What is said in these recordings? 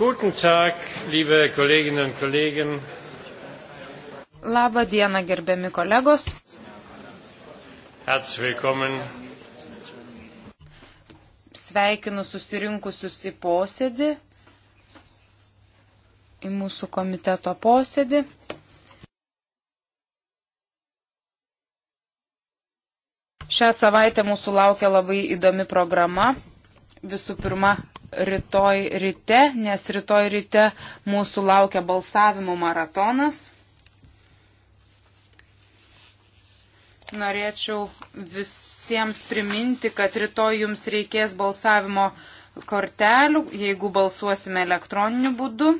Guten Tag, liebe Kolleginnen und Kollegen. Labą dieną, gerbiami kolegos. Herzlich willkommen. Sveikinu susirinkusius į posėdį, į mūsų komiteto posėdį. Šią savaitę mūsų laukia labai įdomi programa visų pirma rytoj ryte, nes rytoj ryte mūsų laukia balsavimo maratonas. Norėčiau visiems priminti, kad rytoj jums reikės balsavimo kortelių, jeigu balsuosime elektroniniu būdu.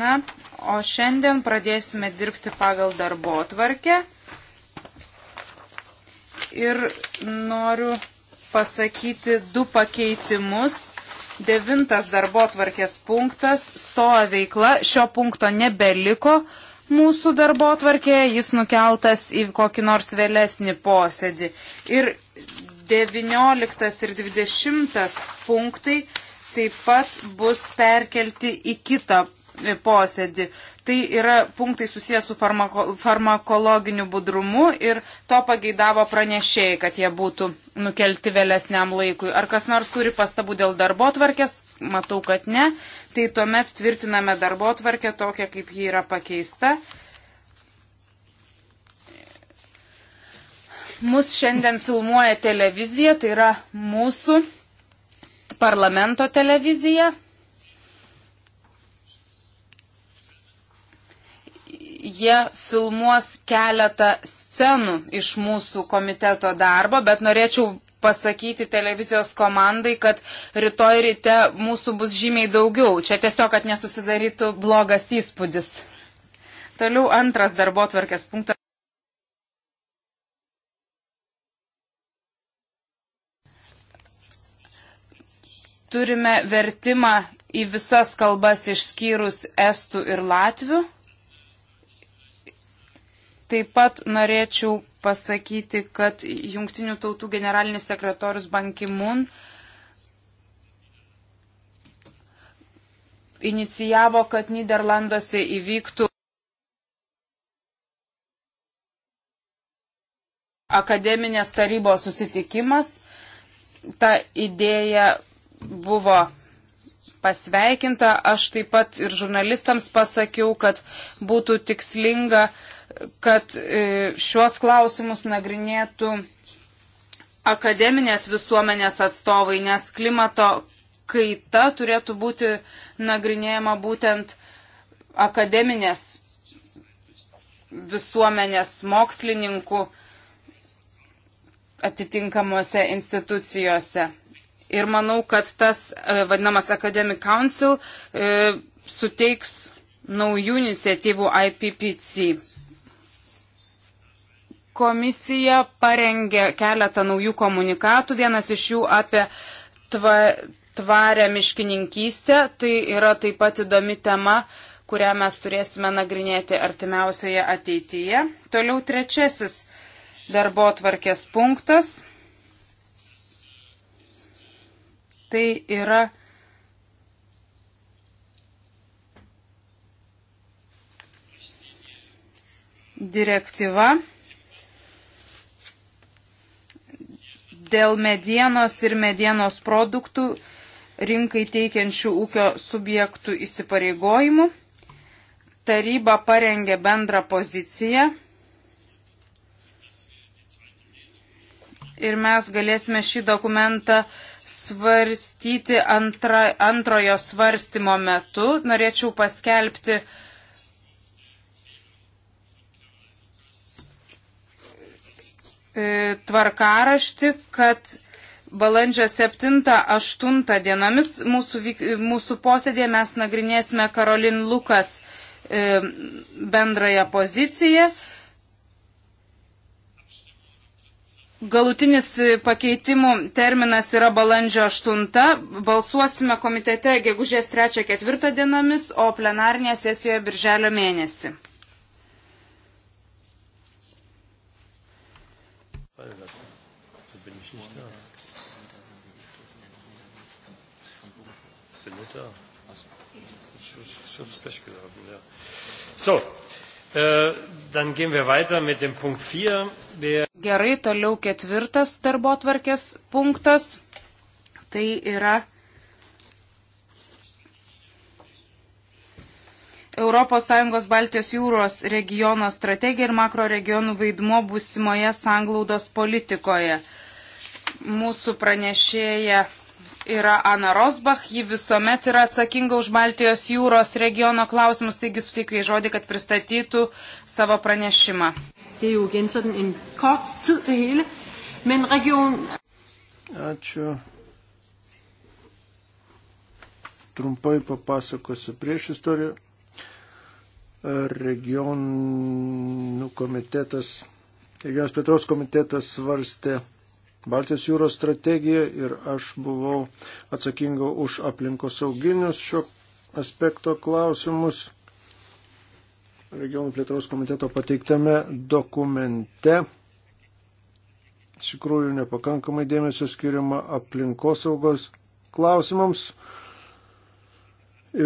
Na, o šiandien pradėsime dirbti pagal darbo tvarkę ir noriu pasakyti du pakeitimus. Devintas darbo tvarkės punktas - stoja veikla. Šio punkto nebeliko mūsų darbo tvarkėje, jis nukeltas į kokį nors vėlesnį posėdį. Ir 19 ir 20 punktai taip pat bus perkelti į kitą posėdį. Tai yra punktai susijęs su farmako, farmakologiniu budrumu ir to pageidavo pranešėjai, kad jie būtų nukelti vėlesniam laikui. Ar kas nors turi pastabų dėl darbo tvarkės? Matau, kad ne. Tai tuomet tvirtiname darbo tvarkę tokią, kaip ji yra pakeista. mus šiandien filmuoja televizija, tai yra mūsų parlamento televizija. jie filmuos keletą scenų iš mūsų komiteto darbo, bet norėčiau pasakyti televizijos komandai, kad rytoj ryte mūsų bus žymiai daugiau. Čia tiesiog, kad nesusidarytų blogas įspūdis. Toliau antras darbo tvarkės punktas. Turime vertimą į visas kalbas išskyrus estų ir latvių. Taip pat norėčiau pasakyti, kad Junktinių tautų generalinis sekretorius Bankimun inicijavo, kad Niderlanduose įvyktų akademinės tarybos susitikimas. Ta idėja buvo pasveikinta. Aš taip pat ir žurnalistams pasakiau, kad būtų tikslinga uh, kad e, šiuos klausimus nagrinėtų akademinės visuomenės atstovai, nes klimato kaita turėtų būti nagrinėjama būtent akademinės visuomenės mokslininkų atitinkamuose institucijose. Ir manau, kad tas e, vadinamas Academic Council e, suteiks naujų iniciatyvų IPPC. Komisija parengė keletą naujų komunikatų, vienas iš jų apie tva, tvarę miškininkystę. Tai yra taip pat įdomi tema, kurią mes turėsime nagrinėti artimiausioje ateityje. Toliau trečiasis darbo tvarkės punktas. Tai yra direktyva dėl medienos ir medienos produktų rinkai teikiančių ūkio subjektų įsipareigojimų. Taryba parengė bendrą poziciją ir mes galėsime šį dokumentą svarstyti antra, antrojo svarstymo metu. Norėčiau paskelbti uh, E, tvarkarašti, kad balandžio 7-8 dienomis mūsų, mūsų posėdėje mes nagrinėsime Karolin Lukas e, bendrąją poziciją. Galutinis pakeitimų terminas yra balandžio 8. Balsuosime komitete gegužės 3-4 dienomis, o plenarnėje sesijoje birželio mėnesį. Festspiele hatten. Ja. So, äh, dann gehen wir weiter mit dem Punkt 4. Der Gerai, toliau ketvirtas darbo tvarkės punktas. Tai yra ES Baltijos jūros regiono strategija ir makro regionų vaidmo būsimoje sanglaudos politikoje. Mūsų pranešėja yra Ana Rosbach, ji visuomet yra atsakinga už Baltijos jūros regiono klausimus, taigi suteikiu į žodį, kad pristatytų savo pranešimą. Er Ačiū. Trumpai papasakosiu prieš istoriją. Regionų komitetas, regionų plėtros komitetas svarstė Baltijos jūros strategiją ir aš buvau atsakinga už aplinkosauginius šio aspekto klausimus. Regionų plėtros komiteto pateiktame dokumente iš tikrųjų nepakankamai dėmesio skiriama aplinkosaugos klausimams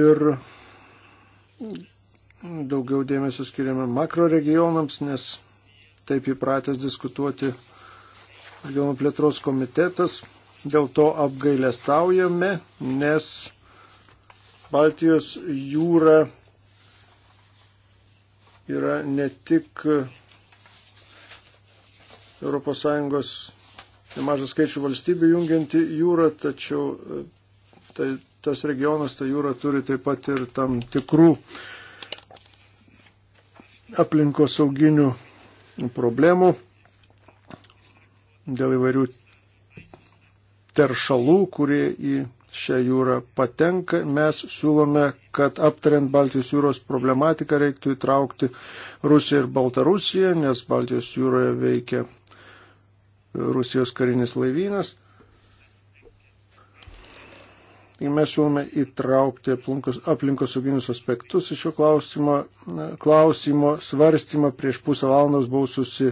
ir daugiau dėmesio skiriama makro regionams, nes taip įpratęs diskutuoti regionų plėtros komitetas. Dėl to apgailestaujame, nes Baltijos jūra yra ne tik ES nemažą skaičių valstybių jungianti jūra, tačiau e, tai, tas regionas, ta jūra turi taip pat ir tam tikrų aplinkosauginių problemų dėl įvairių teršalų, kurie į šią jūrą patenka. Mes siūlome, kad aptariant Baltijos jūros problematiką reiktų įtraukti Rusiją ir Baltarusiją, nes Baltijos jūroje veikia Rusijos karinis laivynas. Ir mes siūlome įtraukti aplinkosauginius aspektus iš šio klausimo, klausimo svarstymą. Prieš pusę valandos buvau susi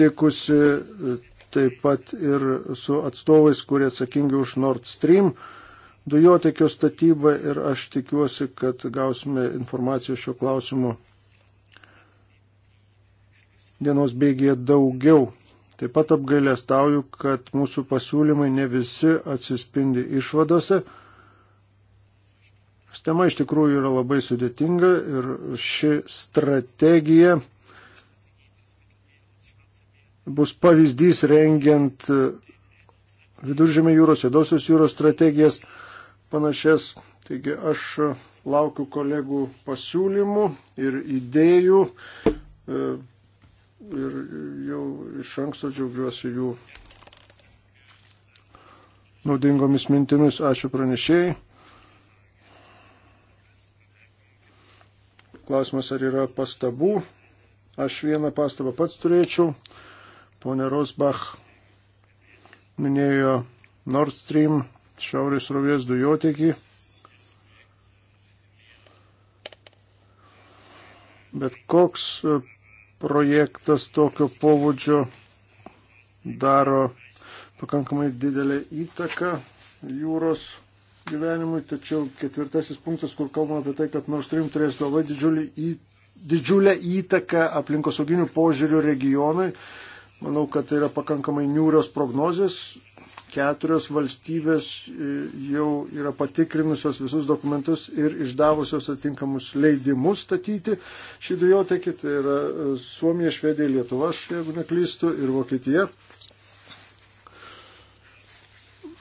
susitikusi e, taip pat ir su atstovais, kurie atsakingi už Nord Stream dujotekio statybą ir aš tikiuosi, kad gausime informacijos šiuo klausimu dienos bėgėje daugiau. Taip pat apgailestauju, kad mūsų pasiūlymai ne visi atsispindi išvadose. Sistema iš tikrųjų yra labai sudėtinga ir ši strategija bus pavyzdys rengiant e, viduržėmė jūros, jėdosios jūros strategijas panašias. Taigi aš e, laukiu kolegų pasiūlymų ir idėjų e, ir jau iš anksto džiaugiuosi jų naudingomis mintimis. Ačiū pranešėjai. Klausimas, ar yra pastabų? Aš vieną pastabą pats turėčiau. Pone Rosbach minėjo Nord Stream šiaurės rovės dujotekį. Bet koks e, projektas tokio pobūdžio daro pakankamai didelę įtaką jūros gyvenimui, tačiau ketvirtasis punktas, kur kalbama apie tai, kad Nord Stream turės labai didžiulį, į, didžiulę įtaką aplinkosauginių požiūrių regionui, Manau, kad tai yra pakankamai niūrios prognozijos. Keturios valstybės e, jau yra patikrinusios visus dokumentus ir išdavusios atinkamus leidimus statyti šį dujotekį. Tai yra e, Suomija, Švedija, Lietuva, aš jeigu neklystu, ir Vokietija.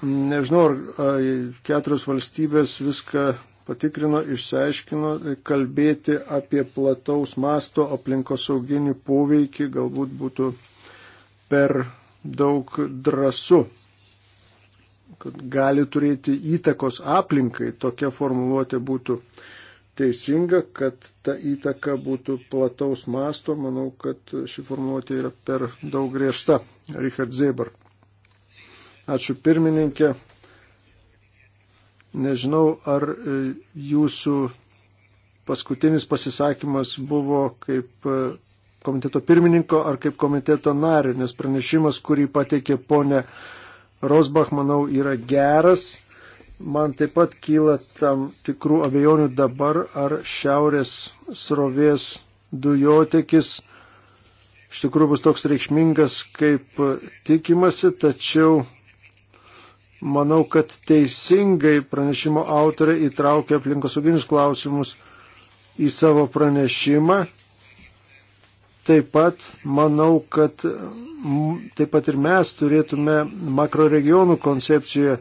Nežinau, ar keturios valstybės viską patikrino, išsiaiškino, e, kalbėti apie plataus masto aplinkosauginį poveikį galbūt būtų per daug drasu, kad gali turėti įtakos aplinkai, tokia formuluotė būtų teisinga, kad ta įtaka būtų plataus masto, manau, kad ši formuluotė yra per daug griežta. Richard Zebar. Ačiū pirmininkė. Nežinau, ar e, jūsų paskutinis pasisakymas buvo kaip e, komiteto pirmininko ar kaip komiteto nario, nes pranešimas, kurį pateikė ponė Rosbach, manau, yra geras. Man taip pat kyla tam tikrų abejonių dabar, ar šiaurės srovės dujotekis iš tikrųjų bus toks reikšmingas, kaip tikimasi, tačiau manau, kad teisingai pranešimo autorė įtraukė aplinkosauginius klausimus į savo pranešimą Taip pat manau, kad taip pat ir mes turėtume makroregionų koncepciją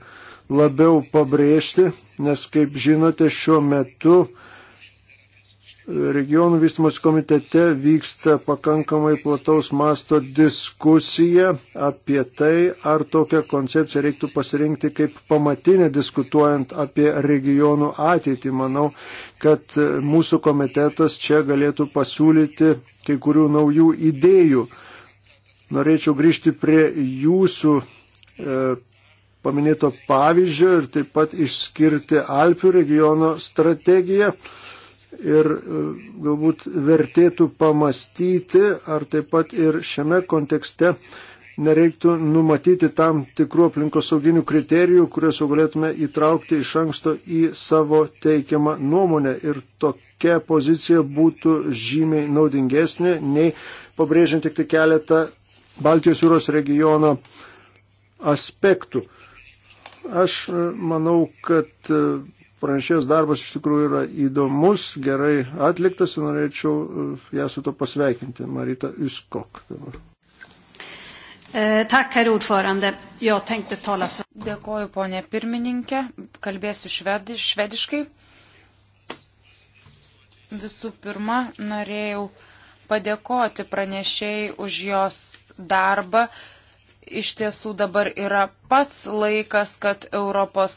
labiau pabrėžti, nes, kaip žinote, šiuo metu uh, Regionų vystimas komitete vyksta pakankamai plataus masto diskusija apie tai, ar tokią koncepciją reiktų pasirinkti kaip pamatinę diskutuojant apie regionų ateitį. Manau, kad mūsų komitetas čia galėtų pasiūlyti kai kurių naujų idėjų. Norėčiau grįžti prie jūsų e, paminėto pavyzdžio ir taip pat išskirti Alpių regiono strategiją. E, ir e, galbūt vertėtų pamastyti, ar taip pat ir šiame kontekste nereiktų numatyti tam tikrų aplinkosauginių kriterijų, kuriuos jau galėtume įtraukti iš anksto į savo teikiamą nuomonę. Ir tokia pozicija būtų žymiai naudingesnė, nei pabrėžiant tik tai keletą Baltijos jūros regiono aspektų. Aš e, manau, kad e, Pranešėjos darbas iš tikrųjų yra įdomus, gerai atliktas ir norėčiau uh, ją su to pasveikinti. Marita Uskok. Eh, tak, herr ordförande. Jo, tenkte talas. Dėkoju, ponė pirmininkė. Kalbėsiu švedi, švediškai. Visų pirma, norėjau padėkoti pranešėjai už jos darbą. Iš tiesų dabar yra pats laikas, kad ES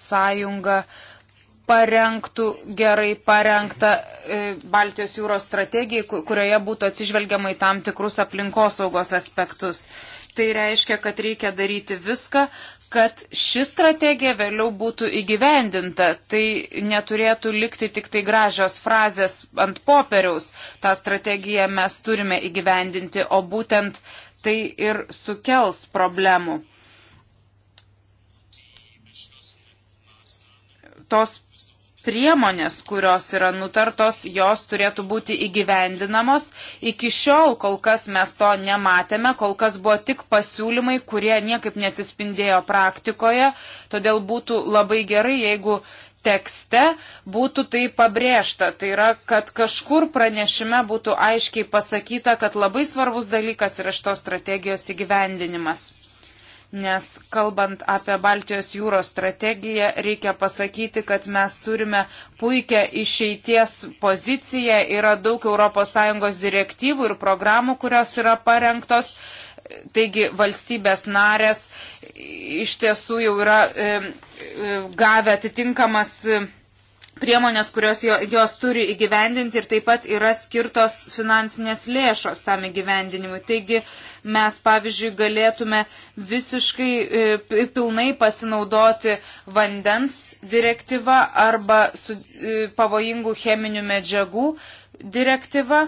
parengtų gerai parengtą e, Baltijos jūros strategiją, kurioje būtų atsižvelgiama į tam tikrus aplinkosaugos aspektus. Tai reiškia, kad reikia daryti viską, kad ši strategija vėliau būtų įgyvendinta. Tai neturėtų likti tik tai gražios frazės ant popieriaus. Tą strategiją mes turime įgyvendinti, o būtent tai ir sukels problemų. Tos priemonės, kurios yra nutartos, jos turėtų būti įgyvendinamos. Iki šiol kol kas mes to nematėme, kol kas buvo tik pasiūlymai, kurie niekaip neatsispindėjo praktikoje, todėl būtų labai gerai, jeigu tekste būtų tai pabrėžta. Tai yra, kad kažkur pranešime būtų aiškiai pasakyta, kad labai svarbus dalykas yra šitos strategijos įgyvendinimas nes kalbant apie Baltijos jūros strategiją, reikia pasakyti, kad mes turime puikią išeities poziciją, yra daug ES direktyvų ir programų, kurios yra parengtos. Taigi valstybės narės iš tiesų jau yra e, e, gavę atitinkamas. E, priemonės, kurios jos turi įgyvendinti ir taip pat yra skirtos finansinės lėšos tam įgyvendinimui. Taigi mes, pavyzdžiui, galėtume visiškai e, pilnai pasinaudoti vandens direktyvą arba su, e, pavojingų cheminių medžiagų direktyvą.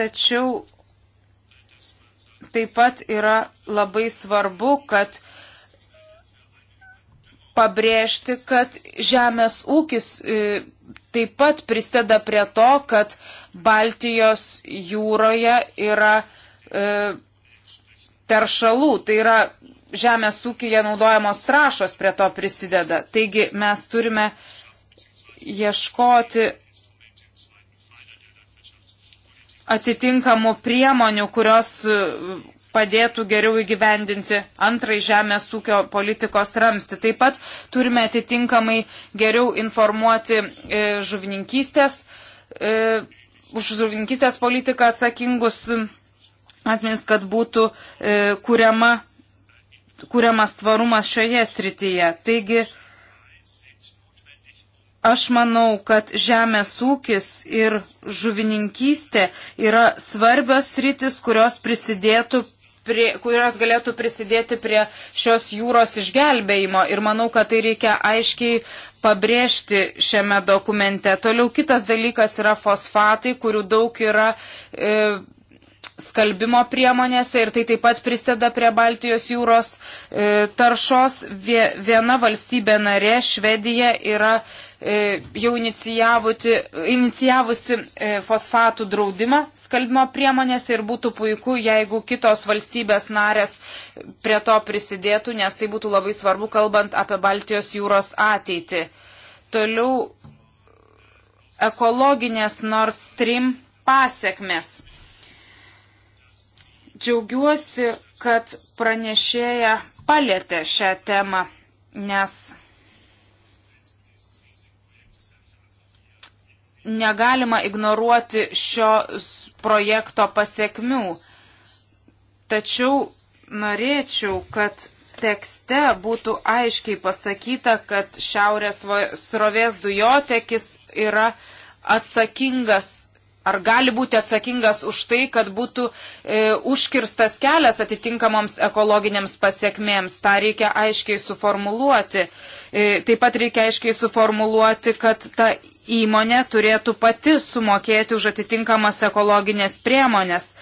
Tačiau taip pat yra labai svarbu, kad pabrėžti, kad žemės ūkis e, taip pat prisideda prie to, kad Baltijos jūroje yra e, teršalų. Tai yra žemės ūkija naudojamos trašos prie to prisideda. Taigi mes turime ieškoti atitinkamų priemonių, kurios padėtų geriau įgyvendinti antrąjį žemės ūkio politikos ramsti. Taip pat turime atitinkamai geriau informuoti e, žuvininkystės, e, už žuvininkystės politiką atsakingus asmenys, kad būtų e, kuriama, kuriamas tvarumas šioje srityje. Taigi, Aš manau, kad žemės ūkis ir žuvininkystė yra svarbios sritis, kurios prisidėtų prie, kurios galėtų prisidėti prie šios jūros išgelbėjimo. Ir manau, kad tai reikia aiškiai pabrėžti šiame dokumente. Toliau kitas dalykas yra fosfatai, kurių daug yra. E, skalbimo priemonėse ir tai taip pat prisideda prie Baltijos jūros e, taršos. Viena valstybė narė, Švedija, yra e, jau inicijavusi e, fosfatų draudimą skalbimo priemonėse ir būtų puiku, jeigu kitos valstybės narės prie to prisidėtų, nes tai būtų labai svarbu, kalbant apie Baltijos jūros ateitį. Toliau ekologinės Nord Stream pasiekmes Džiaugiuosi, kad pranešėja palėtė šią temą, nes negalima ignoruoti šio projekto pasiekmių. Tačiau norėčiau, kad tekste būtų aiškiai pasakyta, kad šiaurės srovės dujotekis yra atsakingas ar gali būti atsakingas už tai, kad būtų e, užkirstas kelias atitinkamoms ekologinėms pasiekmėms. Ta reikia aiškiai suformuluoti. E, taip pat reikia aiškiai suformuluoti, kad ta įmonė turėtų pati sumokėti už atitinkamas ekologinės priemonės.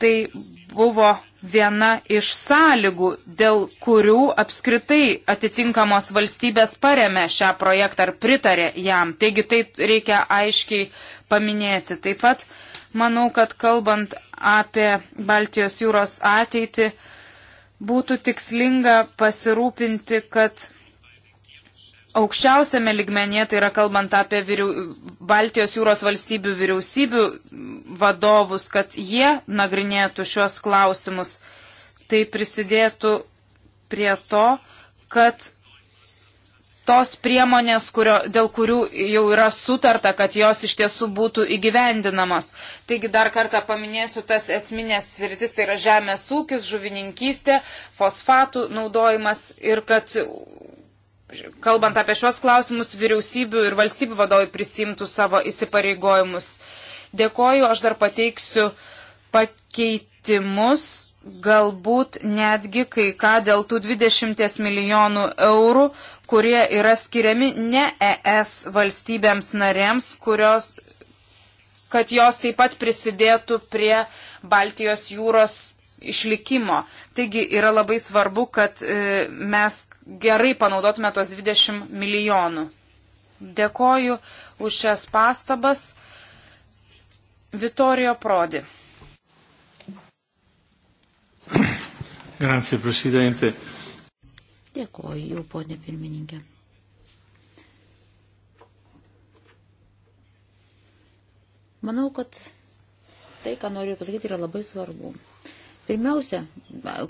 tai buvo viena iš sąlygų, dėl kurių apskritai atitinkamos valstybės paremė šią projektą ar pritarė jam. Taigi tai reikia aiškiai paminėti. Taip pat manau, kad kalbant apie Baltijos jūros ateitį, būtų tikslinga pasirūpinti, kad aukščiausiame ligmenyje, tai yra kalbant apie vyriau, Baltijos jūros valstybių vyriausybių vadovus, kad jie nagrinėtų šios klausimus, tai prisidėtų prie to, kad tos priemonės, kurio, dėl kurių jau yra sutarta, kad jos iš tiesų būtų įgyvendinamos. Taigi dar kartą paminėsiu tas esminės sritis, tai yra žemės ūkis, žuvininkystė, fosfatų naudojimas ir kad kalbant apie šios klausimus, vyriausybių ir valstybių vadovai prisimtų savo įsipareigojimus. Dėkoju, aš dar pateiksiu pakeitimus, galbūt netgi kai ką dėl tų 20 milijonų eurų, kurie yra skiriami ne ES valstybėms narėms, kurios, kad jos taip pat prisidėtų prie Baltijos jūros išlikimo. Taigi yra labai svarbu, kad e, mes gerai panaudotume tos 20 milijonų. Dėkoju už šias pastabas. Vittorio Prodi. Grazie, Presidente. Dėkoju, ponė pirmininkė. Manau, kad tai, ką noriu pasakyti, yra labai svarbu. Pirmiausia,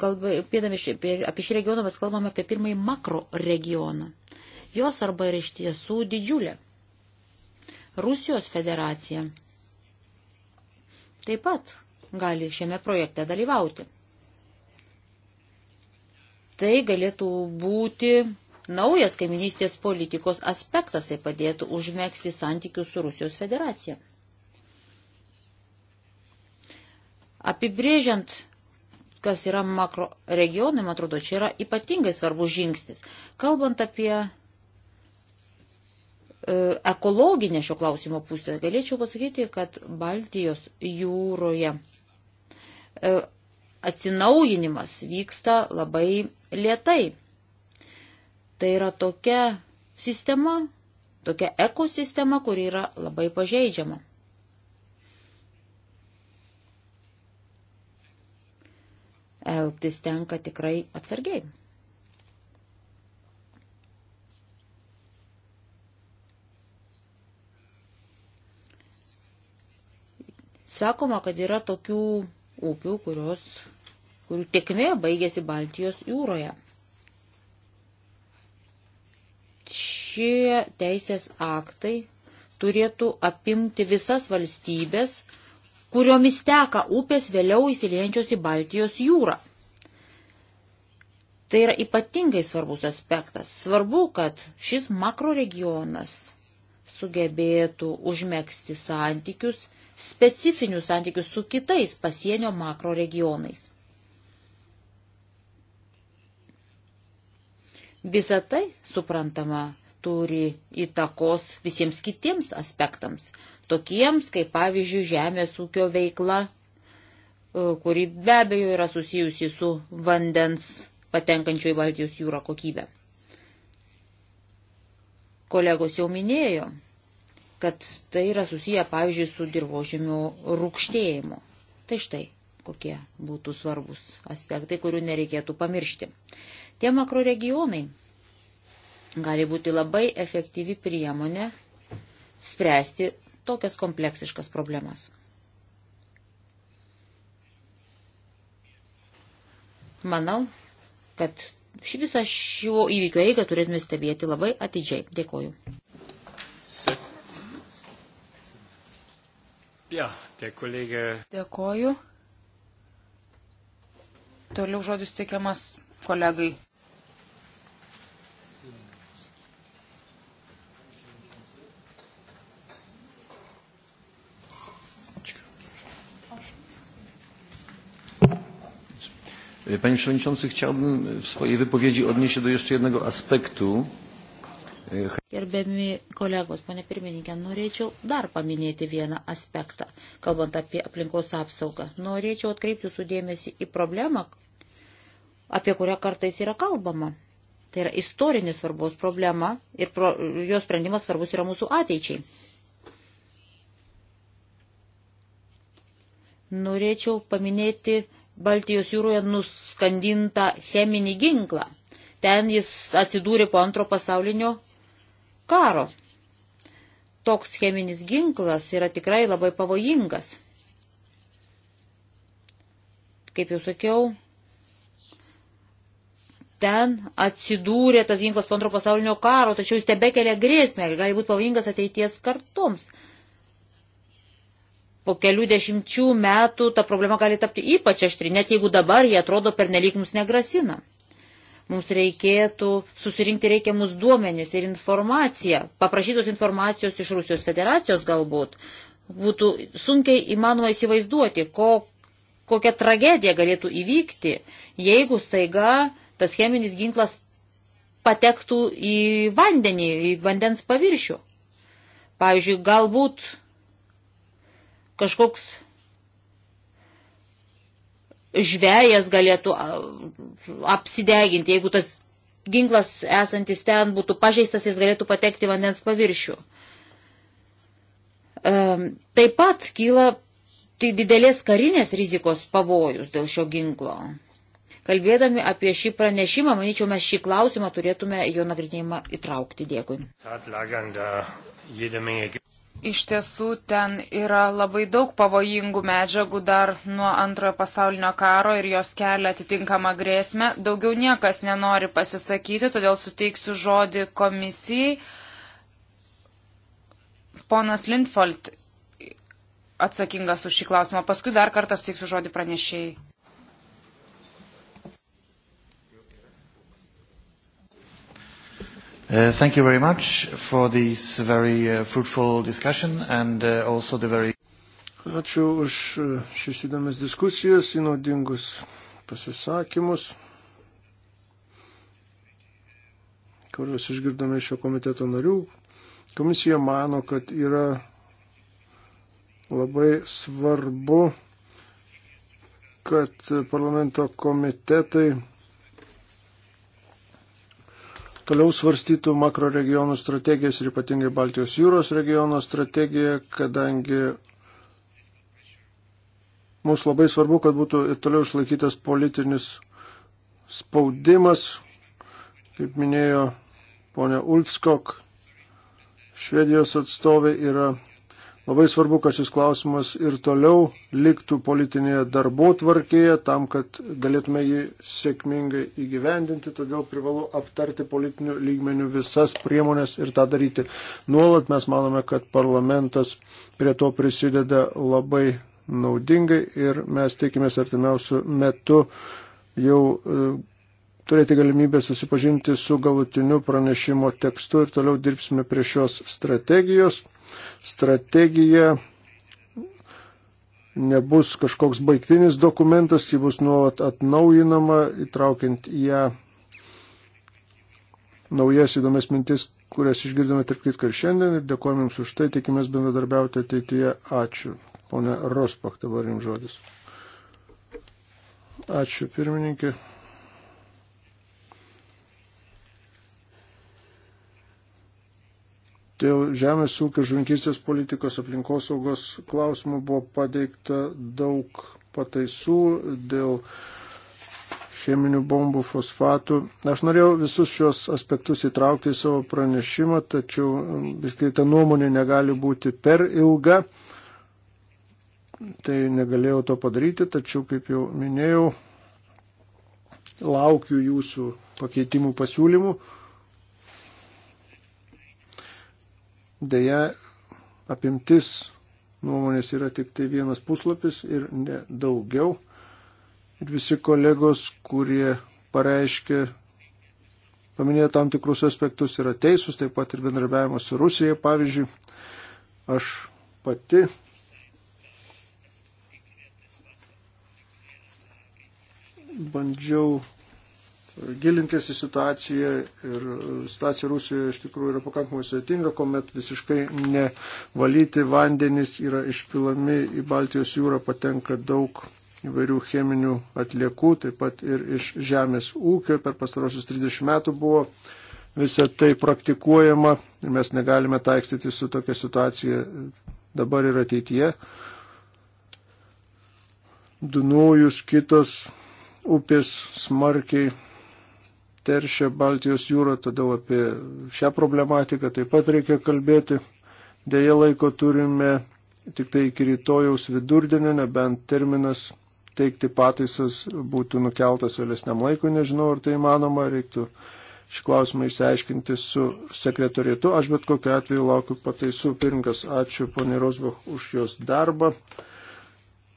kalbėdami apie šį regioną, mes kalbame apie pirmąjį makro regioną. Jos arba yra iš tiesų didžiulė. Rusijos federacija taip pat gali šiame projekte dalyvauti. Tai galėtų būti naujas kaiminystės politikos aspektas, tai padėtų užmėgsti santykius su Rusijos federacija. Apibrėžiant kas yra makro regionai, man atrodo, čia yra ypatingai svarbus žingsnis. Kalbant apie e, ekologinę šio klausimo pusę, galėčiau pasakyti, kad Baltijos jūroje e, atsinaujinimas vyksta labai lietai. Tai yra tokia sistema, tokia ekosistema, kuri yra labai pažeidžiama. elgtis tenka tikrai atsargiai. Sakoma, kad yra tokių upių, kurios, kurių tekmė baigėsi Baltijos jūroje. Šie teisės aktai turėtų apimti visas valstybės, kuriomis teka upės vėliau įsiliejančios į Baltijos jūrą. Tai yra ypatingai svarbus aspektas. Svarbu, kad šis makroregionas sugebėtų užmėgsti santykius, specifinius santykius su kitais pasienio makroregionais. Visą tai, suprantama, turi įtakos visiems kitiems aspektams, tokiems kaip pavyzdžiui žemės ūkio veikla, e, kuri be abejo yra susijusi su vandens patenkančio į Baltijos jūrą kokybę. Kolegos jau minėjo, kad tai yra susiję, pavyzdžiui, su dirbožėmių rūkštėjimu. Tai štai kokie būtų svarbus aspektai, kurių nereikėtų pamiršti. Tie makroregionai gali būti labai efektyvi priemonė spręsti tokias kompleksiškas problemas. Manau, kad šį visą šio įvykio eigą turėtume stebėti labai atidžiai. Dėkoju. Ja, Dėkoju. Toliau žodis teikiamas kolegai. E, panie Przewodniczący, chciałbym w swojej wypowiedzi odnieść się do jeszcze jednego aspektu. E, Gerbiami kolegos, ponė pirmininkė, norėčiau dar paminėti vieną aspektą, kalbant apie aplinkos apsaugą. Norėčiau atkreipti jūsų dėmesį į problemą, apie kurią kartais yra kalbama. Tai yra istorinės svarbos problema ir pro, jos sprendimas svarbus yra mūsų ateičiai. Norėčiau paminėti Baltijos jūroje nuskandintą cheminį ginklą. Ten jis atsidūrė po antro pasaulinio karo. Toks cheminis ginklas yra tikrai labai pavojingas. Kaip jau sakiau, ten atsidūrė tas ginklas po antro pasaulinio karo, tačiau jis tebekelia grėsmę ir gali būti pavojingas ateities kartoms po kelių dešimčių metų ta problema gali tapti ypač aštri, net jeigu dabar jie atrodo pernelyg mums negrasina. Mums reikėtų susirinkti reikiamus duomenis ir informaciją, paprašytos informacijos iš Rusijos federacijos galbūt. Būtų sunkiai įmanoma įsivaizduoti, ko, kokia tragedija galėtų įvykti, jeigu staiga tas cheminis ginklas patektų į vandenį, į vandens paviršių. Pavyzdžiui, galbūt kažkoks žvėjas galėtų apsideginti, jeigu tas ginklas esantis ten būtų pažeistas, jis galėtų patekti vandens paviršių. Taip pat kyla tai didelės karinės rizikos pavojus dėl šio ginklo. Kalbėdami apie šį pranešimą, manyčiau, mes šį klausimą turėtume jo nagrinėjimą įtraukti. Dėkui. Iš tiesų ten yra labai daug pavojingų medžiagų dar nuo antrojo pasaulinio karo ir jos kelia atitinkamą grėsmę. Daugiau niekas nenori pasisakyti, todėl suteiksiu žodį komisijai. Ponas Lindfold atsakingas už šį klausimą. Paskui dar kartą suteiksiu žodį pranešėjai. Uh, thank you very much for this very uh, fruitful discussion and uh, also the very. Ačiū už uh, šis įdomias diskusijas, įnaudingus pasisakymus, kuriuos išgirdome šio komiteto narių. Komisija mano, kad yra labai svarbu, kad parlamento komitetai toliau svarstytų makro regionų strategijas ir ypatingai Baltijos jūros regiono strategiją, kadangi mums labai svarbu, kad būtų ir toliau išlaikytas politinis spaudimas, kaip minėjo ponia Ulfskok, Švedijos atstovė yra Labai svarbu, kad šis klausimas ir toliau liktų politinėje darbo tvarkėje, tam, kad galėtume jį sėkmingai įgyvendinti, todėl privalu aptarti politinių lygmenių visas priemonės ir tą daryti. Nuolat mes manome, kad parlamentas prie to prisideda labai naudingai ir mes teikimės artimiausių metų jau e, turėti galimybę susipažinti su galutiniu pranešimo tekstu ir toliau dirbsime prie šios strategijos Strategija nebus kažkoks baigtinis dokumentas, ji bus nuolat atnaujinama, įtraukiant į ją naujas įdomias mintis, kurias išgirdome tarp kitką ir šiandien ir dėkojame Jums už tai, tikimės bendradarbiauti ateityje. Ačiū. Pone Rospak, dabar Jums žodis. Ačiū, pirmininkė. Dėl žemės ūkio žunkistės politikos aplinkosaugos klausimų buvo pateikta daug pataisų dėl cheminių bombų fosfatų. Aš norėjau visus šios aspektus įtraukti į savo pranešimą, tačiau viskai ta nuomonė negali būti per ilga. Tai negalėjau to padaryti, tačiau, kaip jau minėjau, laukiu jūsų pakeitimų pasiūlymų. Deja, apimtis nuomonės yra tik tai vienas puslapis ir ne daugiau. Ir visi kolegos, kurie pareiškė, paminėjo tam tikrus aspektus, yra teisūs, taip pat ir bendrabiavimas su Rusija, pavyzdžiui. Aš pati bandžiau gilintis į situaciją ir e, situacija Rusijoje iš tikrųjų yra pakankamai sudėtinga, kuomet visiškai nevalyti vandenys yra išpilami į Baltijos jūrą, patenka daug įvairių cheminių atliekų, taip pat ir iš žemės ūkio. Per pastarosius 30 metų buvo visa tai praktikuojama ir mes negalime taikstyti su tokia situacija dabar ir ateityje. Dunojus kitos upės smarkiai teršia Baltijos jūrą, todėl apie šią problematiką taip pat reikia kalbėti. Deja laiko turime tik tai iki rytojaus vidurdienio, nebent terminas teikti pataisas būtų nukeltas vėlesniam laikui, nežinau, ar tai įmanoma, reiktų šį klausimą išsiaiškinti su sekretorietu. Aš bet kokiu atveju laukiu pataisų. Pirinkas, ačiū ponė Rosbach už jos darbą.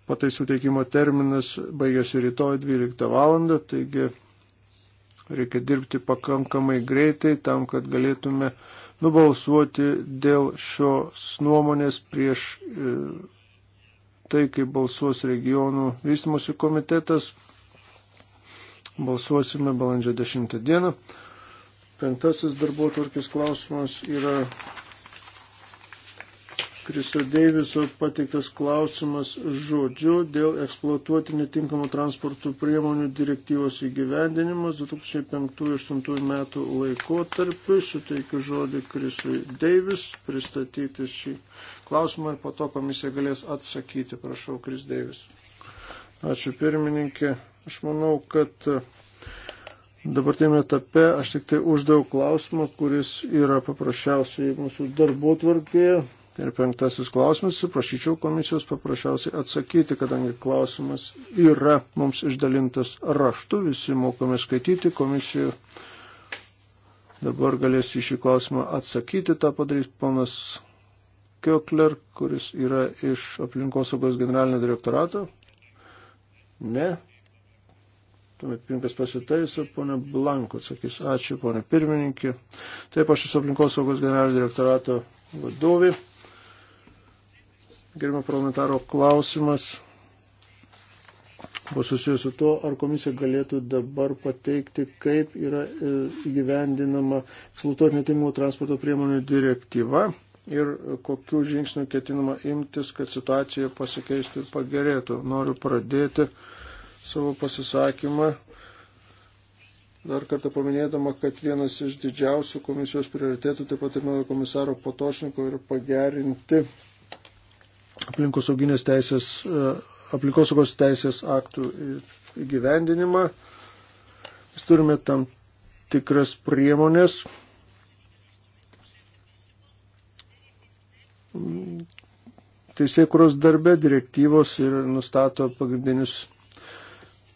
Pataisų teikimo terminas baigėsi rytoj 12 val. Taigi Reikia dirbti pakankamai greitai tam, kad galėtume nubalsuoti dėl šios nuomonės prieš e, tai, kai balsuos regionų vystimosi komitetas. Balsuosime balandžio 10 dieną. Penktasis darbo tvarkės klausimas yra Kriso Deiviso pateiktas klausimas žodžiu dėl eksploatuoti netinkamų transporto priemonių direktyvos įgyvendinimas 2005-2008 metų laikotarpiu. Suteikiu žodį Krisui Deivis pristatyti šį klausimą ir po to komisija galės atsakyti. Prašau, Kris Deivis. Ačiū pirmininkė. Aš manau, kad e, dabartėme etape aš tik tai uždavau klausimą, kuris yra paprasčiausiai mūsų darbo tvarkėje Ir penktasis klausimas, suprašyčiau komisijos paprasčiausiai atsakyti, kadangi klausimas yra mums išdalintas raštu, visi mokame skaityti, komisija dabar galės į šį klausimą atsakyti, tą padarys ponas Kiokler, kuris yra iš aplinkosaugos generalinio direktorato. Ne. Tuomet pinkas pasitaiso, ponė Blanko atsakys. Ačiū, ponė pirmininkė. Taip, aš esu aplinkosaugos generalinio direktorato vadovė gerimo parlamentaro klausimas buvo susijęs su to, ar komisija galėtų dabar pateikti, kaip yra e, įgyvendinama eksploatuotinio tinklų transporto priemonių direktyva ir e, kokių žingsnių ketinama imtis, kad situacija pasikeistų ir pagerėtų. Noriu pradėti savo pasisakymą. Dar kartą paminėdama, kad vienas iš didžiausių komisijos prioritėtų, taip pat ir naujo komisaro Potošniko, yra pagerinti aplinkosauginės teisės, e, aplinkosaugos teisės aktų įgyvendinimą. Mes turime tam tikras priemonės, teisėkuros darbe direktyvos ir nustato pagrindinius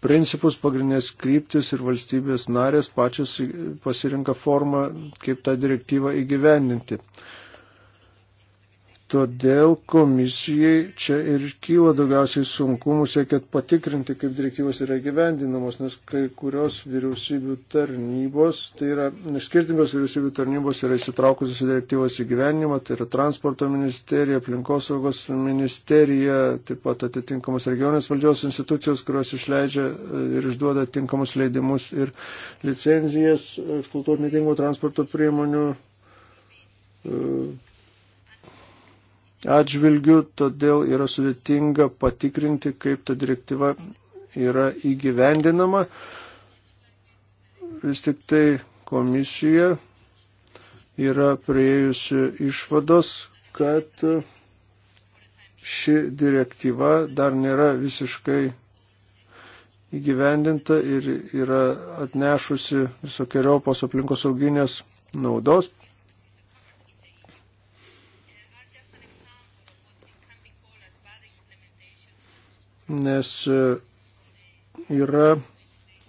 principus, pagrindinės kryptis ir valstybės narės pačios pasirinka formą, kaip tą direktyvą įgyvendinti. Todėl komisijai čia ir kyla daugiausiai sunkumų siekiant patikrinti, kaip direktyvos yra gyvendinamos, nes kai kurios vyriausybių tarnybos, tai yra skirtingos vyriausybių tarnybos yra įsitraukusios į direktyvos įgyvenimą, tai yra transporto ministerija, aplinkosaugos ministerija, taip pat atitinkamos regionės valdžios institucijos, kurios išleidžia e, ir išduoda tinkamus leidimus ir licenzijas e, kultūrinio tingo transporto priemonių. E, atžvilgių, todėl yra sudėtinga patikrinti, kaip ta direktyva yra įgyvendinama. Vis tik tai komisija yra prieijusi išvados, kad ši direktyva dar nėra visiškai įgyvendinta ir yra atnešusi visokiojopos aplinkosauginės naudos. nes e, yra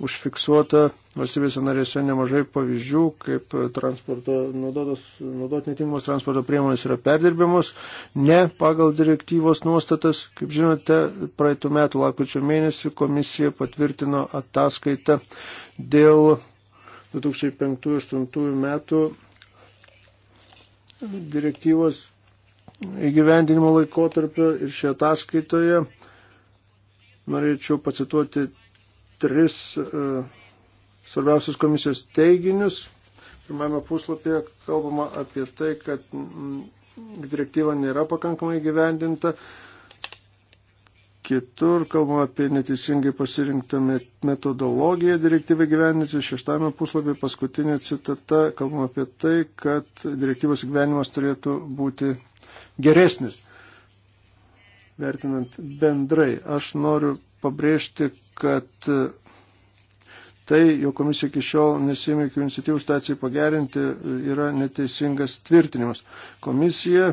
užfiksuota valstybėse narėse nemažai pavyzdžių, kaip transporto, naudotos, naudot netinkamos transporto priemonės yra perdirbimos, ne pagal direktyvos nuostatas. Kaip žinote, praeitų metų lakučio mėnesį komisija patvirtino ataskaitą dėl 2005-2008 metų direktyvos įgyvendinimo laikotarpio ir šioje ataskaitoje norėčiau pacituoti tris uh, svarbiausius komisijos teiginius. Pirmame puslapyje kalbama apie tai, kad mm, direktyva nėra pakankamai gyvendinta. Kitur kalbama apie neteisingai pasirinktą metodologiją direktyvai gyveninti. Šeštame puslapyje paskutinė citata kalbama apie tai, kad direktyvos gyvenimas turėtų būti geresnis vertinant bendrai. Aš noriu pabrėžti, kad tai, jo komisija iki šiol nesėmė jokių iniciatyvų stacijai pagerinti, yra neteisingas tvirtinimas. Komisija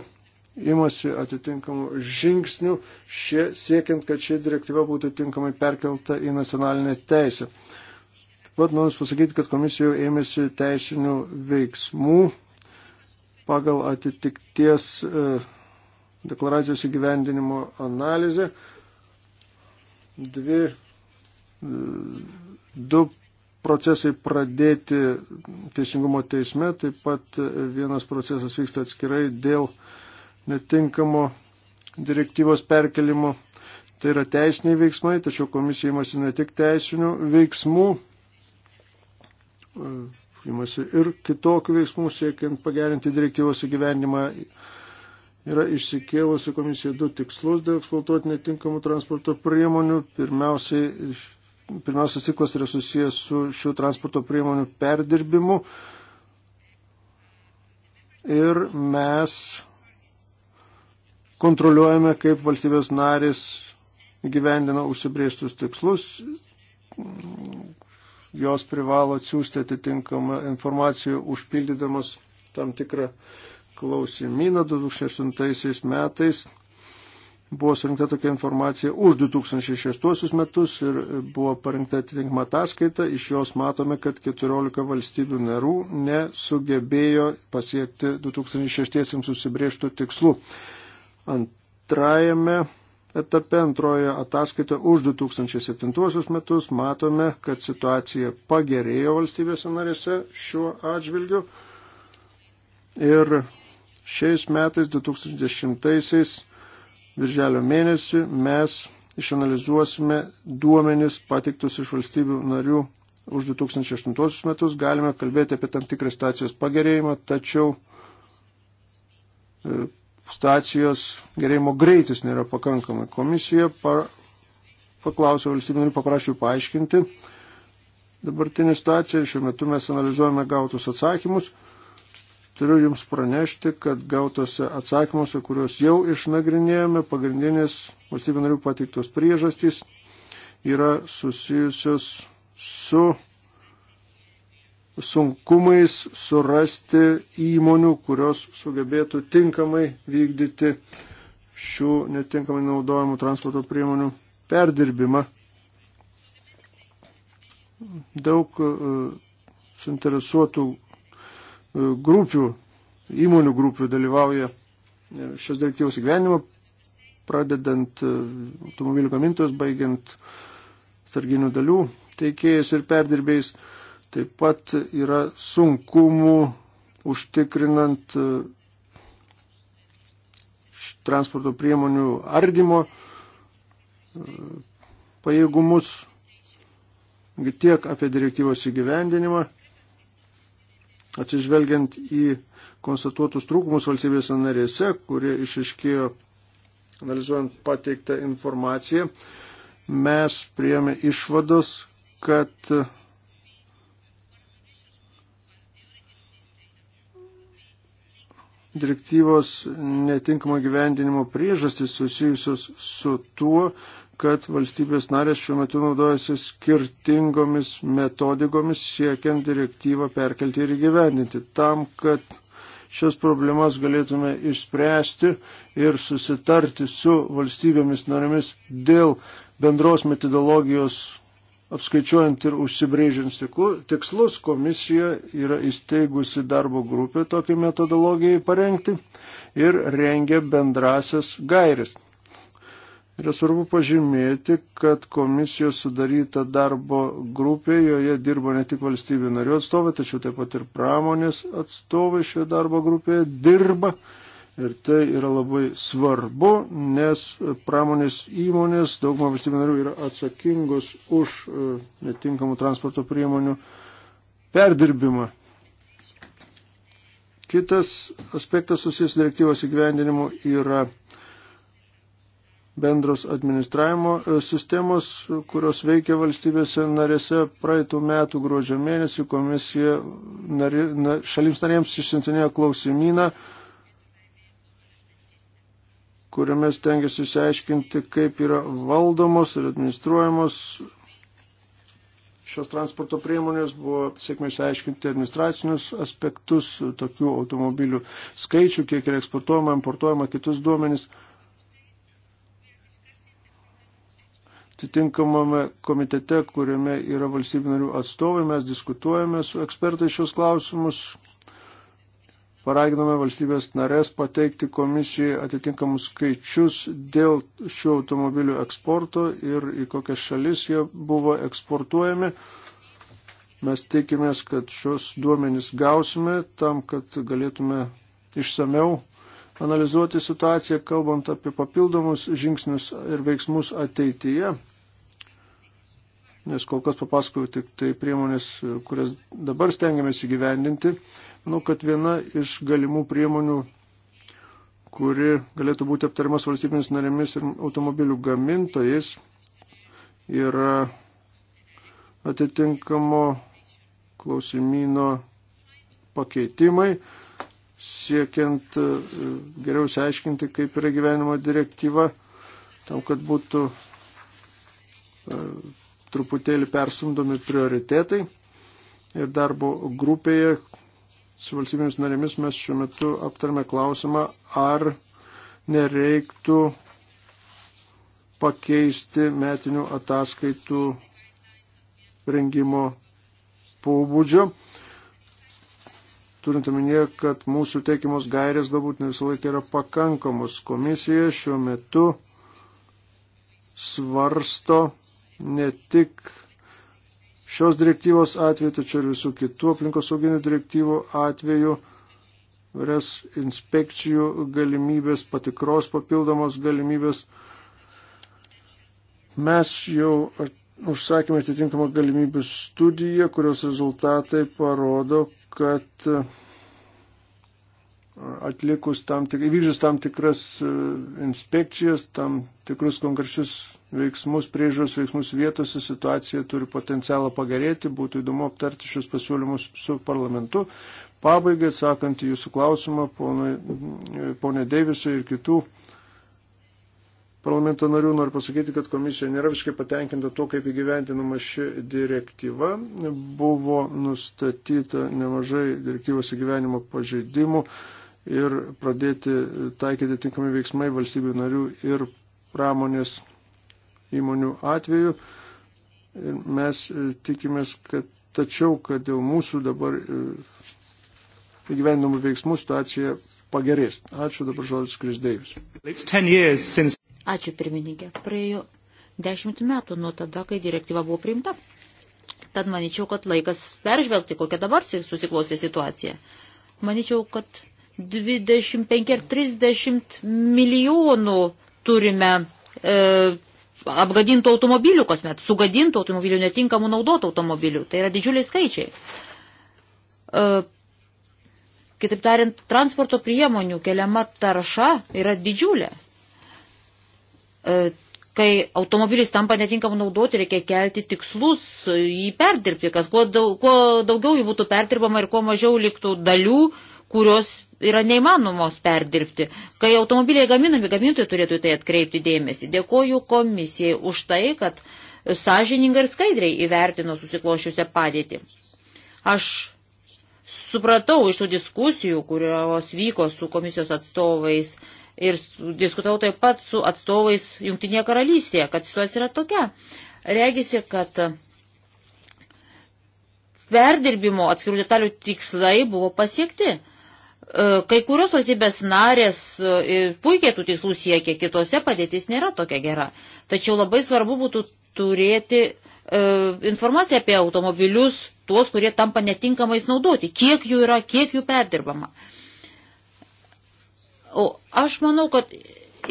imasi atitinkamų žingsnių, šie, siekiant, kad ši direktyva būtų tinkamai perkelta į nacionalinę teisę. Taip pat noriu pasakyti, kad komisija jau ėmėsi teisinių veiksmų pagal atitikties. E, deklaracijos įgyvendinimo analizė. Dvi, du procesai pradėti teisingumo teisme, taip pat vienas procesas vyksta atskirai dėl netinkamo direktyvos perkelimo. Tai yra teisiniai veiksmai, tačiau komisija imasi ne tik teisinių veiksmų, imasi ir kitokių veiksmų siekiant pagerinti direktyvos įgyvendimą yra išsikėlusi komisija du tikslus dėl eksploatuoti netinkamų transporto priemonių. Pirmiausiai, pirmiausias ciklas yra susijęs su šių transporto priemonių perdirbimu. Ir mes kontroliuojame, kaip valstybės narės gyvendina užsibrėžtus tikslus. Jos privalo atsiųsti atitinkamą informaciją, užpildydamas tam tikrą klausimyną 2008 metais buvo surinkta tokia informacija už 2006 metus ir buvo parengta atitinkama ataskaita. Iš jos matome, kad 14 valstybių narų nesugebėjo pasiekti 2006 susibrieštų tikslų. Antrajame etape, antroje ataskaitoje už 2007 metus matome, kad situacija pagerėjo valstybėse narėse šiuo atžvilgiu. Ir Šiais metais, 2010-aisiais, virželio mėnesį, mes išanalizuosime duomenis patiktus iš valstybių narių už 2008 metus. Galime kalbėti apie tam tikrą stacijos pagerėjimą, tačiau e, stacijos gerėjimo greitis nėra pakankamai. Komisija pa, paklausė valstybinių, paprašiau paaiškinti dabartinį situaciją ir šiuo metu mes analizuojame gautus atsakymus. Turiu Jums pranešti, kad gautose atsakymuose, kuriuos jau išnagrinėjome, pagrindinės valstybių narių pateiktos priežastys yra susijusios su sunkumais surasti įmonių, kurios sugebėtų tinkamai vykdyti šių netinkamai naudojamų transporto priemonių perdirbimą. Daug e, suinteresuotų grupių, įmonių grupių dalyvauja šios direktyvos įgyvenimo, pradedant e, automobilių gamintojus, baigiant sarginių dalių teikėjais ir perdirbėjais. Taip pat yra sunkumų užtikrinant e, transporto priemonių ardymo e, pajėgumus tiek apie direktyvos įgyvendinimą atsižvelgiant į konstatuotus trūkumus valstybėse narėse, kurie išiškėjo analizuojant pateiktą informaciją, mes priėmė išvados, kad direktyvos netinkamo gyvendinimo priežastys susijusios su tuo, kad valstybės narės šiuo metu naudojasi skirtingomis metodikomis siekiant direktyvą perkelti ir įgyvendinti. Tam, kad šias problemas galėtume išspręsti ir susitarti su valstybėmis narėmis dėl bendros metodologijos apskaičiuojant ir užsibrėžiant tikslus, komisija yra įsteigusi darbo grupę tokiai metodologijai parengti ir rengia bendrasias gairės. Yra svarbu pažymėti, kad komisijos sudaryta darbo grupė, joje dirba ne tik valstybių narių atstovai, tačiau taip pat ir pramonės atstovai šioje darbo grupėje dirba. Ir tai yra labai svarbu, nes pramonės įmonės, dauguma valstybių narių yra atsakingos už e, netinkamų transporto priemonių perdirbimą. Kitas aspektas susijęs direktyvos įgyvendinimu yra bendros administravimo e, sistemos, kurios veikia valstybėse narėse. Praeitų metų gruodžio mėnesį komisija nari, na, šalims narėms išsintinėjo klausimyną kuriame stengiasi išsiaiškinti, kaip yra valdomos ir administruojamos šios transporto priemonės, buvo sėkmė išsiaiškinti administracinius aspektus, tokių automobilių skaičių, kiek yra eksportuojama, importuojama, kitus duomenys. Atitinkamame komitete, kuriame yra valstybinarių atstovai, mes diskutuojame su ekspertais šios klausimus, Paraginome valstybės narės pateikti komisijai atitinkamus skaičius dėl šių automobilių eksporto ir į kokias šalis jie buvo eksportuojami. Mes tikimės, kad šios duomenys gausime tam, kad galėtume išsameu analizuoti situaciją, kalbant apie papildomus žingsnius ir veiksmus ateityje. Nes kol kas papasakau tik tai priemonės, kurias dabar stengiamės įgyvendinti. Manau, kad viena iš galimų priemonių, kuri galėtų būti aptarimas valstybėmis narėmis ir automobilių gamintojais, yra atitinkamo klausimino pakeitimai, siekiant e, geriau seaiškinti, kaip yra gyvenimo direktyva, tam, kad būtų e, truputėlį persumdomi prioritetai. Ir darbo grupėje, su valstybėmis narėmis mes šiuo metu aptarėme klausimą, ar nereiktų pakeisti metinių ataskaitų rengimo pobūdžio. Turint omenyje, kad mūsų teikimos gairės galbūt ne visą laiką yra pakankamos. Komisija šiuo metu svarsto ne tik šios direktyvos atveju, tačiau ir visų kitų aplinkosauginių direktyvų atveju res inspekcijų galimybės, patikros papildomos galimybės. Mes jau užsakėme atitinkamą galimybių studiją, kurios rezultatai parodo, kad atlikus tam, tik, įvykdžius tam tikras e, inspekcijas, tam tikrus konkrečius veiksmus, priežiūros veiksmus vietose, situacija turi potencialą pagerėti, būtų įdomu aptarti šius pasiūlymus su parlamentu. Pabaigai, atsakant į jūsų klausimą, e, ponė Deiviso ir kitų parlamento narių noriu pasakyti, kad komisija nėra visiškai patenkinta to, kaip įgyventinama ši direktyva. Buvo nustatyta nemažai direktyvos įgyvenimo pažeidimų ir pradėti taikyti tinkami veiksmai valstybių narių ir pramonės įmonių atveju. Ir mes e, tikimės, kad tačiau, kad dėl mūsų dabar e, įgyvendamų veiksmų situacija pagerės. Ačiū dabar žodis Krisdėjus. Ačiū pirmininkė. Praėjo dešimt metų nuo tada, kai direktyva buvo priimta. Tad manyčiau, kad laikas peržvelgti, kokia dabar susiklostė situacija. Manyčiau, kad 25 ar 30 milijonų turime e, apgadintų automobilių kasmet, sugadintų automobilių, netinkamų naudotų automobilių. Tai yra didžiuliai skaičiai. E, kitaip tariant, transporto priemonių keliama tarša yra didžiulė. E, kai automobilis tampa netinkamų naudoti, reikia kelti tikslus, e, jį perdirbti, kad kuo, daug, kuo daugiau jų būtų perdirbama ir kuo mažiau liktų dalių, kurios yra neįmanomos perdirbti. Kai automobiliai gaminami, gamintojai turėtų tai atkreipti dėmesį. Dėkoju komisijai už tai, kad sąžiningai ir skaidriai įvertino susiklošiusią padėtį. Aš supratau iš tų diskusijų, kurios vyko su komisijos atstovais ir diskutavau taip pat su atstovais Junktinėje karalystėje, kad situacija yra tokia. Regisi, kad perdirbimo atskirų detalių tikslai buvo pasiekti. E, kai kurios valstybės narės e, puikiai tų tikslų siekia, kitose padėtis nėra tokia gera. Tačiau labai svarbu būtų turėti e, informaciją apie automobilius, tuos, kurie tampa netinkamais naudoti, kiek jų yra, kiek jų perdirbama. O aš manau, kad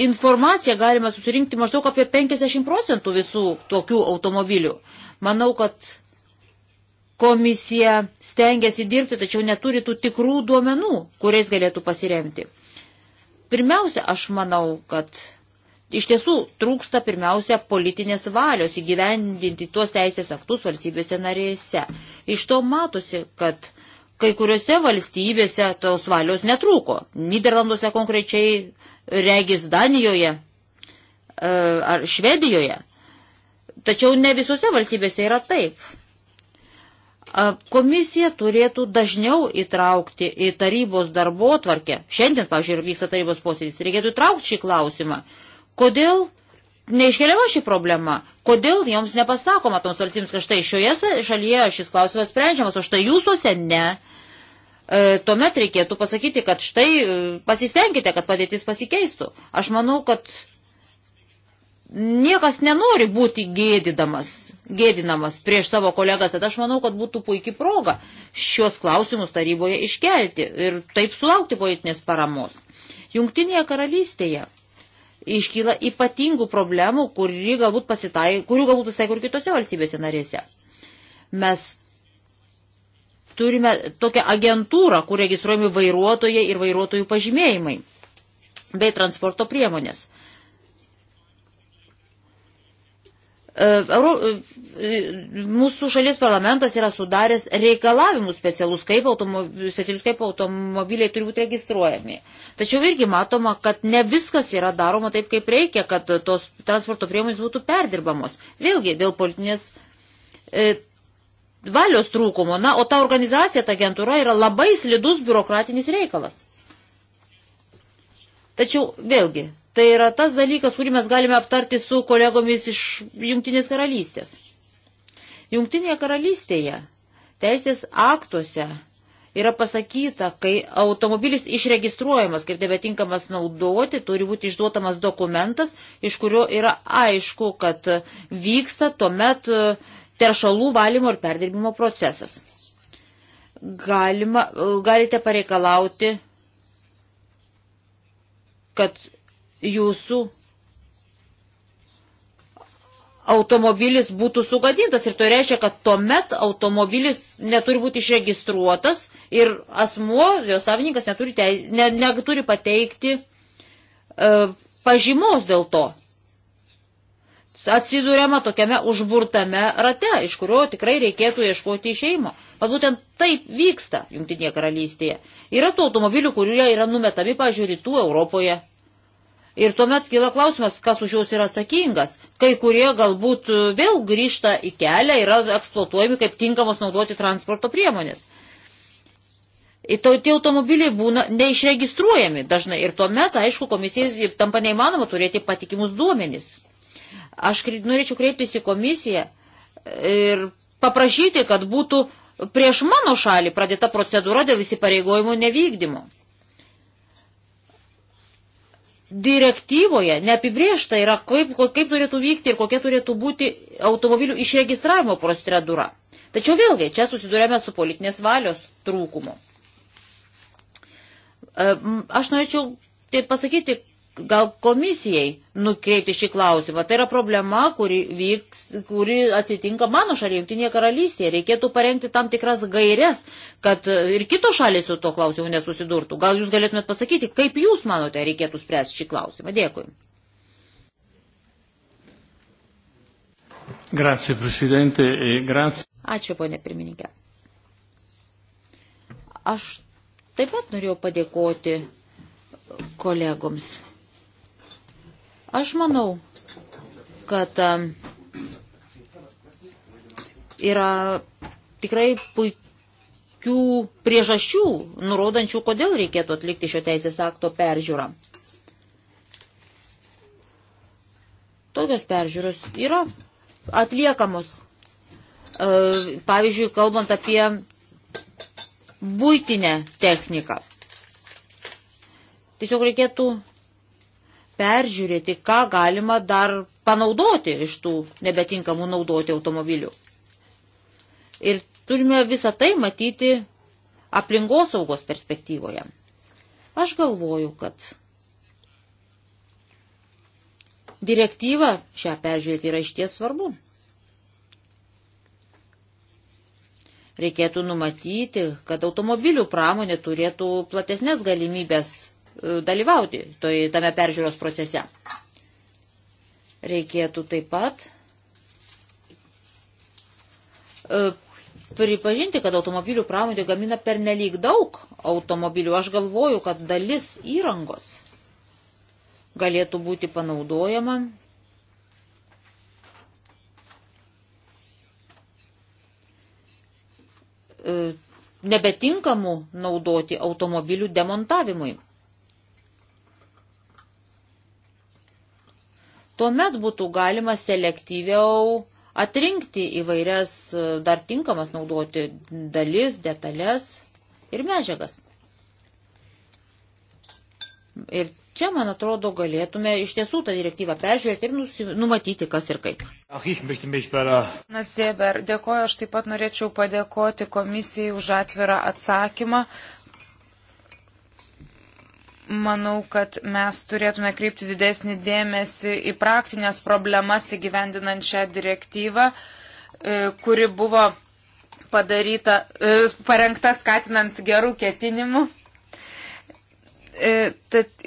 informaciją galima susirinkti maždaug apie 50 procentų visų tokių automobilių. Manau, kad Komisija stengiasi dirbti, tačiau neturi tų tikrų duomenų, kuriais galėtų pasiremti. Pirmiausia, aš manau, kad iš tiesų trūksta pirmiausia politinės valios įgyvendinti tuos teisės aktus valstybėse narėse. Iš to matosi, kad kai kuriuose valstybėse tos valios netrūko. Niderlanduose konkrečiai, regis Danijoje e, ar Švedijoje. Tačiau ne visose valstybėse yra taip. Komisija turėtų dažniau įtraukti į tarybos darbo tvarkę. Šiandien, pavyzdžiui, vyksta tarybos posėdis. Reikėtų įtraukti šį klausimą. Kodėl neiškeliama ši problema? Kodėl joms nepasakoma toms valstybėms, kad štai šioje šalyje šis klausimas sprendžiamas, o štai jūsuose ne? E, tuomet reikėtų pasakyti, kad štai e, pasistengite, kad padėtis pasikeistų. Aš manau, kad niekas nenori būti gėdinamas, gėdinamas prieš savo kolegas, tad aš manau, kad būtų puikiai proga šios klausimus taryboje iškelti ir taip sulaukti politinės paramos. Jungtinėje karalystėje iškyla ypatingų problemų, kurių galbūt pasitaiko pasitai ir kitose valstybėse narėse. Mes turime tokią agentūrą, kur registruojami vairuotojai ir vairuotojų pažymėjimai bei transporto priemonės. Euro, e, mūsų šalies parlamentas yra sudaręs reikalavimus specialus kaip, automobiliai, specialus, kaip automobiliai turi būti registruojami. Tačiau irgi matoma, kad ne viskas yra daroma taip, kaip reikia, kad tos transporto priemonės būtų perdirbamos. Vėlgi dėl politinės e, valios trūkumo. Na, o ta organizacija, ta agentūra yra labai slidus biurokratinis reikalas. Tačiau vėlgi, Tai yra tas dalykas, kurį mes galime aptarti su kolegomis iš Jungtinės karalystės. Jungtinėje karalystėje teisės aktuose yra pasakyta, kai automobilis išregistruojamas kaip nebetinkamas naudoti, turi būti išduotamas dokumentas, iš kurio yra aišku, kad vyksta tuomet e, teršalų valymo ir perdirbimo procesas. Galima, e, galite pareikalauti, kad jūsų automobilis būtų sugadintas ir tai reiškia, kad tuomet automobilis neturi būti išregistruotas ir asmuo, jo savininkas neturi, teis, ne, neturi pateikti e, pažymos dėl to. Atsidūrėma tokiame užburtame rate, iš kurio tikrai reikėtų ieškoti išeimo. Pat būtent taip vyksta Junktinėje karalystėje. Yra tų automobilių, kurie yra numetami, pažiūrėjau, rytų Europoje. Ir tuomet kyla klausimas, kas už juos yra atsakingas. Kai kurie galbūt e, vėl grįžta į kelią, yra eksploatuojami kaip tinkamos naudoti transporto priemonės. Ir tie automobiliai būna neišregistruojami dažnai ir tuomet, aišku, komisijai tampa neįmanoma turėti patikimus duomenys. Aš norėčiau kreiptis į komisiją e, ir paprašyti, kad būtų prieš mano šalį pradėta procedūra dėl įsipareigojimų nevykdymo direktyvoje neapibriešta yra, kaip, kaip turėtų vykti ir kokia turėtų būti automobilių išregistravimo procedūra. Tačiau vėlgi, čia susidurėme su politinės valios trūkumu. E, aš norėčiau tai pasakyti, gal komisijai nukreipti šį klausimą. Tai yra problema, kuri, vyks, kuri atsitinka mano šalyje, Junktinėje karalystėje. Reikėtų parengti tam tikras gairias, kad ir kitos šalis su to klausimu nesusidurtų. Gal jūs galėtumėt pasakyti, kaip jūs manote reikėtų spręsti šį klausimą. Dėkui. Grazie, prezidente. E grazie. Ačiū, ponė pirmininkė. Aš taip pat norėjau padėkoti kolegoms Aš manau, kad um, yra tikrai puikių priežasčių, nurodančių, kodėl reikėtų atlikti šio teisės akto peržiūrą. Tokios peržiūros yra atliekamos. E, pavyzdžiui, kalbant apie būtinę techniką. Tiesiog reikėtų peržiūrėti, ką galima dar panaudoti iš tų nebetinkamų naudoti automobilių. Ir turime visą tai matyti aplinkosaugos perspektyvoje. Aš galvoju, kad direktyvą šią peržiūrėti yra išties svarbu. Reikėtų numatyti, kad automobilių pramonė turėtų platesnės galimybės dalyvauti toj, tame peržiūros procese. Reikėtų taip pat e, pripažinti, kad automobilių pramonė gamina per nelik daug automobilių. Aš galvoju, kad dalis įrangos galėtų būti panaudojama e, nebetinkamų naudoti automobilių demontavimui. Tuomet būtų galima selektyviau atrinkti įvairias e, dar tinkamas naudoti dalis, detalės ir medžiagas. Ir čia, man atrodo, galėtume iš tiesų tą direktyvą peržiūrėti ir numatyti, kas ir kaip. Naseber, dėkoju, aš taip pat norėčiau padėkoti komisijai už atvirą atsakymą. Manau, kad mes turėtume kreipti didesnį dėmesį į praktinės problemas įgyvendinant šią direktyvą, e, kuri buvo padaryta, e, parengta skatinant gerų ketinimų. E,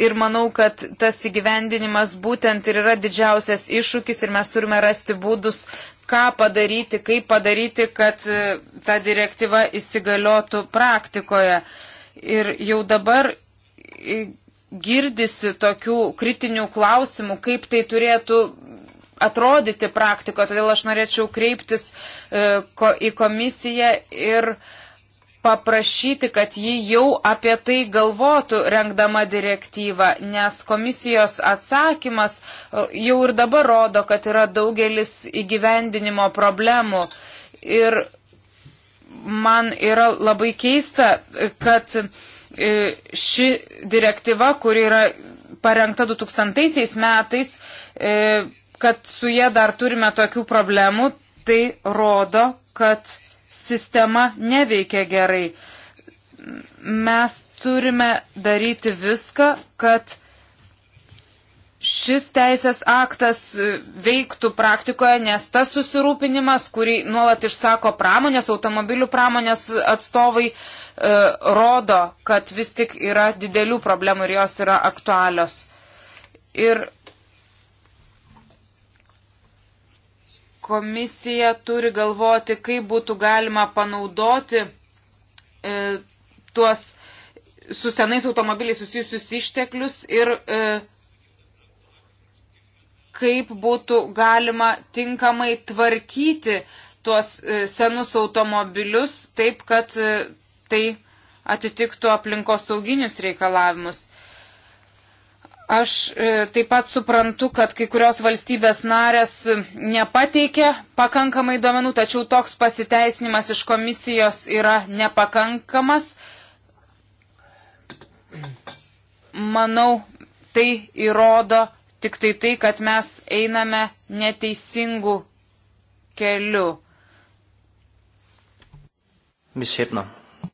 ir manau, kad tas įgyvendinimas būtent ir yra didžiausias iššūkis ir mes turime rasti būdus, ką padaryti, kaip padaryti, kad ta direktyva įsigaliotų praktikoje. Ir jau dabar girdisi tokių kritinių klausimų, kaip tai turėtų atrodyti praktikoje. Todėl aš norėčiau kreiptis e, į komisiją ir paprašyti, kad ji jau apie tai galvotų rengdama direktyvą, nes komisijos atsakymas e, jau ir dabar rodo, kad yra daugelis įgyvendinimo problemų. Ir man yra labai keista, kad E, ši direktyva, kuri yra parengta 2000 metais, e, kad su jie dar turime tokių problemų, tai rodo, kad sistema neveikia gerai. Mes turime daryti viską, kad šis teisės aktas e, veiktų praktikoje, nes tas susirūpinimas, kurį nuolat išsako pramonės, automobilių pramonės atstovai, e, rodo, kad vis tik yra didelių problemų ir jos yra aktualios. Ir komisija turi galvoti, kaip būtų galima panaudoti e, tuos su senais automobiliais susijusius išteklius ir e, kaip būtų galima tinkamai tvarkyti tuos e, senus automobilius taip, kad e, tai atitiktų aplinkos sauginius reikalavimus. Aš e, taip pat suprantu, kad kai kurios valstybės narės nepateikė pakankamai duomenų, tačiau toks pasiteisinimas iš komisijos yra nepakankamas. Manau, tai įrodo, tik tai tai, kad mes einame neteisingų kelių. Misirno. Nu.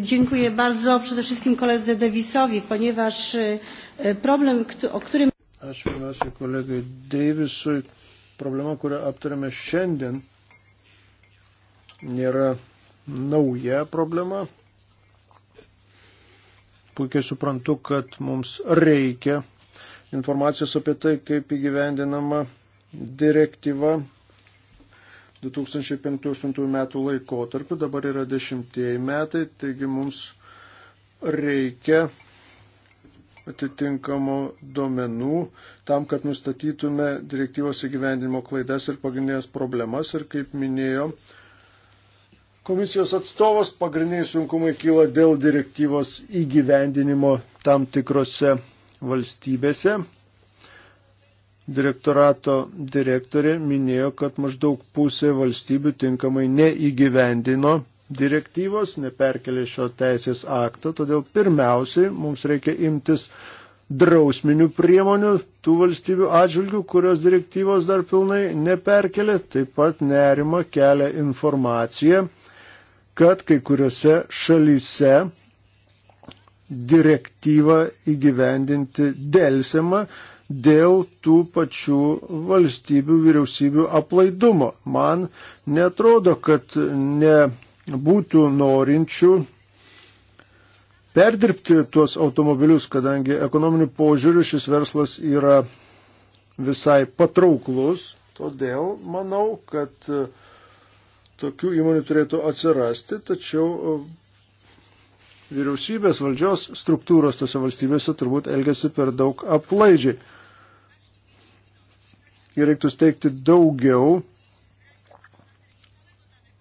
Dziękuję bardzo przede wszystkim koledze Davisowi, ponieważ e, e, problem, o którym... Ačiū pirmiausia kolegai Deivisui. Problema, kurią aptarėme šiandien, nėra nauja problema puikiai suprantu, kad mums reikia informacijos apie tai, kaip įgyvendinama direktyva 2005-2008 metų laikotarpiu, dabar yra dešimtieji metai, taigi mums reikia atitinkamų duomenų tam, kad nustatytume direktyvos įgyvendinimo klaidas ir pagrindinės problemas ir kaip minėjo komisijos atstovas, pagrindiniai sunkumai kyla dėl direktyvos įgyvendinimo tam tikrose valstybėse. Direktorato direktorė minėjo, kad maždaug pusė valstybių tinkamai neįgyvendino direktyvos, neperkelė šio teisės akto, todėl pirmiausiai mums reikia imtis drausminių priemonių tų valstybių atžvilgių, kurios direktyvos dar pilnai neperkelė, taip pat nerima kelia informacija kad kai kuriuose šalyse direktyvą įgyvendinti dėlsiama dėl tų pačių valstybių vyriausybių aplaidumo. Man netrodo, kad nebūtų norinčių perdirbti tuos automobilius, kadangi ekonominių požiūrių šis verslas yra visai patrauklus. Todėl manau, kad uh, tokių įmonių turėtų atsirasti, tačiau e, vyriausybės valdžios struktūros tose valstybėse turbūt elgesi per daug aplaidžiai. Ir reiktų steigti daugiau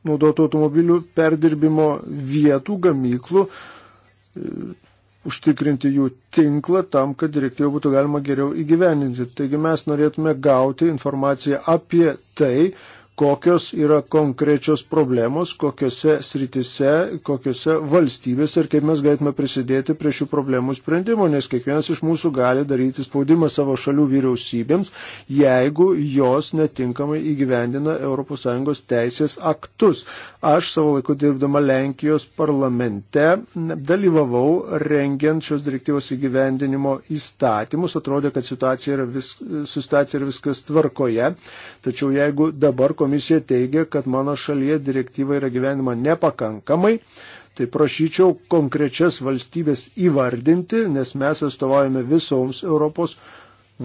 naudotų automobilių perdirbimo vietų, gamyklų, e, užtikrinti jų tinklą tam, kad direktyvą būtų galima geriau įgyveninti. Taigi mes norėtume gauti informaciją apie tai, kokios yra konkrečios problemos, kokiose sritise, kokiose valstybėse ir kaip mes galėtume prisidėti prie šių problemų sprendimo, nes kiekvienas iš mūsų gali daryti spaudimą savo šalių vyriausybėms, jeigu jos netinkamai įgyvendina ES teisės aktus. Aš savo laiku dirbdama Lenkijos parlamente dalyvavau rengiant šios direktyvos įgyvendinimo įstatymus, atrodė, kad situacija yra, vis, situacija yra viskas tvarkoje, Tačiau jeigu dabar komisija teigia, kad mano šalyje direktyva yra gyvenima nepakankamai, tai prašyčiau konkrečias valstybės įvardinti, nes mes atstovaujame visoms Europos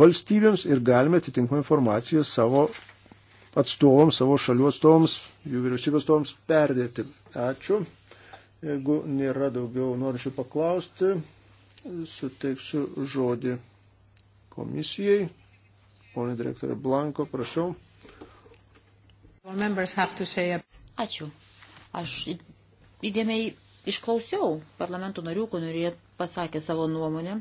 valstybėms ir galime atitinkamą informaciją savo atstovams, savo šalių atstovams, jų vyriausybės atstovams perdėti. Ačiū. Jeigu nėra daugiau norinčių paklausti, suteiksiu žodį komisijai. Pone direktorė Blanko, prašau. Ačiū. Aš įdėmiai išklausiau parlamento narių, kurie pasakė savo nuomonę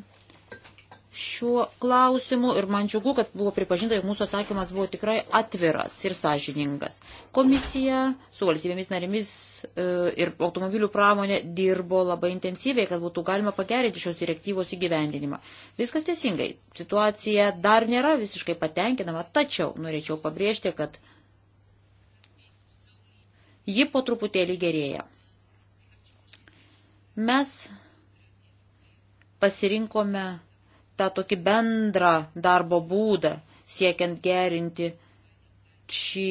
šiuo klausimu ir man džiugu, kad buvo pripažinta, jog mūsų atsakymas buvo tikrai atviras ir sąžiningas. Komisija su valstybėmis narimis e, ir automobilių pramonė dirbo labai intensyviai, kad būtų galima pagerinti šios direktyvos įgyvendinimą. Viskas teisingai. Situacija dar nėra visiškai patenkinama, tačiau norėčiau pabrėžti, kad ji po truputėlį gerėja. Mes pasirinkome tą tokį bendrą darbo būdą, siekiant gerinti šį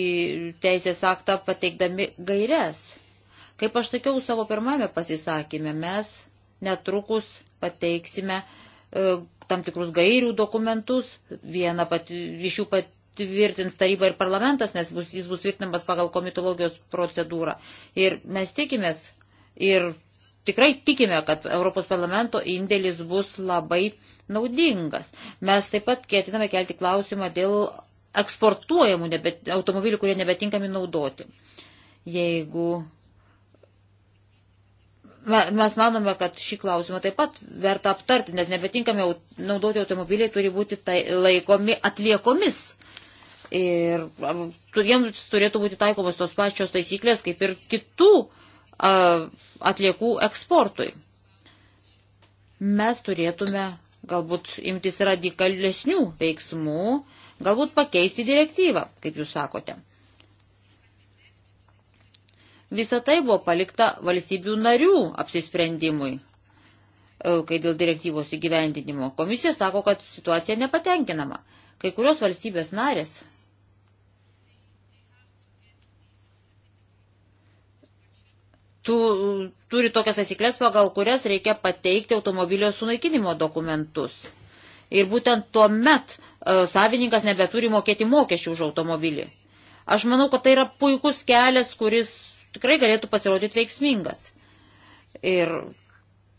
teisės aktą pateikdami gairias. Kaip aš sakiau savo pirmame pasisakymė, mes netrukus pateiksime e, tam tikrus gairių dokumentus, vieną pat, iš jų pat, tvirtins taryba ir parlamentas, nes bus, jis bus tvirtinamas pagal komitologijos procedūrą. Ir mes tikimės ir tikrai tikime, kad Europos parlamento indėlis bus labai naudingas. Mes taip pat ketiname kelti klausimą dėl eksportuojamų nebet, automobilių, kurie nebetinkami naudoti. Jeigu mes manome, kad šį klausimą taip pat verta aptarti, nes nebetinkami naudoti automobiliai turi būti tai laikomi atliekomis. Ir jiems turėtų būti taikomos tos pačios taisyklės kaip ir kitų atliekų eksportui. Mes turėtume galbūt imtis radikalesnių veiksmų, galbūt pakeisti direktyvą, kaip jūs sakote. Visa tai buvo palikta valstybių narių apsisprendimui, e, kai dėl direktyvos įgyvendinimo. Komisija sako, kad situacija nepatenkinama. Kai kurios valstybės narės tu, turi tokias taisyklės, pagal kurias reikia pateikti automobilio sunaikinimo dokumentus. Ir būtent tuo met e, savininkas nebeturi mokėti mokesčių už automobilį. Aš manau, kad tai yra puikus kelias, kuris tikrai galėtų pasirodyti veiksmingas. Ir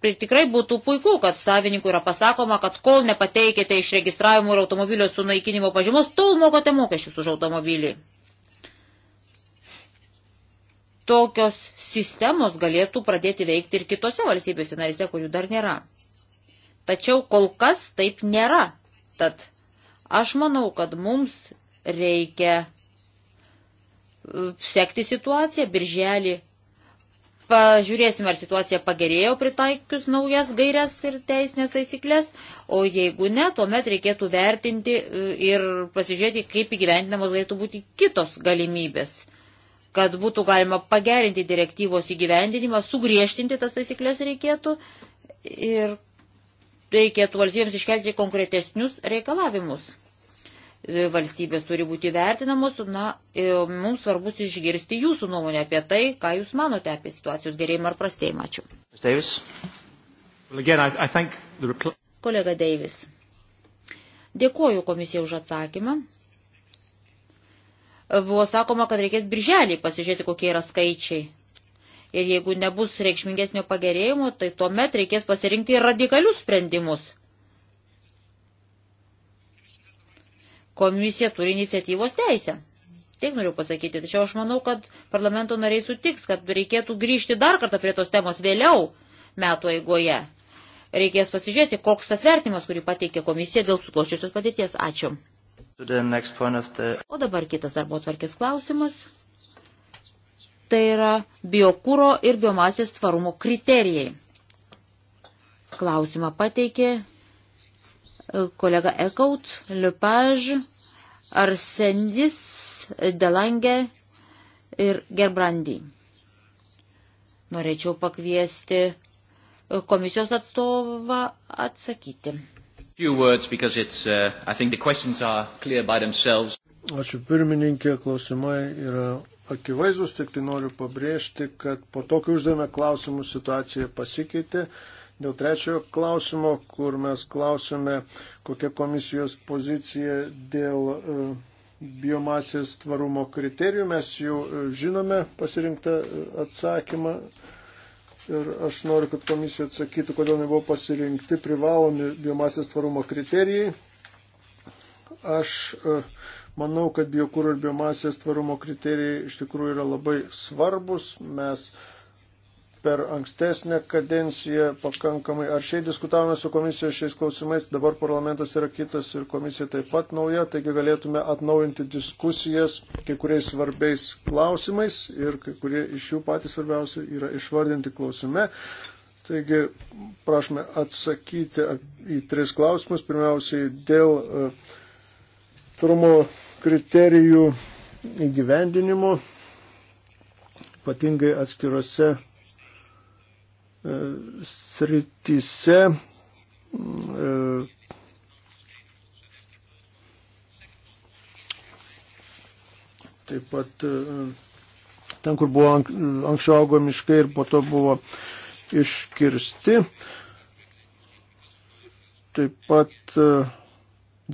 tai tikrai būtų puiku, kad savininkui yra pasakoma, kad kol nepateikėte išregistravimo ir automobilio sunaikinimo pažymos, tol mokate mokesčius už automobilį tokios sistemos galėtų pradėti veikti ir kitose valstybėse narėse, kurių dar nėra. Tačiau kol kas taip nėra. Tad aš manau, kad mums reikia e, sekti situaciją birželį. Pažiūrėsime, ar situacija pagerėjo pritaikius naujas gairias ir teisinės taisyklės, o jeigu ne, tuomet reikėtų vertinti e, ir pasižiūrėti, kaip įgyvendinamos galėtų būti kitos galimybės kad būtų galima pagerinti direktyvos įgyvendinimą, sugriežtinti tas taisyklės reikėtų ir reikėtų valstybėms iškelti konkretesnius reikalavimus. E, valstybės turi būti vertinamos, na, e, mums svarbus išgirsti jūsų nuomonę apie tai, ką jūs manote apie situacijos gerėjimą ar prastėjimą. Ačiū. Well, again, I, I the... Kolega Deivis. Dėkoju komisijai už atsakymą buvo sakoma, kad reikės birželį pasižiūrėti, kokie yra skaičiai. Ir jeigu nebus reikšmingesnio pagerėjimo, tai tuomet reikės pasirinkti radikalius sprendimus. Komisija turi iniciatyvos teisę. Tiek noriu pasakyti. Tačiau aš manau, kad parlamento nariai sutiks, kad reikėtų grįžti dar kartą prie tos temos vėliau metų eigoje. Reikės pasižiūrėti, koks tas vertimas, kurį pateikė komisija dėl sukloščiusios padėties. Ačiū the... O dabar kitas darbo tvarkės klausimas. Tai yra biokūro ir biomasės tvarumo kriterijai. Klausimą pateikė e, kolega Ekaut, Lepage, Arsenis, Delange ir Gerbrandy. Norėčiau pakviesti e, komisijos atstovą atsakyti. Uh, Ačiū pirmininkė, klausimai yra akivaizdus, tik tai noriu pabrėžti, kad po to, kai uždavėme klausimus, situacija pasikeitė. Dėl trečiojo klausimo, kur mes klausime, kokia komisijos pozicija dėl e, biomasės tvarumo kriterijų, mes jau e, žinome pasirinktą e, atsakymą Ir aš noriu, kad komisija atsakytų, kodėl nebuvo pasirinkti privalomi biomasės tvarumo kriterijai. Aš e, manau, kad biokūro ir biomasės tvarumo kriterijai iš tikrųjų yra labai svarbus. Mes uh, per ankstesnę kadenciją pakankamai aršiai diskutavome su komisija šiais klausimais, dabar parlamentas yra kitas ir komisija taip pat nauja, taigi galėtume atnaujinti diskusijas kai kuriais svarbiais klausimais ir kai kurie iš jų patys svarbiausi yra išvardinti klausime. Taigi prašome atsakyti į tris klausimus. Pirmiausiai dėl e, tvarumo kriterijų įgyvendinimo, ypatingai atskirose E, srityse e, taip pat e, ten, kur buvo anksčiau augo miškai ir po to buvo iškirsti. Taip pat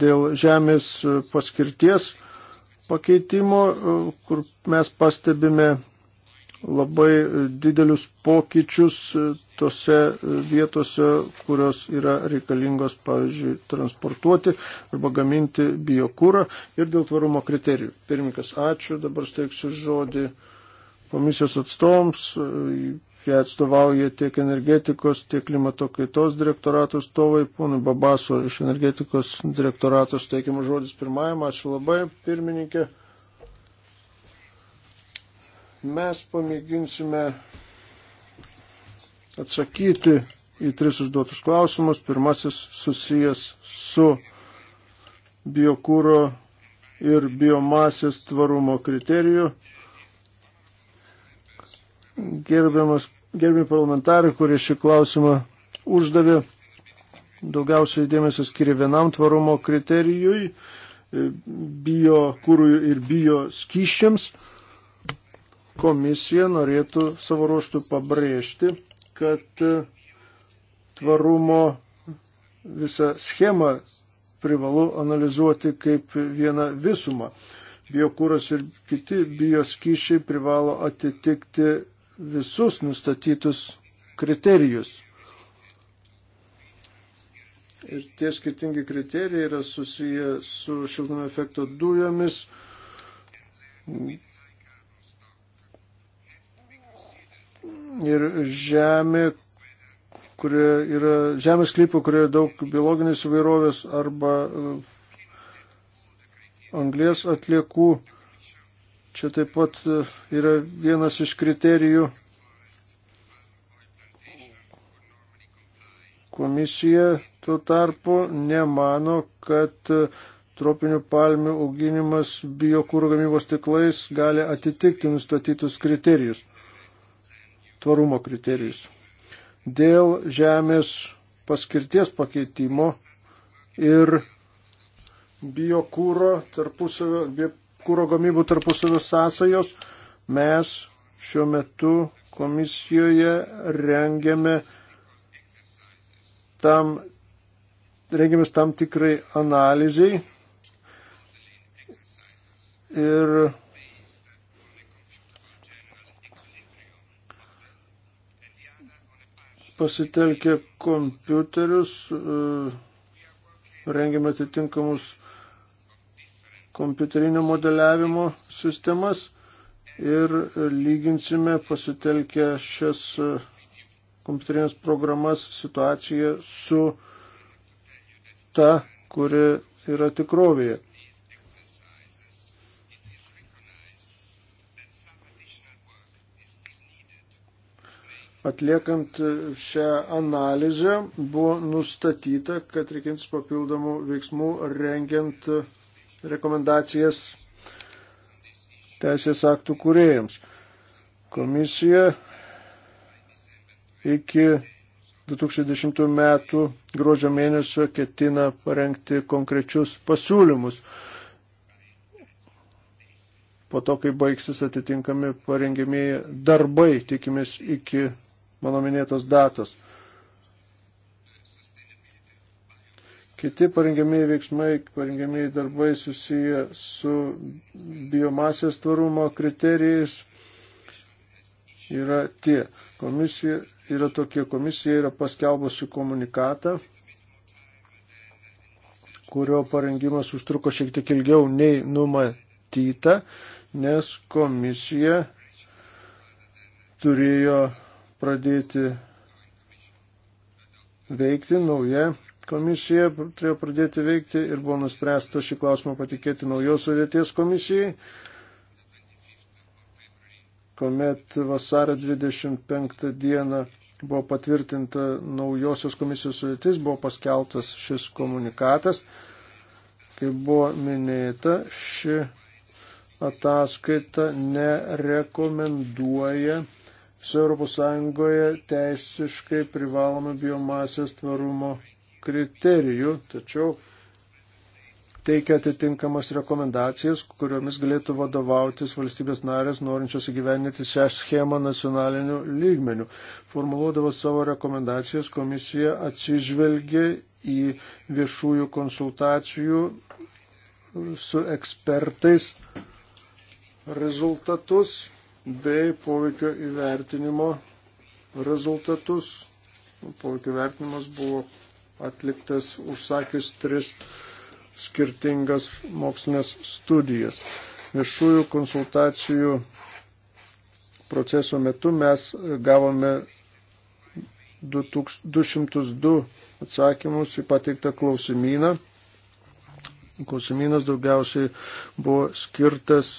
dėl žemės paskirties pakeitimo, kur mes pastebime labai didelius pokyčius tose vietose, kurios yra reikalingos, pavyzdžiui, transportuoti arba gaminti biokūrą ir dėl tvarumo kriterijų. Pirmininkas, ačiū, dabar steiksiu žodį komisijos atstovams. Jie atstovauja tiek energetikos, tiek klimato kaitos direktorato atstovai, ponui Babaso iš energetikos direktorato steikiamas žodis pirmajam. Ačiū labai, pirmininkė. Mes pamėginsime atsakyti į tris užduotus klausimus. Pirmasis susijęs su biokūro ir biomasės tvarumo kriterijų. Gerbiamas, gerbiami parlamentarai, kurie šį klausimą uždavė, daugiausiai dėmesio skiria vienam tvarumo kriterijui - biokūrui ir bioskyščiams. Komisija norėtų savo ruoštų pabrėžti, kad e, tvarumo visą schemą privalu analizuoti kaip vieną visumą. Biokūras ir kiti bioskyšiai privalo atitikti visus nustatytus kriterijus. Ir tie skirtingi kriterijai yra susiję su šiltnamio efekto dujomis, ir žemė, kurioje yra žemės klypų, kurioje daug biologinės įvairovės arba e, anglės atliekų. Čia taip pat e, yra vienas iš kriterijų. Komisija tuo tarpu nemano, kad e, tropinių palmių auginimas biokūro gamybos tiklais gali atitikti nustatytus kriterijus tvarumo kriterijus. Dėl žemės paskirties pakeitimo ir biokūro tarpusavio, biokūro gamybų tarpusavio sąsajos mes šiuo metu komisijoje rengiame tam, rengiamės tam tikrai analizai ir pasitelkę kompiuterius, e, rengiame atitinkamus kompiuterinio modeliavimo sistemas ir lyginsime pasitelkę šias e, kompiuterinės programas situaciją su ta, kuri yra tikrovėje. Atliekant šią analizę buvo nustatyta, kad reikintis papildomų veiksmų rengiant rekomendacijas teisės aktų kūrėjams. Komisija iki 2010 metų gruodžio mėnesio ketina parengti konkrečius pasiūlymus. Po to, kai baigsis atitinkami parengimiai darbai, tikimės iki mano minėtos datos. Kiti parengiamieji veiksmai, parengiamieji darbai susiję su biomasės tvarumo kriterijais yra tie. Komisija yra tokie, komisija yra paskelbusi komunikatą, kurio parengimas užtruko šiek tiek ilgiau nei numatyta, nes komisija turėjo pradėti veikti, nauja komisija turėjo pradėti veikti ir buvo nuspręsta šį klausimą patikėti naujos sudėties komisijai, kuomet vasario 25 dieną buvo patvirtinta naujosios komisijos sudėtis, buvo paskeltas šis komunikatas. Kaip buvo minėta, ši ataskaita nerekomenduoja Visoje ES teisiškai privaloma biomasės tvarumo kriterijų, tačiau teikia atitinkamas rekomendacijas, kuriomis galėtų vadovautis valstybės narės, norinčios įgyveninti šią schemą nacionaliniu lygmeniu. Formuluodavo savo rekomendacijas, komisija atsižvelgė į viešųjų konsultacijų su ekspertais rezultatus bei poveikio įvertinimo rezultatus. Poveikio vertinimas buvo atliktas užsakius tris skirtingas mokslinės studijas. Viešųjų konsultacijų proceso metu mes gavome 202 atsakymus į pateiktą klausimyną. Klausimynas daugiausiai buvo skirtas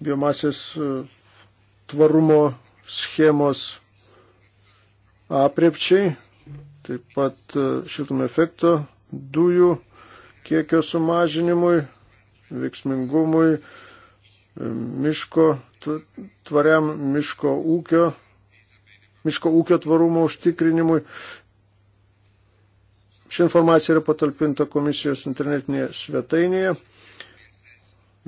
biomasės tvarumo schemos apriepčiai, taip pat e, šiltumo efekto dujų kiekio sumažinimui, veiksmingumui, e, miško, tvariam miško ūkio, miško ūkio tvarumo užtikrinimui. Ši informacija yra patalpinta komisijos internetinėje svetainėje.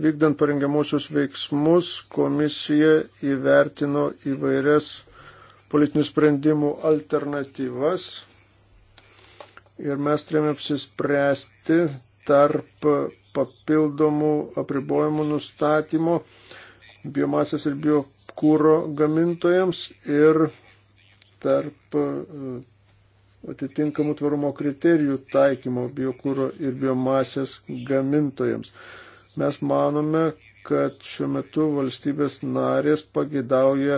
Vykdant parengiamusius veiksmus, komisija įvertino įvairias politinių sprendimų alternatyvas ir mes turėjome apsispręsti tarp papildomų apribojimų nustatymo biomasės ir biokūro gamintojams ir tarp e, atitinkamų tvarumo kriterijų taikymo biokūro ir biomasės gamintojams. Mes manome, kad šiuo metu valstybės narės pagidauja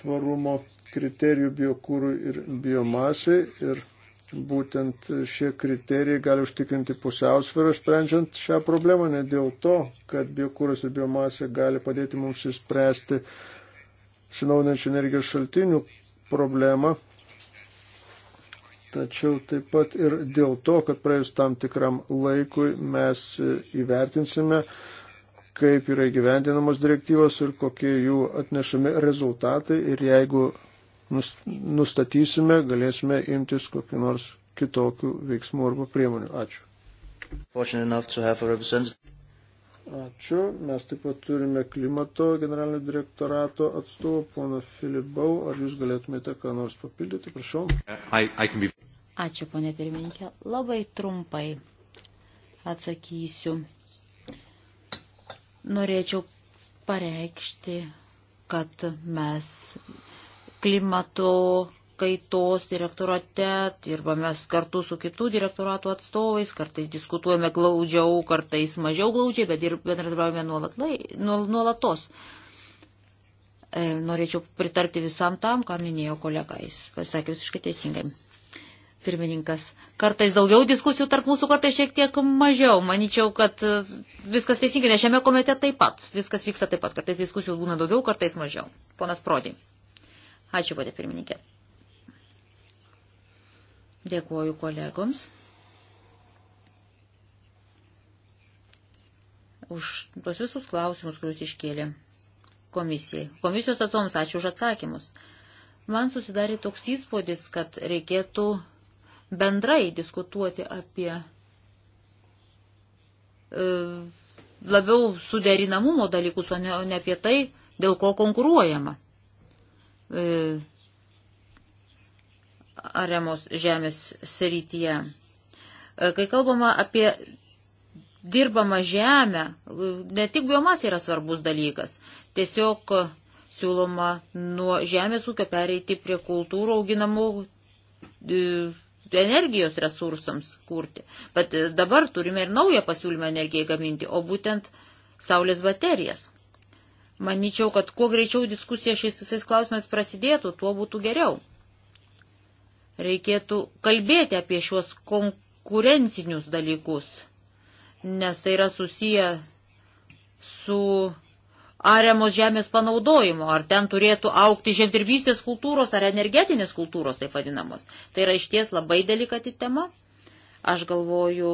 tvarumo kriterijų biokūrui ir biomasiai ir būtent šie kriterijai gali užtikrinti pusiausvyrą sprendžiant šią problemą, ne dėl to, kad biokūras ir biomasė gali padėti mums išspręsti sinaudinančių energijos šaltinių problemą, tačiau taip pat ir dėl to, kad praėjus tam tikram laikui mes įvertinsime, kaip yra įgyvendinamos direktyvos ir kokie jų atnešami rezultatai ir jeigu nustatysime, galėsime imtis kokiu nors kitokių veiksmų arba priemonių. Ačiū. Ačiū. Mes taip pat turime klimato generalinio direktorato atstovą, poną Filibau. Ar jūs galėtumėte ką nors papildyti, prašau? I, I be... Ačiū, ponė pirmininkė. Labai trumpai atsakysiu. Norėčiau pareikšti, kad mes klimato kaitos direktorate dirbame kartu su kitų direktoratų atstovais, kartais diskutuojame glaudžiau, kartais mažiau glaudžiai, bet bendradarbiaujame nuolat, nuolatos. E, norėčiau pritarti visam tam, ką minėjo kolega. Jis pasakė visiškai teisingai pirmininkas. Kartais daugiau diskusijų tarp mūsų, kartais šiek tiek mažiau. Manyčiau, kad e, viskas teisingai, nes šiame komite taip pat. Viskas vyksta taip pat. Kartais diskusijų būna daugiau, kartais mažiau. Ponas Prodiai. Ačiū, ponė pirmininkė. Dėkuoju kolegoms už tos visus klausimus, kuriuos iškėlė komisijai. Komisijos atsovams ačiū už atsakymus. Man susidarė toks įspūdis, kad reikėtų bendrai diskutuoti apie e, labiau suderinamumo dalykus, o ne, o ne apie tai, dėl ko konkuruojama. E, aremos žemės srityje. E, kai kalbama apie dirbamą žemę, e, ne tik biomas yra svarbus dalykas, tiesiog siūloma nuo žemės ūkio pereiti prie kultūrų auginamų e, energijos resursams kurti. Bet e, dabar turime ir naują pasiūlymą energijai gaminti, o būtent saulės baterijas. Manyčiau, kad kuo greičiau diskusija šiais visais klausimais prasidėtų, tuo būtų geriau. Reikėtų kalbėti apie šios konkurencinius dalykus, nes tai yra susiję su ariamos žemės panaudojimo, ar ten turėtų aukti žemdirbystės kultūros ar energetinės kultūros, taip vadinamos. Tai yra išties labai delikati tema. Aš galvoju,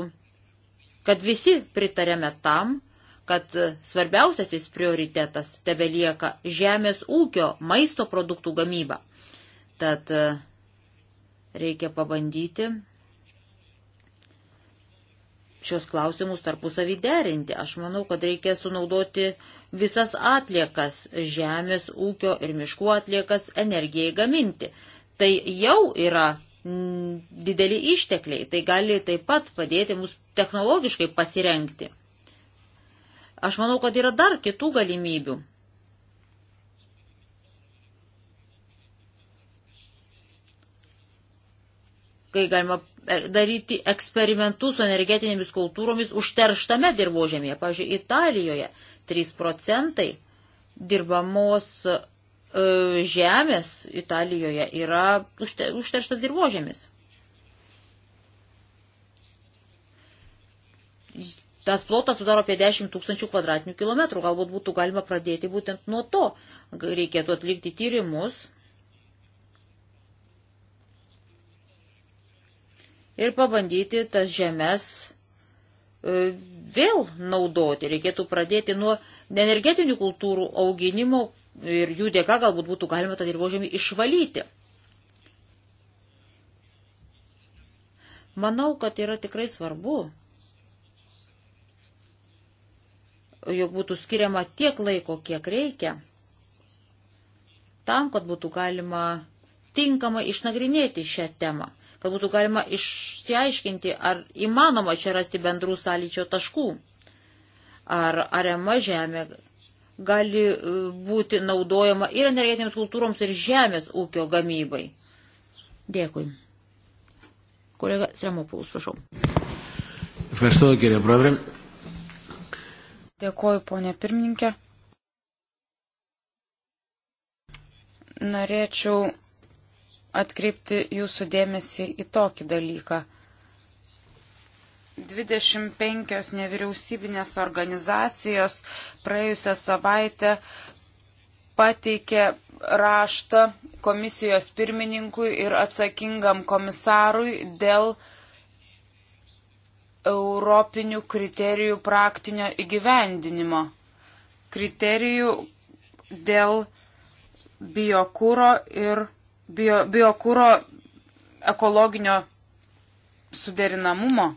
kad visi pritarėme tam, kad svarbiausiasis prioritetas tebelieka žemės ūkio maisto produktų gamyba. Tad e, reikia pabandyti šios klausimus tarpusavį derinti. Aš manau, kad reikia sunaudoti visas atliekas - žemės, ūkio ir miškų atliekas - energijai gaminti. Tai jau yra mm, dideli ištekliai, tai gali taip pat padėti mums technologiškai pasirenkti. Aš manau, kad yra dar kitų galimybių. Kai galima daryti eksperimentus su energetinėmis kultūromis užterštame dirbožėmėje. Pavyzdžiui, Italijoje 3 procentai dirbamos e, žemės Italijoje yra užterštas dirbožėmis. Tas plotas sudaro apie 10 tūkstančių kvadratinių kilometrų. Galbūt būtų galima pradėti būtent nuo to. Reikėtų atlikti tyrimus ir pabandyti tas žemės e, vėl naudoti. Reikėtų pradėti nuo energetinių kultūrų auginimo ir jų dėka galbūt būtų galima tą dirbožemį išvalyti. Manau, kad yra tikrai svarbu, jog būtų skiriama tiek laiko, kiek reikia, tam, kad būtų galima tinkamai išnagrinėti šią temą kad būtų galima išsiaiškinti, ar įmanoma čia rasti bendrų sąlyčio taškų, ar ariama žemė gali e, būti naudojama ir energetinėms kultūroms, ir žemės ūkio gamybai. Dėkui. Kolega Sremopulus, prašau. Ευχαριστώ κύριε Πρόεδρε. Dėkuoju, ponė pirmininkė. Norėčiau atkreipti jūsų dėmesį į tokį dalyką. 25 nevyriausybinės organizacijos praėjusią savaitę pateikė raštą komisijos pirmininkui ir atsakingam komisarui dėl europinių kriterijų praktinio įgyvendinimo. Kriterijų dėl biokūro ir bio, biokūro ekologinio suderinamumo.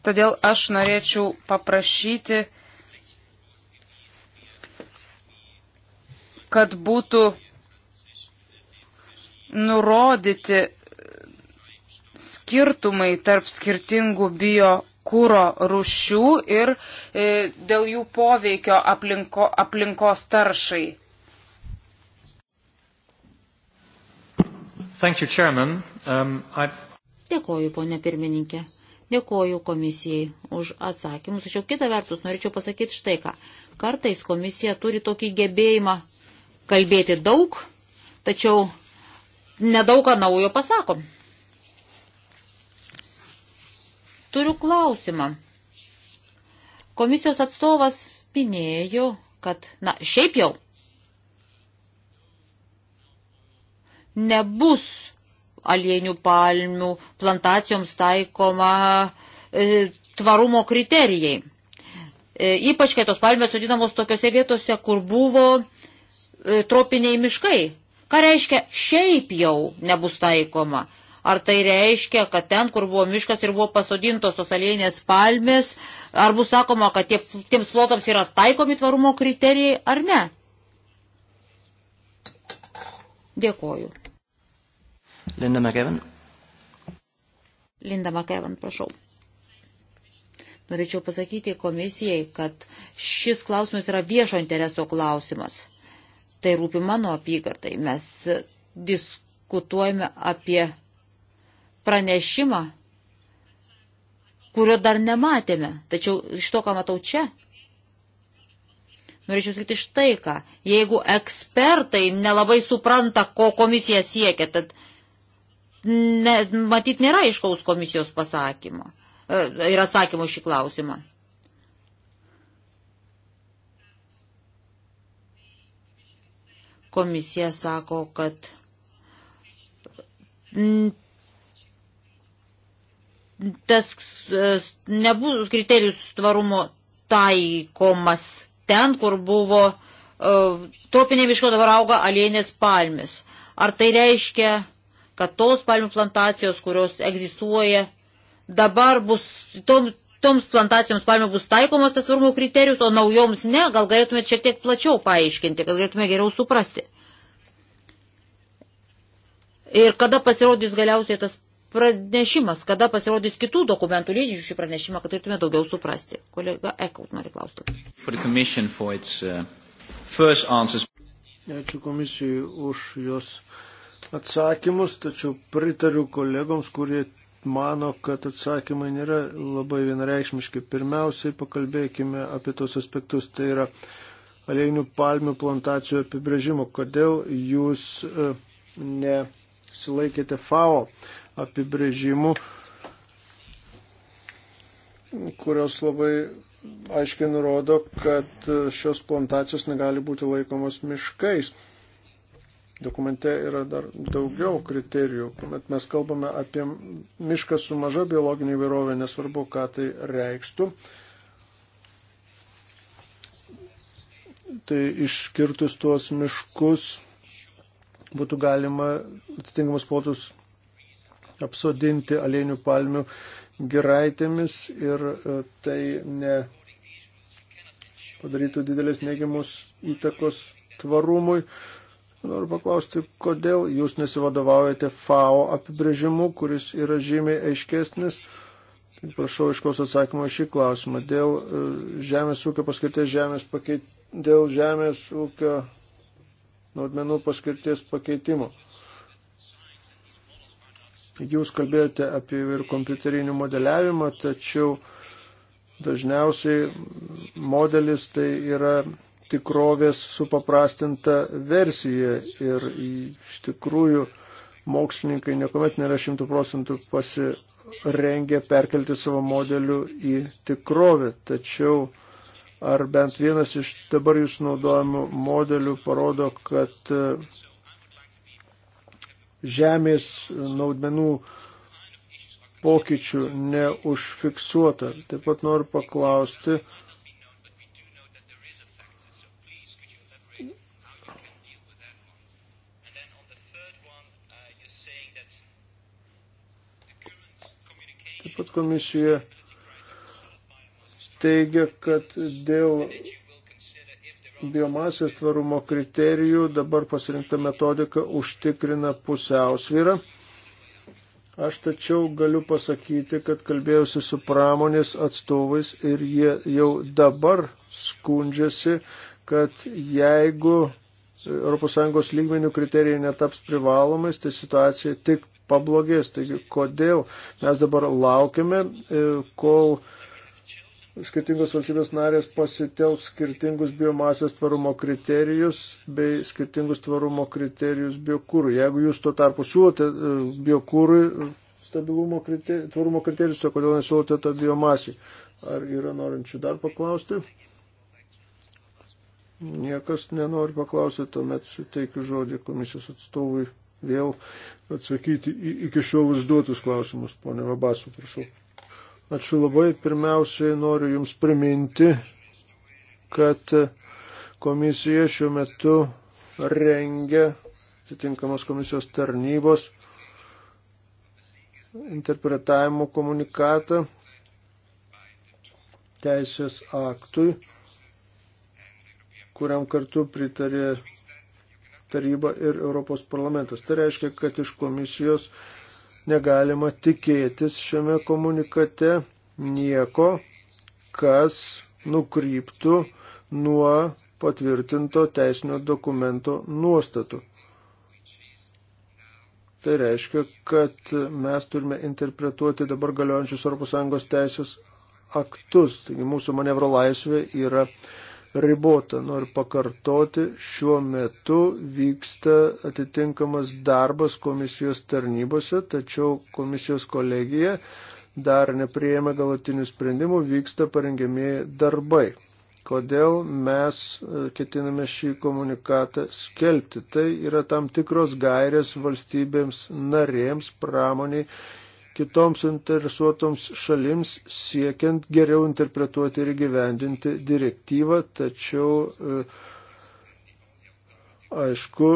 Todėl aš norėčiau paprašyti, kad būtų nurodyti skirtumai tarp skirtingų bio kūro rušių ir e, dėl jų poveikio aplinko, aplinkos taršai. Thank you, Chairman. um, I... Dėkoju, ponė pirmininkė. Dėkoju komisijai už atsakymus. Tačiau kitą vertus norėčiau pasakyti štai ką. Kartais komisija turi tokį gebėjimą kalbėti daug, tačiau nedaug ką naujo pasakom. Turiu klausimą. Komisijos atstovas minėjo, kad, na, šiaip jau nebus alienių palmių plantacijoms taikoma e, tvarumo kriterijai. E, ypač, kai tos palmės sodinamos tokiose vietose, kur buvo e, tropiniai miškai. Ką reiškia šiaip jau nebus taikoma? Ar tai reiškia, kad ten, kur buvo miškas ir buvo pasodintos tos alienės palmės, ar bus sakoma, kad tie, tiems plotams yra taikomi tvarumo kriterijai ar ne? Dėkoju. Linda McEvan. Linda McEvan, prašau. Norėčiau pasakyti komisijai, kad šis klausimas yra viešo intereso klausimas. Tai rūpi mano apygardai. Mes diskutuojame apie pranešimą, kurio dar nematėme, tačiau iš to, ką matau čia, norėčiau sakyti štai ką. Jeigu ekspertai nelabai supranta, ko komisija siekia, tad ne, matyt nėra iškaus komisijos pasakymo e, ir atsakymo šį klausimą. Komisija sako, kad tas e, nebus kriterijus tvarumo taikomas ten, kur buvo uh, tropinė miško dabar auga alienės palmės. Ar tai reiškia, kad tos palmių plantacijos, kurios egzistuoja, dabar bus, tom, toms plantacijoms palmių bus taikomas tas tvarumo kriterijus, o naujoms ne, gal galėtumėte šiek tiek plačiau paaiškinti, kad galėtumėte geriau suprasti. Ir kada pasirodys galiausiai tas pranešimas, kada pasirodys kitų dokumentų lydžių šį pranešimą, kad turėtume daugiau suprasti. Kolega Ekaut nori klausti. Uh, Ačiū komisijai už jos atsakymus, tačiau pritariu kolegoms, kurie mano, kad atsakymai nėra labai vienareikšmiški. Pirmiausiai pakalbėkime apie tos aspektus, tai yra aliejinių palmių plantacijų apibrėžimo, kodėl jūs uh, nesilaikėte FAO apibrėžimų, kurios labai aiškiai nurodo, kad šios plantacijos negali būti laikomos miškais. Dokumente yra dar daugiau kriterijų, kuomet mes kalbame apie mišką su maža biologinė įvairovė, nesvarbu, ką tai reikštų. Tai iškirtus tuos miškus būtų galima atitinkamus plotus apsodinti alienių palmių giraitėmis ir e, tai ne padarytų didelės neigiamus įtakos tvarumui. Noriu paklausti, kodėl jūs nesivadovaujate FAO apibrėžimu, kuris yra žymiai aiškesnis. Prašau iškaus atsakymą šį klausimą. Dėl e, žemės ūkio paskirties žemės pakeit... dėl žemės ūkio naudmenų paskirties pakeitimo. Jūs kalbėjote apie ir kompiuterinį modeliavimą, tačiau dažniausiai modelis tai yra tikrovės supaprastinta versija ir iš tikrųjų mokslininkai niekuomet nėra šimtų procentų pasirengę perkelti savo modelių į tikrovę. Tačiau ar bent vienas iš dabar jūsų naudojamų modelių parodo, kad žemės naudmenų pokyčių neužfiksuota. Taip pat noriu paklausti, Taip pat komisija teigia, kad dėl biomasės tvarumo kriterijų dabar pasirinkta metodika užtikrina pusiausvyrą. Aš tačiau galiu pasakyti, kad kalbėjausi su pramonės atstovais ir jie jau dabar skundžiasi, kad jeigu ES lygmenių kriterijai netaps privalomais, tai situacija tik pablogės. Taigi, kodėl mes dabar laukiame, e, kol skirtingos valstybės narės pasitelks skirtingus biomasės tvarumo kriterijus bei skirtingus tvarumo kriterijus biokūrui. Jeigu jūs tuo tarpu siūlote e, biokūrui stabilumo kriterijus, tvarumo kriterijus, tai kodėl nesiūlote tą biomasį? Ar yra norinčių dar paklausti? Niekas nenori paklausyti, tuomet suteikiu žodį komisijos atstovui vėl atsakyti į iki šiol užduotus klausimus. Pone Vabasu, prašau. Ačiū labai. Pirmiausiai noriu Jums priminti, kad komisija šiuo metu rengia atitinkamos komisijos tarnybos interpretavimo komunikatą teisės aktui, kuriam kartu pritarė taryba ir Europos parlamentas. Tai reiškia, kad iš komisijos negalima tikėtis šiame komunikate nieko, kas nukryptų nuo patvirtinto teisinio dokumento nuostatų. Tai reiškia, kad mes turime interpretuoti dabar galiojančius ES teisės aktus. Taigi mūsų manevro laisvė yra ribota. Noriu pakartoti, šiuo metu vyksta atitinkamas darbas komisijos tarnybose, tačiau komisijos kolegija dar neprieėmė galutinių sprendimų, vyksta parengėmėjai darbai. Kodėl mes e, ketiname šį komunikatą skelbti? Tai yra tam tikros gairės valstybėms narėms, pramoniai kitoms interesuotoms šalims siekiant geriau interpretuoti ir gyvendinti direktyvą, tačiau e, aišku,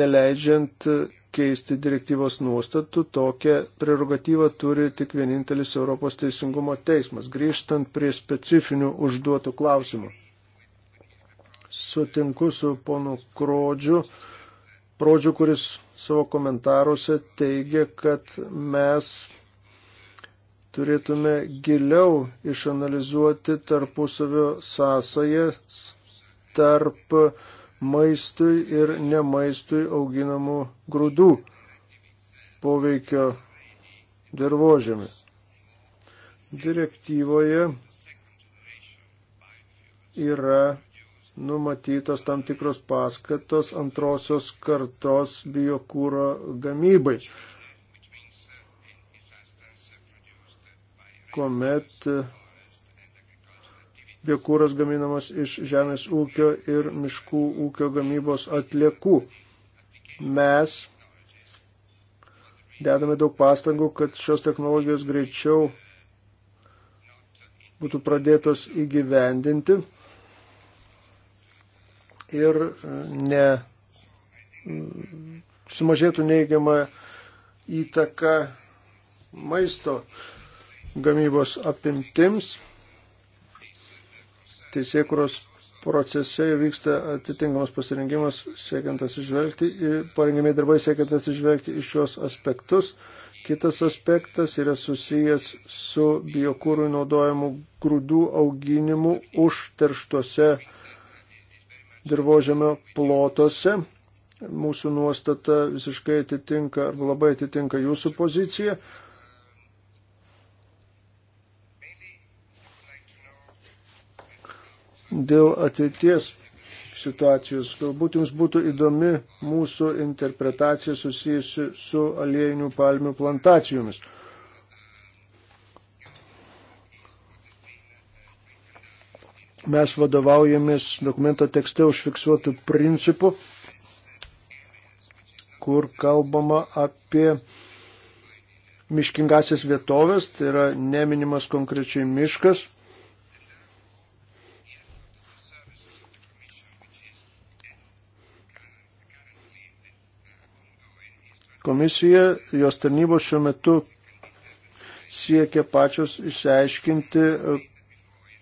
neleidžiant keisti direktyvos nuostatų, tokią prerogatyvą turi tik vienintelis Europos teisingumo teismas. Grįžtant prie specifinių užduotų klausimų. Sutinku su ponu Krodžiu Prodžių, kuris savo komentaruose teigia, kad mes turėtume giliau išanalizuoti tarpusavio sąsajas tarp maistui ir nemaistui auginamų grūdų poveikio dirbožėmi. Direktyvoje yra numatytos tam tikros paskatos antrosios kartos biokūro gamybai, kuomet biokūras gaminamas iš žemės ūkio ir miškų ūkio gamybos atliekų. Mes dedame daug pastangų, kad šios technologijos greičiau būtų pradėtos įgyvendinti ir e, ne sumažėtų neigiamą įtaką maisto gamybos apimtims. Teisėkuros procese vyksta atitinkamas pasirengimas, siekiant atsižvelgti, parengimiai darbai siekiant atsižvelgti į šios aspektus. Kitas aspektas yra susijęs su biokūrų naudojimu grūdų auginimu užterštuose terštuose dirbožėmio plotose. Mūsų nuostata visiškai atitinka arba labai atitinka jūsų poziciją. Dėl ateities situacijos. Galbūt jums būtų įdomi mūsų interpretacija susijusi su aliejinių palmių plantacijomis. mes vadovaujamės dokumento tekste užfiksuotų principų, kur kalbama apie miškingasias vietovės, tai yra neminimas konkrečiai miškas. Komisija, jos tarnybos šiuo metu siekia pačios išsiaiškinti,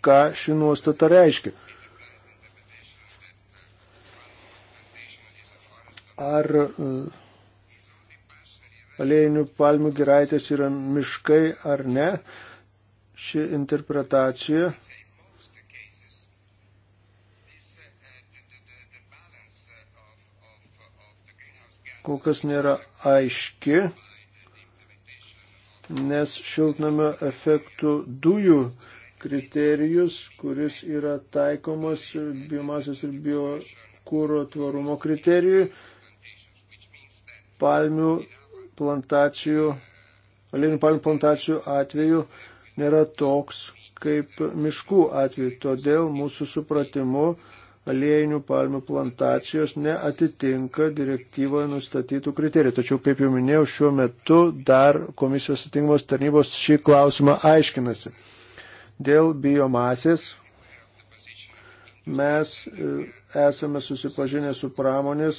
ką ši nuostata reiškia. Ar e, alėjinių palmių giraitės yra miškai ar ne, ši interpretacija kol kas nėra aiški, nes šiltnamio efektų dujų kriterijus, kuris yra taikomas biomasės ir biokūro tvarumo kriterijui, palmių plantacijų, alieninių palmių plantacijų atveju nėra toks kaip miškų atveju. Todėl mūsų supratimu aliejinių palmių plantacijos neatitinka direktyvoje nustatytų kriterijų. Tačiau, kaip jau minėjau, šiuo metu dar komisijos atitinkamos tarnybos šį klausimą aiškinasi. Dėl biomasės mes e, esame susipažinę su pramonės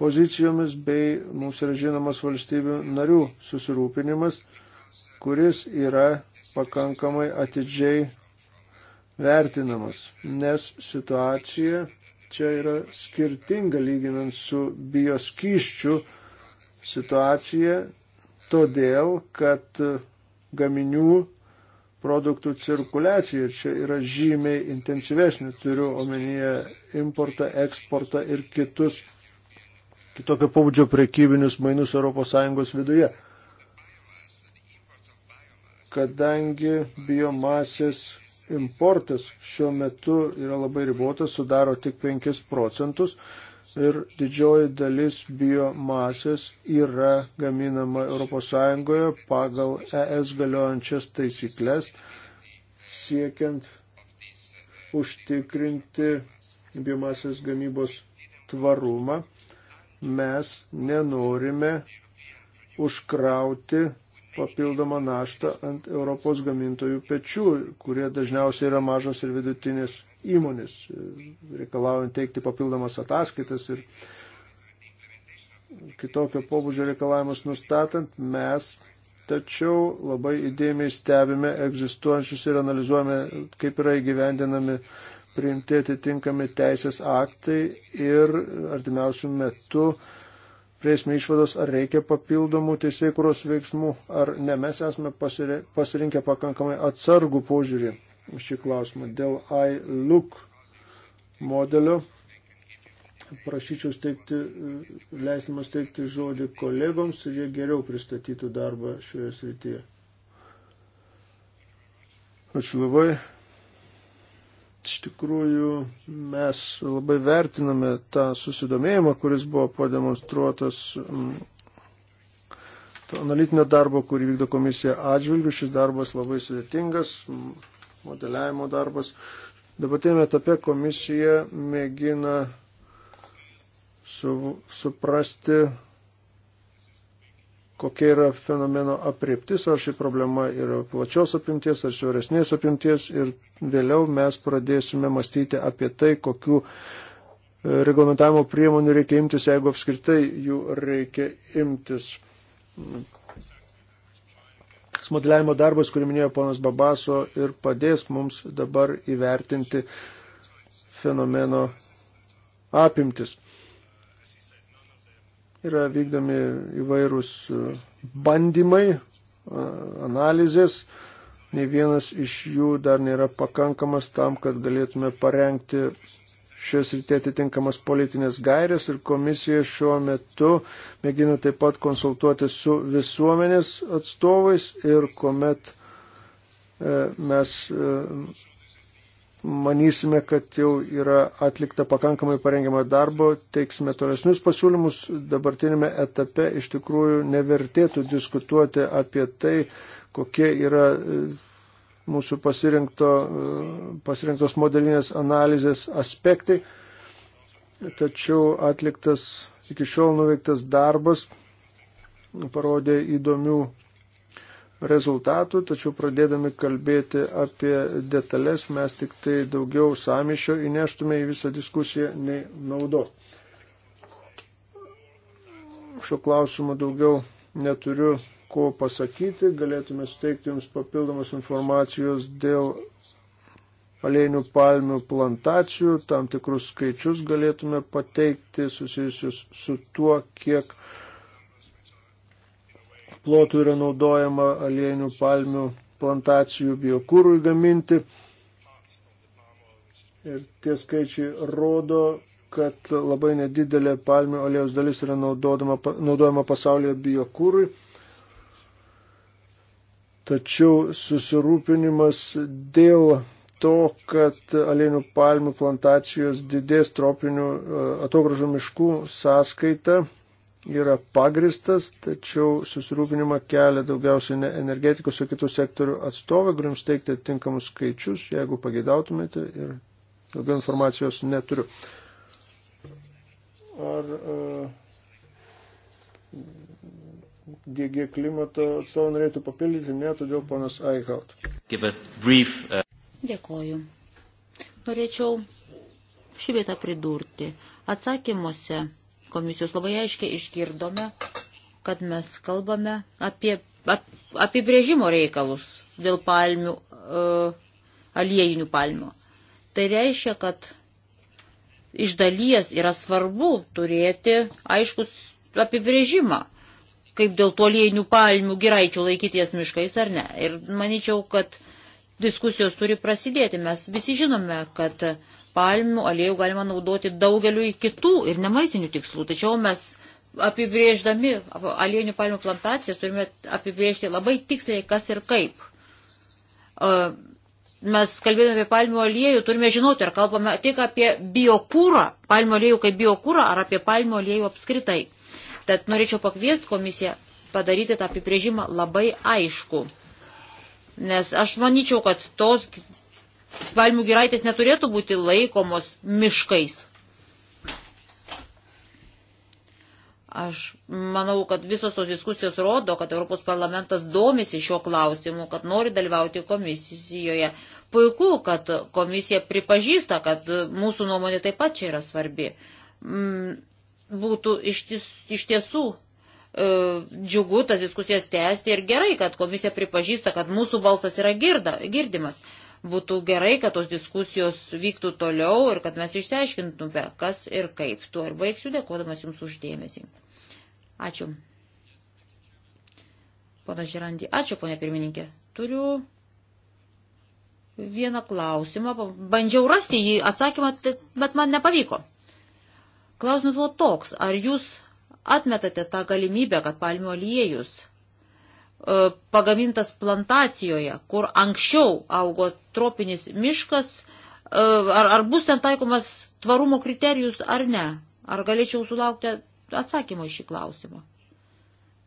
pozicijomis bei mums yra žinomas valstybių narių susirūpinimas, kuris yra pakankamai atidžiai vertinamas, nes situacija čia yra skirtinga lyginant su bioskyščių situacija, todėl, kad gaminių produktų cirkuliacija čia yra žymiai intensyvesnė, turiu omenyje importą, eksportą ir kitus kitokio pobūdžio prekybinius mainus ES viduje. Kadangi biomasės importas šiuo metu yra labai ribotas, sudaro tik 5 procentus, ir didžioji dalis biomasės yra gaminama ES pagal ES galiojančias taisyklės, siekiant užtikrinti biomasės gamybos tvarumą. Mes nenorime užkrauti papildomą naštą ant Europos gamintojų pečių, kurie dažniausiai yra mažos ir vidutinės įmonės, reikalaujant teikti papildomas ataskaitas ir kitokio pobūdžio reikalavimus nustatant, mes tačiau labai įdėmiai stebime egzistuojančius ir analizuojame, kaip yra įgyvendinami priimti atitinkami teisės aktai ir artimiausių metų prieisime išvados, ar reikia papildomų teisėkuros veiksmų, ar ne. Mes esame pasirinkę pakankamai atsargų požiūrį šį klausimą. Dėl iLook modelio prašyčiau steigti, leisima steigti žodį kolegoms ir jie geriau pristatytų darbą šioje srityje. Ačiū labai. Iš tikrųjų, mes labai vertiname tą susidomėjimą, kuris buvo pademonstruotas mm, to analitinio darbo, kurį vykdo komisija atžvilgių. Šis darbas labai sudėtingas modeliavimo darbas. Dabartinėme etape komisija mėgina su, suprasti, kokia yra fenomeno apriptis, ar ši problema yra plačios apimties, ar siauresnės apimties ir vėliau mes pradėsime mąstyti apie tai, kokiu e, reglamentavimo priemonių reikia imtis, jeigu apskritai jų reikia imtis. Tas modeliavimo darbas, kurį minėjo ponas Babaso, ir padės mums dabar įvertinti fenomeno apimtis. Yra vykdomi įvairūs bandymai, analizės, nei vienas iš jų dar nėra pakankamas tam, kad galėtume parengti šios rytė atitinkamas politinės gairės ir komisija šiuo metu mėgina taip pat konsultuoti su visuomenės atstovais ir kuomet e, mes e, manysime, kad jau yra atlikta pakankamai parengiamo darbo, teiksime tolesnius pasiūlymus. Dabartinėme etape iš tikrųjų nevertėtų diskutuoti apie tai, kokie yra e, mūsų pasirinkto, pasirinktos modelinės analizės aspektai. Tačiau atliktas iki šiol nuveiktas darbas parodė įdomių rezultatų, tačiau pradėdami kalbėti apie detalės mes tik tai daugiau samišio įneštume į visą diskusiją nei naudos. Šio klausimo daugiau neturiu ko pasakyti, galėtume suteikti Jums papildomas informacijos dėl alėjinių palmių plantacijų, tam tikrus skaičius galėtume pateikti susijusius su tuo, kiek plotų yra naudojama alėjinių palmių plantacijų biokūrui gaminti. Ir tie skaičiai rodo, kad labai nedidelė palmių aliejus dalis yra naudojama, naudojama pasaulyje biokūrui. Tačiau susirūpinimas dėl to, kad alėnių palmių plantacijos didės tropinių e, atogražų miškų sąskaita yra pagristas, tačiau susirūpinimą kelia daugiausiai ne energetikos, o kitų sektorių atstovai, galim steigti tinkamus skaičius, jeigu pagėdautumėte ir daugiau informacijos neturiu. Ar uh, DG klimato atstovą norėtų papildyti, ne, todėl ponas Aichaut. Brief, uh... Dėkoju. Norėčiau šį vietą pridurti. Atsakymuose komisijos labai aiškiai išgirdome, kad mes kalbame apie ap, apibrėžimo reikalus dėl palmių, uh, aliejinių palmių. Tai reiškia, kad iš dalies yra svarbu turėti aiškus apibrėžimą kaip dėl tolėjinių palmių giraičių laikyties miškais ar ne. Ir manyčiau, kad diskusijos turi prasidėti. Mes visi žinome, kad palmių aliejų galima naudoti daugeliu kitų ir nemaistinių tikslų. Tačiau mes apibrėždami aliejinių palmių plantacijas turime apibrėžti labai tiksliai, kas ir kaip. E, mes kalbėdami apie palmių aliejų turime žinoti, ar kalbame tik apie biokūrą, palmių aliejų kaip biokūrą, ar apie palmių aliejų apskritai. Tad norėčiau pakviesti komisiją padaryti tą apibrėžimą labai aišku. Nes aš manyčiau, kad tos palmių giraitės neturėtų būti laikomos miškais. Aš manau, kad visos tos diskusijos rodo, kad Europos parlamentas domisi šiuo klausimu, kad nori dalyvauti komisijoje. Puiku, kad komisija pripažįsta, kad mūsų nuomonė taip pat čia yra svarbi. Mm, būtų iš, ties, iš tiesų e, džiugu tas diskusijas tęsti ir gerai, kad komisija pripažįsta, kad mūsų balsas yra girda, girdimas. Būtų gerai, kad tos diskusijos vyktų toliau ir kad mes išsiaiškintume, kas ir kaip. Tuo ir baigsiu, dėkodamas Jums uždėmesį. Ačiū. Pana Žirandį, ačiū, ponia pirmininkė. Turiu vieną klausimą. Bandžiau rasti jį atsakymą, bet man nepavyko. Klausimas buvo toks, ar jūs atmetate tą galimybę, kad palmių aliejus e, pagamintas plantacijoje, kur anksčiau augo tropinis miškas, e, ar, ar bus ten taikomas tvarumo kriterijus ar ne? Ar galėčiau sulaukti atsakymą iš šį klausimą?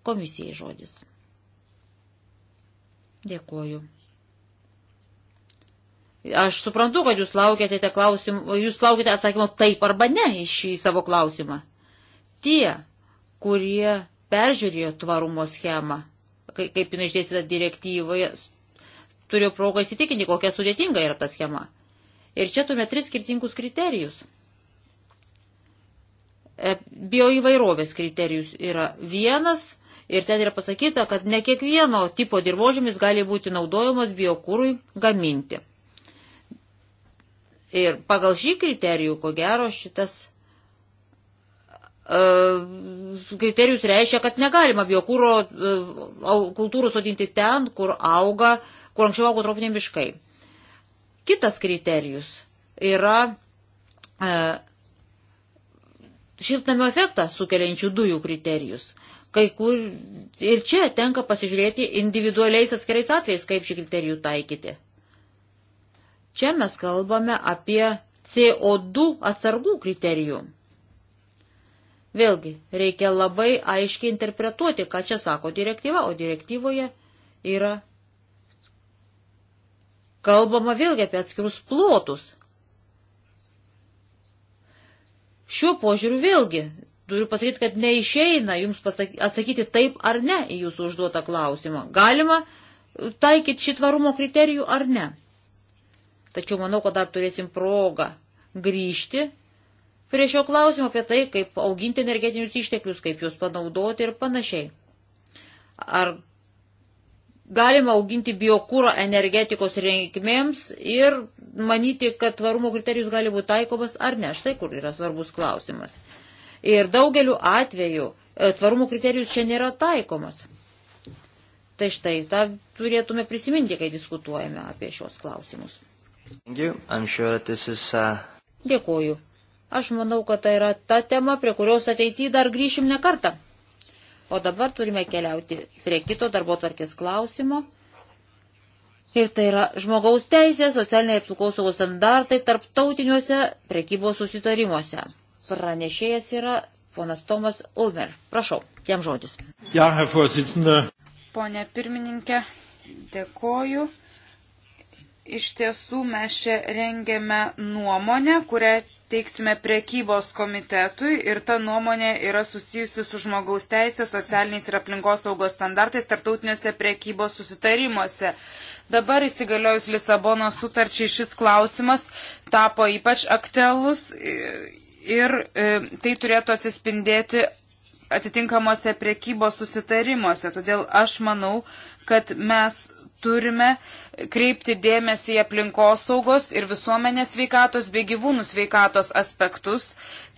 Komisijai žodis. Dėkuoju. Aš suprantu, kad jūs laukiate, klausim, jūs laukiate atsakymo taip arba ne iš į savo klausimą. Tie, kurie peržiūrėjo tvarumo schemą, kaip jinai išdėstyta direktyvoje, turiu progą įsitikinti, kokia sudėtinga yra ta schema. Ir čia turime tris skirtingus kriterijus. E, bioįvairovės kriterijus yra vienas ir ten yra pasakyta, kad ne kiekvieno tipo dirbožymis gali būti naudojamas biokūrui gaminti. Ir pagal šį kriterijų, ko gero, šitas e, kriterijus reiškia, kad negalima biokūro e, kultūrų sodinti ten, kur auga, kur anksčiau augo tropiniai miškai. Kitas kriterijus yra e, šiltnamio efektą sukeliančių dujų kriterijus. Kai kur ir čia tenka pasižiūrėti individualiais atskirais atvejais, kaip šį kriterijų taikyti. Čia mes kalbame apie CO2 atsargų kriterijų. Vėlgi, reikia labai aiškiai interpretuoti, ką čia sako direktyva, o direktyvoje yra kalbama vėlgi apie atskirus plotus. Šiuo požiūriu vėlgi turiu pasakyti, kad neišeina jums pasakyti, atsakyti taip ar ne į jūsų užduotą klausimą. Galima taikyti šį tvarumo kriterijų ar ne. Tačiau manau, kad dar turėsim progą grįžti prie šio klausimo apie tai, kaip auginti energetinius išteklius, kaip juos panaudoti ir panašiai. Ar galima auginti biokūrą energetikos reikmėms ir manyti, kad tvarumo kriterijus gali būti taikomas ar ne. Štai kur yra svarbus klausimas. Ir daugeliu atveju e, tvarumo kriterijus čia nėra taikomas. Tai štai tą turėtume prisiminti, kai diskutuojame apie šios klausimus. Sure is, uh... Dėkuoju. Aš manau, kad tai yra ta tema, prie kurios ateityje dar grįšim ne kartą. O dabar turime keliauti prie kito darbo tvarkės klausimo. Ir tai yra žmogaus teisė, socialiniai apsaugosaugos standartai tarptautiniuose prekybos susitarimuose. Pranešėjas yra ponas Tomas Ulmer. Prašau, jam žodis. Ja, Pone pirmininkė, dėkoju iš tiesų mes čia rengiame nuomonę, kurią teiksime priekybos komitetui ir ta nuomonė yra susijusi su žmogaus teisės, socialiniais ir aplinkos saugos standartais tarptautiniuose priekybos susitarimuose. Dabar įsigaliojus Lisabono sutarčiai šis klausimas tapo ypač aktualus ir e, tai turėtų atsispindėti atitinkamuose priekybos susitarimuose. Todėl aš manau, kad mes turime kreipti dėmesį į aplinkosaugos ir visuomenės sveikatos bei gyvūnų sveikatos aspektus.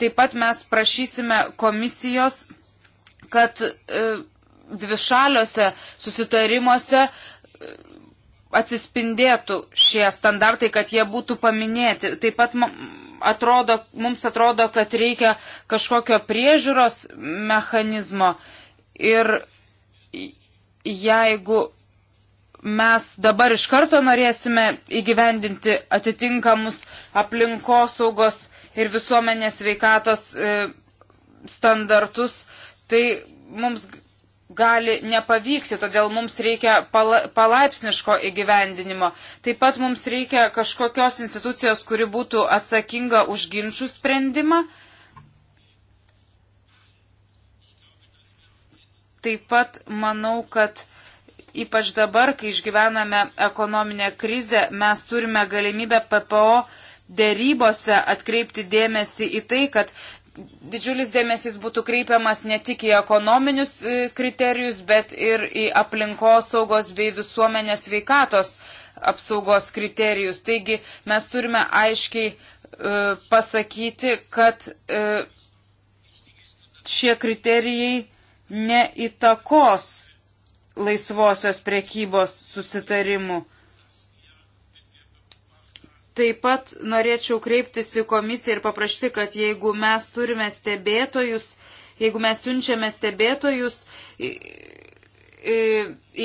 Taip pat mes prašysime komisijos, kad e, dvišaliuose susitarimuose e, atsispindėtų šie standartai, kad jie būtų paminėti. Taip pat atrodo, mums atrodo, kad reikia kažkokio priežiūros mechanizmo ir jeigu mes dabar iš karto norėsime įgyvendinti atitinkamus aplinkosaugos ir visuomenės veikatos e, standartus, tai mums gali nepavykti, todėl mums reikia pala, palaipsniško įgyvendinimo. Taip pat mums reikia kažkokios institucijos, kuri būtų atsakinga už ginčių sprendimą. Taip pat manau, kad ypač dabar, kai išgyvename ekonominę krizę, mes turime galimybę PPO dėrybose atkreipti dėmesį į tai, kad didžiulis dėmesys būtų kreipiamas ne tik į ekonominius e, kriterijus, bet ir į aplinkosaugos bei visuomenės veikatos apsaugos kriterijus. Taigi mes turime aiškiai e, pasakyti, kad e, šie kriterijai neįtakos laisvosios priekybos susitarimų. Taip pat norėčiau kreiptis į komisiją ir paprašyti, kad jeigu mes turime stebėtojus, jeigu mes siunčiame stebėtojus į, į,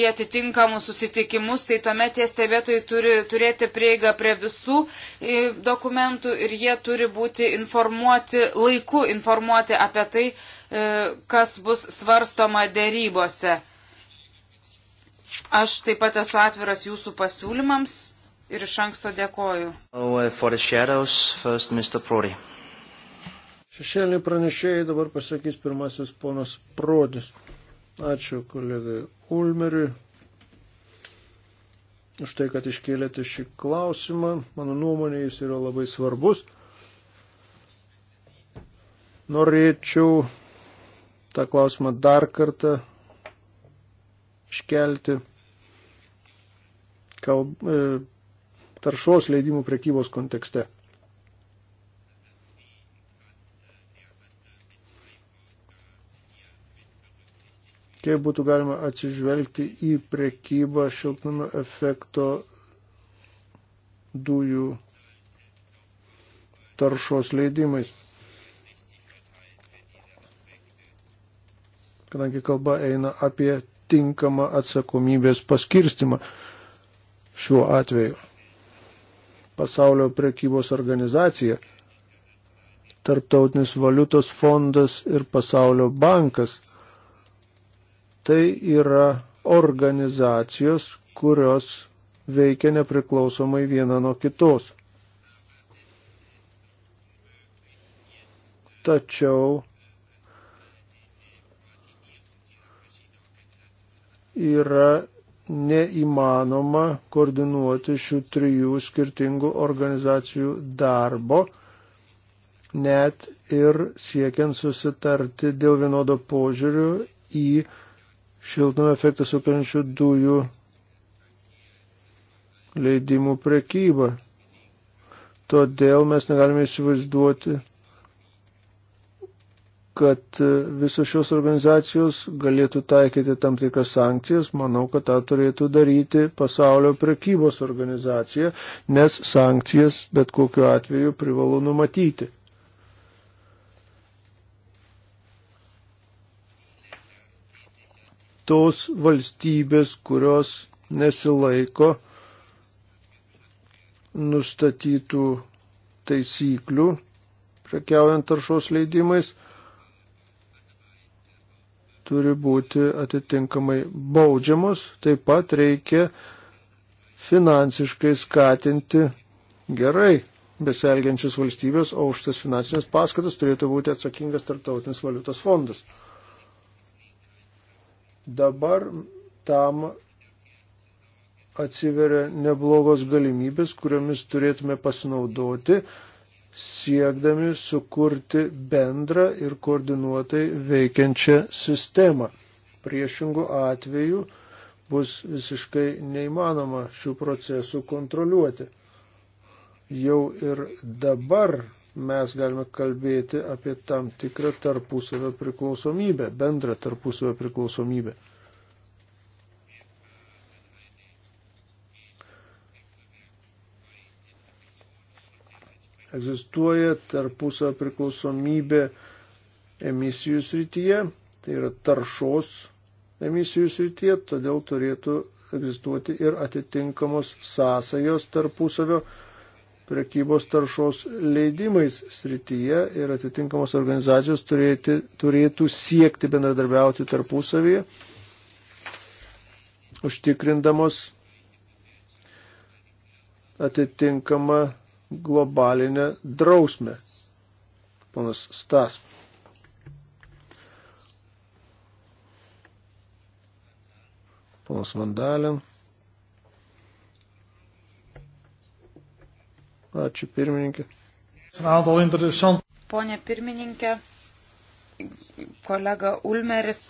į atitinkamus susitikimus, tai tuomet tie stebėtojai turi turėti prieigą prie visų dokumentų ir jie turi būti informuoti, laiku informuoti apie tai, e, kas bus svarstoma dėrybose. Aš taip pat esu atviras jūsų pasiūlymams ir iš anksto dėkoju. Oh, uh, Šešėlį pranešėjai dabar pasakys pirmasis ponas Prodis. Ačiū kolegai Ulmeriui už tai, kad iškėlėte šį klausimą. Mano nuomonė jis yra labai svarbus. Norėčiau tą klausimą dar kartą iškelti kalb, e, taršos leidimų prekybos kontekste. kaip būtų galima atsižvelgti į prekybą šiltnamio efekto dujų taršos leidimais. Kadangi kalba eina apie tinkamą atsakomybės paskirstimą šiuo atveju. Pasaulio prekybos organizacija, Tartautinis valiutos fondas ir Pasaulio bankas. Tai yra organizacijos, kurios veikia nepriklausomai viena nuo kitos. Tačiau yra neįmanoma koordinuoti šių trijų skirtingų organizacijų darbo, net ir siekiant susitarti dėl vienodo požiūrių į šiltnamio efektą sukeliančių dujų leidimų prekybą. Todėl mes negalime įsivaizduoti kad e, visos šios organizacijos galėtų taikyti tam tikras sankcijas, manau, kad tą turėtų daryti pasaulio prekybos organizacija, nes sankcijas bet kokiu atveju privalu numatyti. Tos valstybės, kurios nesilaiko nustatytų taisyklių prekiaujant taršos leidimais, turi būti atitinkamai baudžiamos, taip pat reikia finansiškai skatinti gerai beselgiančias valstybės, o už tas finansinės paskatas turėtų būti atsakingas tarptautinis valiutos fondas. Dabar tam atsiveria neblogos galimybės, kuriomis turėtume pasinaudoti, siekdami sukurti bendrą ir koordinuotai veikiančią sistemą. Priešingų atvejų bus visiškai neįmanoma šių procesų kontroliuoti. Jau ir dabar mes galime kalbėti apie tam tikrą tarpusavio priklausomybę, bendrą tarpusavio priklausomybę. egzistuoja tarpusą priklausomybė emisijų srityje, tai yra taršos emisijų srityje, todėl turėtų egzistuoti ir atitinkamos sąsajos tarpusavio prekybos taršos leidimais srityje ir atitinkamos organizacijos turėti, turėtų siekti bendradarbiauti tarpusavyje, užtikrindamos atitinkamą globalinę drausmę. Ponas Stas. Ponas Vandalin. Ačiū pirmininkė. Pone pirmininkė, kolega Ulmeris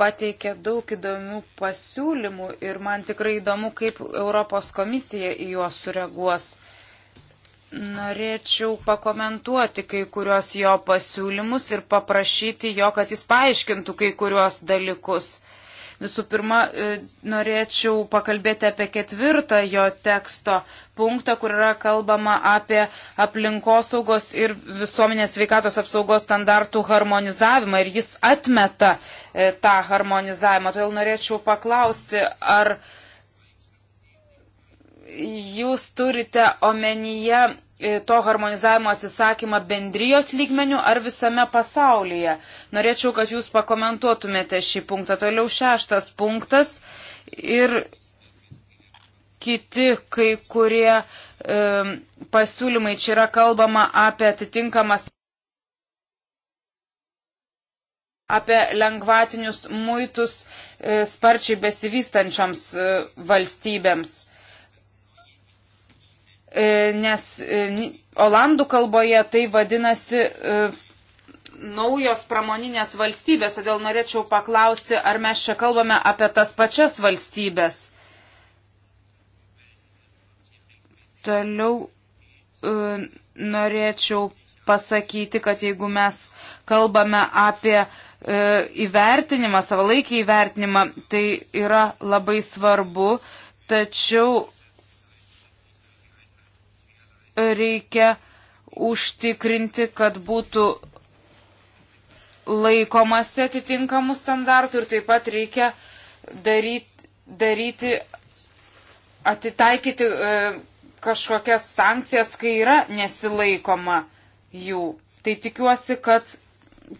pateikė daug įdomių pasiūlymų ir man tikrai įdomu, kaip Europos komisija į juos sureaguos. Norėčiau pakomentuoti kai kurios jo pasiūlymus ir paprašyti jo, kad jis paaiškintų kai kurios dalykus. Visų pirma, e, norėčiau pakalbėti apie ketvirtą jo teksto punktą, kur yra kalbama apie aplinkosaugos ir visuomenės sveikatos apsaugos standartų harmonizavimą ir jis atmeta e, tą harmonizavimą. Todėl norėčiau paklausti, ar jūs turite omenyje e, to harmonizavimo atsisakymą bendrijos lygmenių ar visame pasaulyje? Norėčiau, kad jūs pakomentuotumėte šį punktą. Toliau šeštas punktas ir kiti kai kurie e, pasiūlymai. Čia yra kalbama apie atitinkamas apie lengvatinius muitus e, sparčiai besivystančiams e, valstybėms. E, nes e, olandų kalboje tai vadinasi e, naujos pramoninės valstybės, todėl norėčiau paklausti, ar mes čia kalbame apie tas pačias valstybės. Toliau norėčiau pasakyti, kad jeigu mes kalbame apie įvertinimą, savalaikį įvertinimą, tai yra labai svarbu, tačiau reikia užtikrinti, kad būtų laikomasi atitinkamų standartų ir taip pat reikia daryti, daryti atitaikyti e, kažkokias sankcijas, kai yra nesilaikoma jų. Tai tikiuosi, kad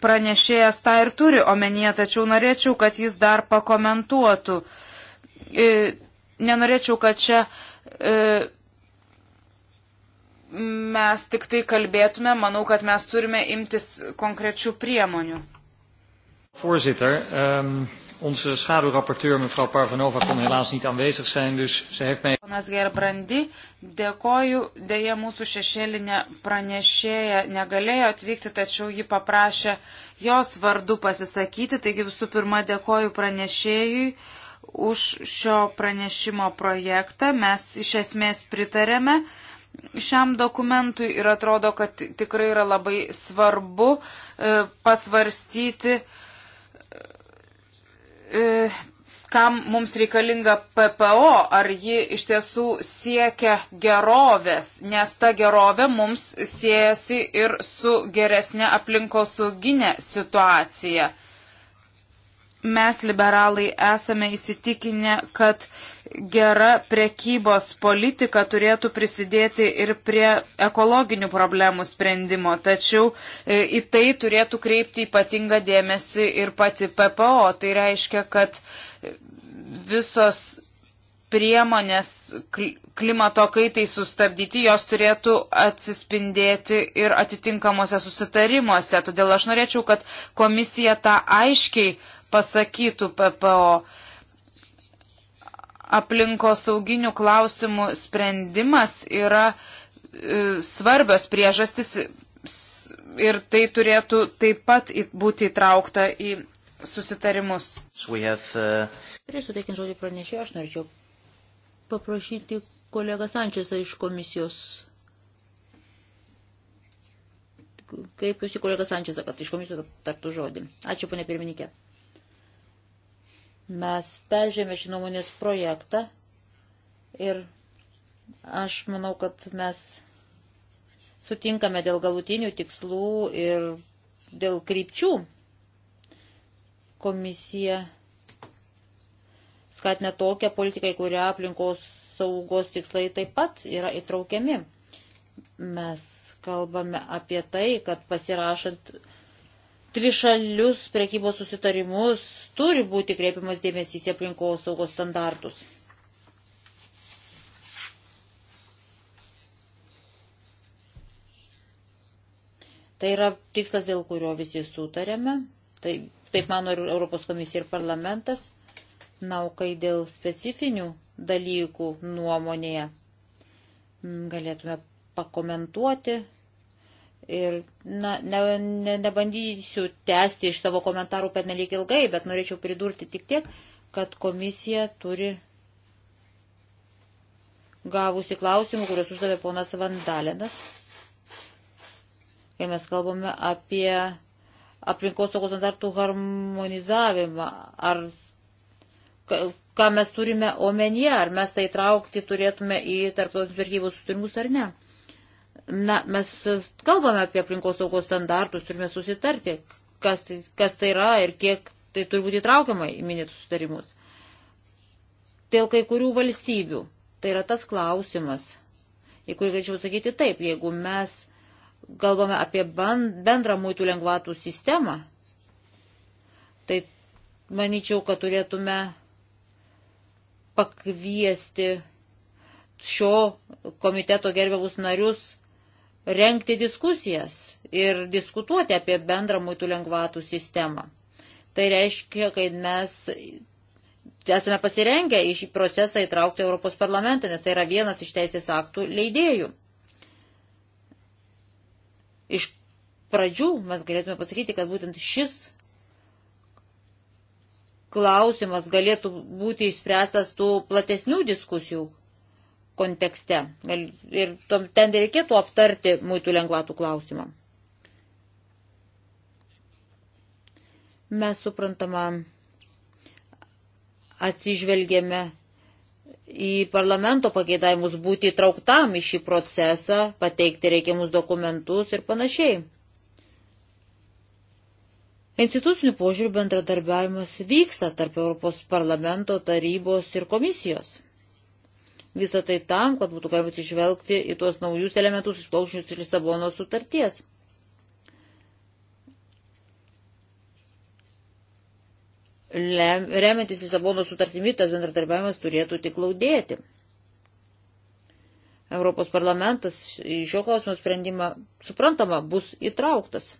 pranešėjas tą ir turi omenyje, tačiau norėčiau, kad jis dar pakomentuotų. E, nenorėčiau, kad čia e, mes tik tai kalbėtume, manau, kad mes turime imtis konkrečių priemonių. Voorzitter, um, onze schaduwrapporteur mevrouw Parvanova kon helaas niet aanwezig zijn, dus ze heeft mij... Ponas Gerbrandi, dėkoju, dėja mūsų šešėlinė pranešėja negalėjo atvykti, tačiau ji paprašė jos vardu pasisakyti, taigi visų pirma dėkoju pranešėjui už šio pranešimo projektą, mes iš esmės pritarėme. Uh, šiam dokumentui ir atrodo, kad tikrai yra labai svarbu e, pasvarstyti, e, kam mums reikalinga PPO, ar ji iš tiesų siekia gerovės, nes ta gerovė mums siejasi ir su geresnė aplinkosauginė situacija. Mes, liberalai, esame įsitikinę, kad gera prekybos politika turėtų prisidėti ir prie ekologinių problemų sprendimo, tačiau e, į tai turėtų kreipti ypatingą dėmesį ir pati PPO. Tai reiškia, kad visos priemonės klimato kaitai sustabdyti, jos turėtų atsispindėti ir atitinkamuose susitarimuose. Todėl aš norėčiau, kad komisija tą aiškiai pasakytų PPO aplinkosauginių klausimų sprendimas yra e, svarbios priežastis ir tai turėtų taip pat būti įtraukta į susitarimus. Uh, Prieš suteikiant žodį pranešėjo, aš norėčiau paprašyti kolegą Sančiasą iš komisijos. Kreipiuosi kolegą Sančiasą, kad iš komisijos tartų žodį. Ačiū, ponė pirmininkė. Mes peržėmė šį nuomonės projektą ir aš manau, kad mes sutinkame dėl galutinių tikslų ir dėl krypčių. Komisija skatina tokią politiką, į kurią aplinkos saugos tikslai taip pat yra įtraukiami. Mes kalbame apie tai, kad pasirašant dvišalius prekybos susitarimus turi būti kreipiamas dėmesys į aplinkos saugos standartus. Tai yra tikslas, dėl kurio visi sutarėme. Taip, taip mano ir Europos komisija ir parlamentas. Na, o kai dėl specifinių dalykų nuomonėje galėtume pakomentuoti Ir na, ne, ne, nebandysiu tęsti iš savo komentarų per nelik ilgai, bet norėčiau pridurti tik tiek, kad komisija turi gavusi klausimų, kuriuos uždavė ponas Vandalinas. Kai mes kalbame apie aplinkosaugos standartų harmonizavimą, ar ką mes turime omenyje, ar mes tai traukti turėtume į tarptautinius vergybos sutarimus ar ne. Na, mes kalbame apie aplinkos saugos standartus, turime susitarti, kas tai, kas tai yra ir kiek tai turi būti traukiama į minėtus sutarimus. Dėl kai kurių valstybių. Tai yra tas klausimas, į kurį galėčiau atsakyti taip, jeigu mes kalbame apie bendrą muitų lengvatų sistemą, tai manyčiau, kad turėtume pakviesti šio komiteto gerbiamus narius renkti diskusijas ir diskutuoti apie bendrą muitų lengvatų sistemą. Tai reiškia, kad mes esame pasirengę į šį procesą įtraukti Europos parlamentą, nes tai yra vienas iš teisės aktų leidėjų. Iš pradžių mes galėtume pasakyti, kad būtent šis klausimas galėtų būti išspręstas tų platesnių diskusijų, kontekste. Ir ten reikėtų aptarti muitų lengvatų klausimą. Mes suprantama atsižvelgėme į parlamento pageidavimus būti įtrauktam į šį procesą, pateikti reikiamus dokumentus ir panašiai. Institucinių požiūrių bendradarbiavimas vyksta tarp Europos parlamento tarybos ir komisijos. Visą tai tam, kad būtų galima atsižvelgti į tuos naujus elementus išplaušinius iš Lisabono sutarties. Remiantis Lisabono sutartimi, tas bendradarbiavimas turėtų tik laudėti. Europos parlamentas į šio klausimo sprendimą, suprantama, bus įtrauktas,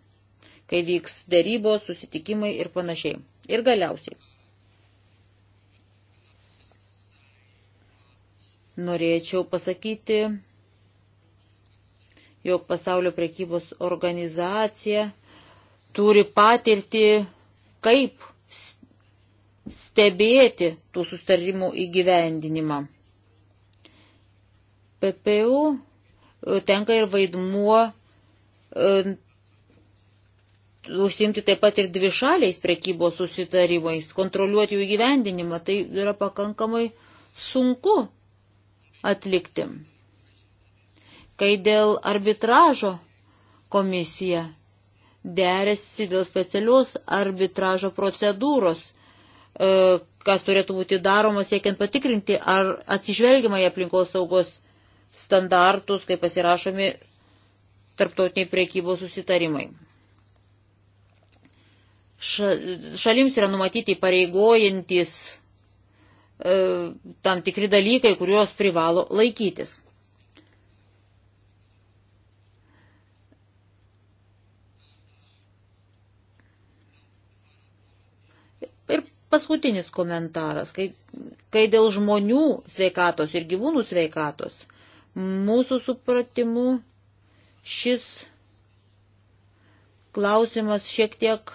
kai vyks dėrybos, susitikimai ir panašiai. Ir galiausiai norėčiau pasakyti, jog pasaulio prekybos organizacija turi patirti, kaip stebėti tų sustarimų įgyvendinimą. PPU e, tenka ir vaidmuo e, užsimti taip pat ir dvišaliais prekybos susitarimais, kontroliuoti jų įgyvendinimą. Tai yra pakankamai sunku atlikti. Kai dėl arbitražo komisija derėsi dėl specialios arbitražo procedūros, e, kas turėtų būti daroma siekiant patikrinti, ar atsižvelgiama į aplinkos saugos standartus, kai pasirašomi tarptautiniai priekybos susitarimai. Šalims yra numatyti pareigojantis E, tam tikri dalykai, kuriuos privalo laikytis. Ir paskutinis komentaras, kai, kai dėl žmonių sveikatos ir gyvūnų sveikatos, mūsų supratimu šis klausimas šiek tiek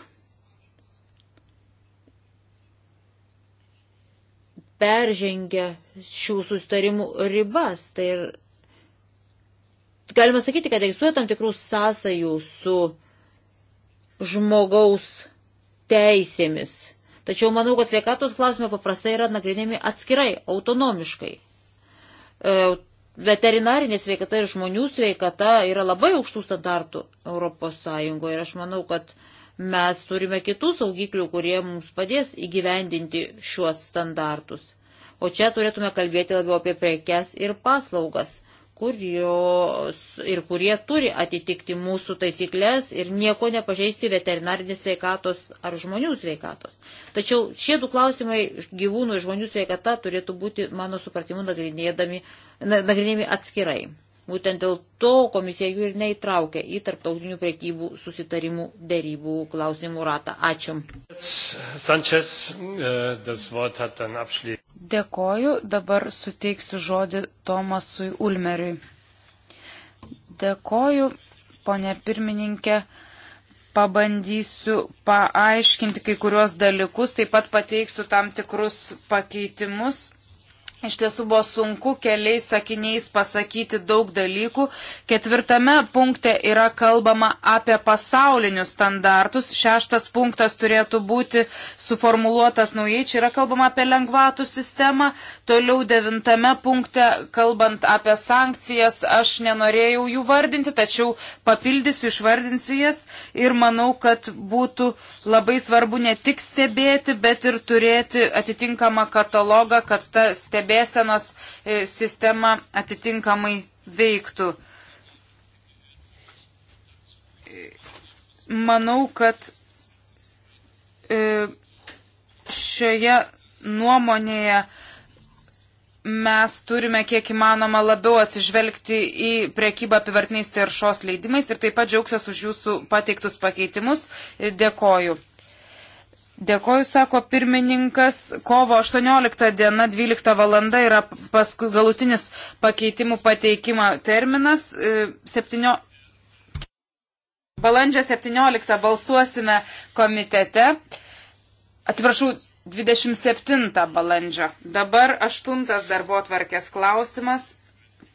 peržengia šių sustarimų ribas. Tai ir galima sakyti, kad egzistuoja tam tikrų sąsajų su žmogaus teisėmis. Tačiau manau, kad sveikatos klausimai paprastai yra nagrinėmi atskirai, autonomiškai. E, veterinarinė sveikata ir žmonių sveikata yra labai aukštų standartų Europos Sąjungoje ir aš manau, kad uh, Mes turime kitų saugiklių, kurie mums padės įgyvendinti šiuos standartus. O čia turėtume kalbėti labiau apie prekes ir paslaugas, kurios, ir kurie turi atitikti mūsų taisyklės ir nieko nepažeisti veterinarinės sveikatos ar žmonių sveikatos. Tačiau šie du klausimai gyvūnų ir žmonių sveikata turėtų būti, mano supratimu, nagrinėjami atskirai. Būtent dėl to komisija jų ir neįtraukė į tarptautinių priekybų susitarimų dėrybų klausimų ratą. Ačiū. Sanchez, e, das Wort hat dann abschließend. Dėkoju, dabar suteiksiu žodį Tomasui Ulmeriui. Dėkoju, ponė pirmininkė pabandysiu paaiškinti kai kuriuos dalykus, taip pat pateiksiu tam tikrus pakeitimus Iš tiesų buvo sunku keliais sakiniais pasakyti daug dalykų. Ketvirtame punkte yra kalbama apie pasaulinius standartus. Šeštas punktas turėtų būti suformuluotas naujai. Čia yra kalbama apie lengvatų sistemą. Toliau devintame punkte, kalbant apie sankcijas, aš nenorėjau jų vardinti, tačiau papildysiu, išvardinsiu jas. Ir manau, kad būtų labai svarbu ne tik stebėti, bet ir turėti atitinkamą katalogą, kad ta stebėti stebėsenos e, sistema atitinkamai veiktų. Manau, kad e, šioje nuomonėje mes turime kiek įmanoma labiau atsižvelgti į priekybą apivartiniais taršos leidimais ir taip pat džiaugsiuos už jūsų pateiktus pakeitimus. Dėkoju. Dėkoju, sako pirmininkas. Kovo 18 diena 12 valanda yra paskui galutinis pakeitimų pateikimo terminas. 7... E, balandžio 17 balsuosime komitete. Atsiprašau, 27 balandžio. Dabar 8 darbo tvarkės klausimas.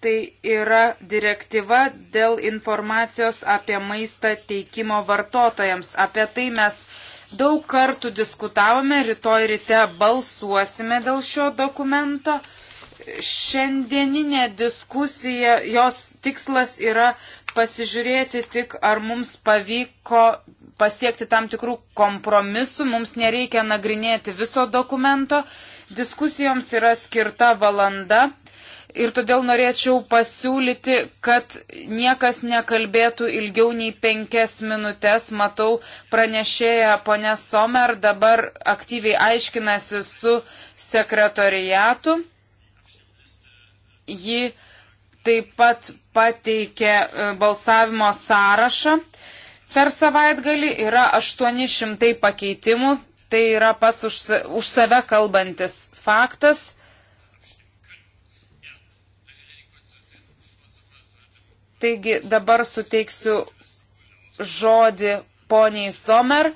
Tai yra direktyva dėl informacijos apie maistą teikimo vartotojams. Apie tai mes Daug kartų diskutavome, rytoj ryte balsuosime dėl šio dokumento. Šiandieninė diskusija, jos tikslas yra pasižiūrėti tik, ar mums pavyko pasiekti tam tikrų kompromisų, mums nereikia nagrinėti viso dokumento. Diskusijoms yra skirta valanda ir todėl norėčiau pasiūlyti, kad niekas nekalbėtų ilgiau nei penkias minutės. Matau, pranešėja ponė Somer dabar aktyviai aiškinasi su sekretoriatu. Ji taip pat pateikė e, balsavimo sąrašą. Per savaitgalį yra 800 pakeitimų, tai yra pats už, už save kalbantis faktas. Taigi dabar suteiksiu žodį poniai Somer,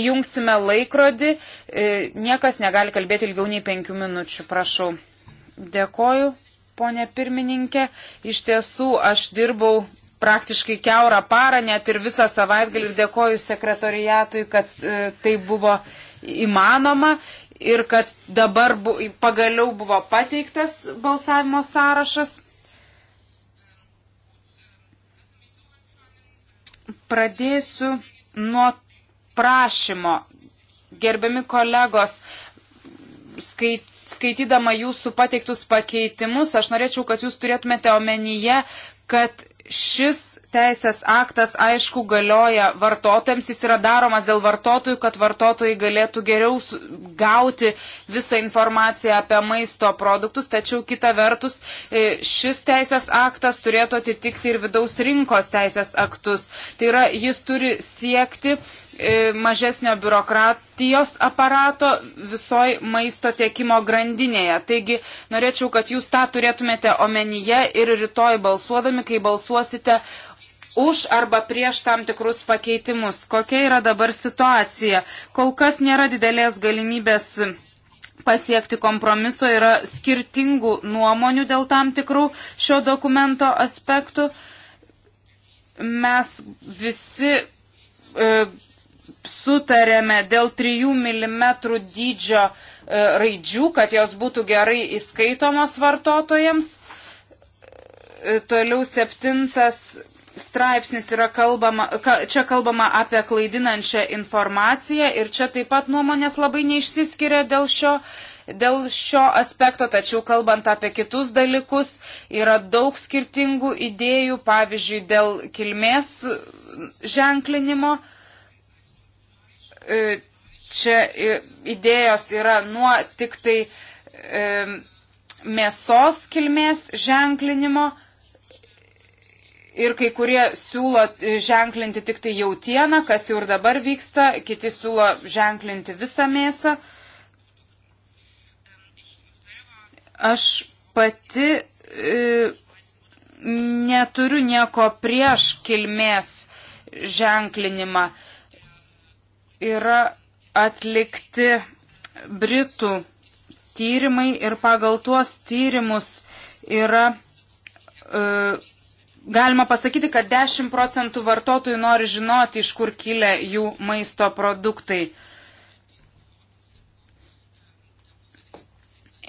įjungsime laikrodį, e, niekas negali kalbėti ilgiau nei penkių minučių, prašau. Dėkoju, ponė pirmininkė, iš tiesų aš dirbau praktiškai keurą parą, net ir visą savaitgalį ir dėkoju sekretoriatui, kad e, tai buvo įmanoma ir kad dabar bu, pagaliau buvo pateiktas balsavimo sąrašas. Pradėsiu nuo prašymo. Gerbiami kolegos, skait, skaitydama jūsų pateiktus pakeitimus, aš norėčiau, kad jūs turėtumėte omenyje, kad šis teisės aktas, aišku, galioja vartotojams, jis yra daromas dėl vartotojų, kad vartotojai galėtų geriau gauti visą informaciją apie maisto produktus, tačiau kita vertus, e, šis teisės aktas turėtų atitikti ir vidaus rinkos teisės aktus. Tai yra, jis turi siekti, E, mažesnio biurokratijos aparato visoj maisto tiekimo grandinėje. Taigi norėčiau, kad jūs tą turėtumėte omenyje ir rytoj balsuodami, kai balsuosite už arba prieš tam tikrus pakeitimus. Kokia yra dabar situacija? Kol kas nėra didelės galimybės pasiekti kompromiso, yra skirtingų nuomonių dėl tam tikrų šio dokumento aspektų. Mes visi e, sutarėme dėl 3 mm dydžio e, raidžių, kad jos būtų gerai įskaitomos vartotojams. E, toliau septintas straipsnis yra kalbama, ka, čia kalbama apie klaidinančią informaciją ir čia taip pat nuomonės labai neišsiskiria dėl šio, dėl šio aspekto, tačiau kalbant apie kitus dalykus yra daug skirtingų idėjų, pavyzdžiui, dėl kilmės ženklinimo. E, čia idėjos yra nuo tik tai e, mėsos kilmės ženklinimo ir kai kurie siūlo ženklinti tik tai jautieną, kas jau ir dabar vyksta, kiti siūlo ženklinti visą mėsą. Aš pati e, neturiu nieko prieš kilmės ženklinimą. E, yra atlikti Britų tyrimai ir pagal tuos tyrimus yra e, galima pasakyti, kad 10 procentų vartotojų nori žinoti, iš kur kilia jų maisto produktai.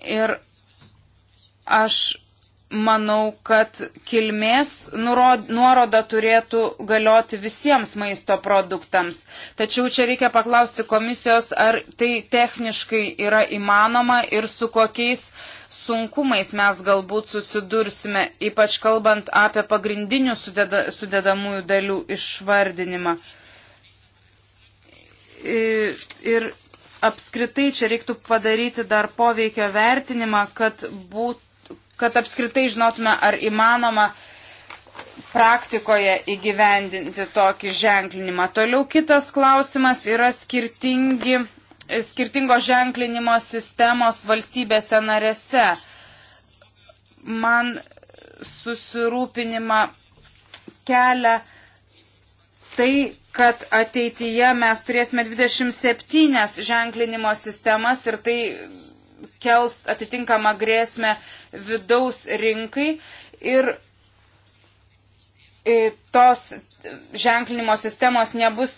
Ir aš manau, kad kilmės nuoroda turėtų galioti visiems maisto produktams. Tačiau čia reikia paklausti komisijos, ar tai techniškai yra įmanoma ir su kokiais sunkumais mes galbūt susidursime, ypač kalbant apie pagrindinių sudeda, sudedamųjų dalių išvardinimą. Ir, ir apskritai čia reiktų padaryti dar poveikio vertinimą, kad būtų kad apskritai žinotume, ar įmanoma praktikoje įgyvendinti tokį ženklinimą. Toliau kitas klausimas yra skirtingi, skirtingo ženklinimo sistemos valstybėse narėse. Man susirūpinimą kelia tai, kad ateityje mes turėsime 27 ženklinimo sistemas ir tai kels atitinkamą grėsmę vidaus rinkai ir e, tos ženklinimo sistemos nebus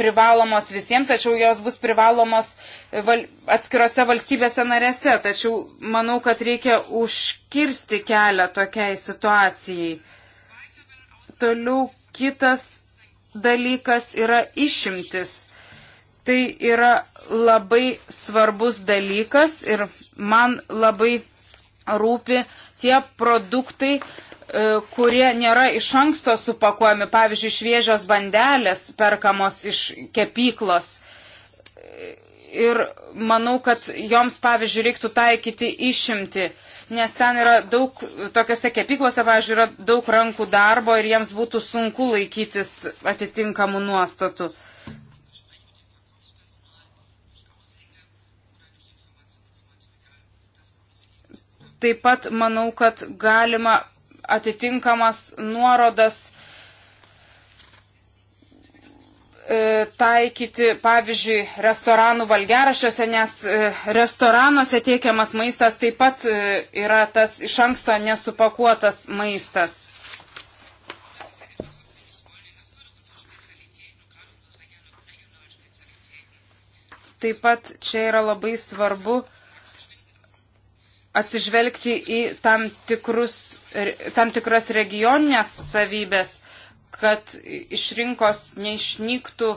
privalomos visiems, tačiau jos bus privalomos e, val atskirose valstybėse narėse. Tačiau manau, kad reikia užkirsti kelią tokiai situacijai. Toliau kitas dalykas yra išimtis tai yra labai svarbus dalykas ir man labai rūpi tie produktai, e, kurie nėra iš anksto supakuojami, pavyzdžiui, šviežios bandelės perkamos iš kepyklos. Ir manau, kad joms, pavyzdžiui, reiktų taikyti išimti, nes ten yra daug, tokiuose kepyklose, pavyzdžiui, yra daug rankų darbo ir jiems būtų sunku laikytis atitinkamų nuostatų. Taip pat manau, kad galima atitinkamas nuorodas e, taikyti, pavyzdžiui, restoranų valgerašiuose, nes e, restoranuose tiekiamas maistas taip pat e, yra tas iš anksto nesupakuotas maistas. Taip pat čia yra labai svarbu uh, atsižvelgti į tam, tikrus, tam tikras regioninės savybės, kad iš rinkos neišnyktų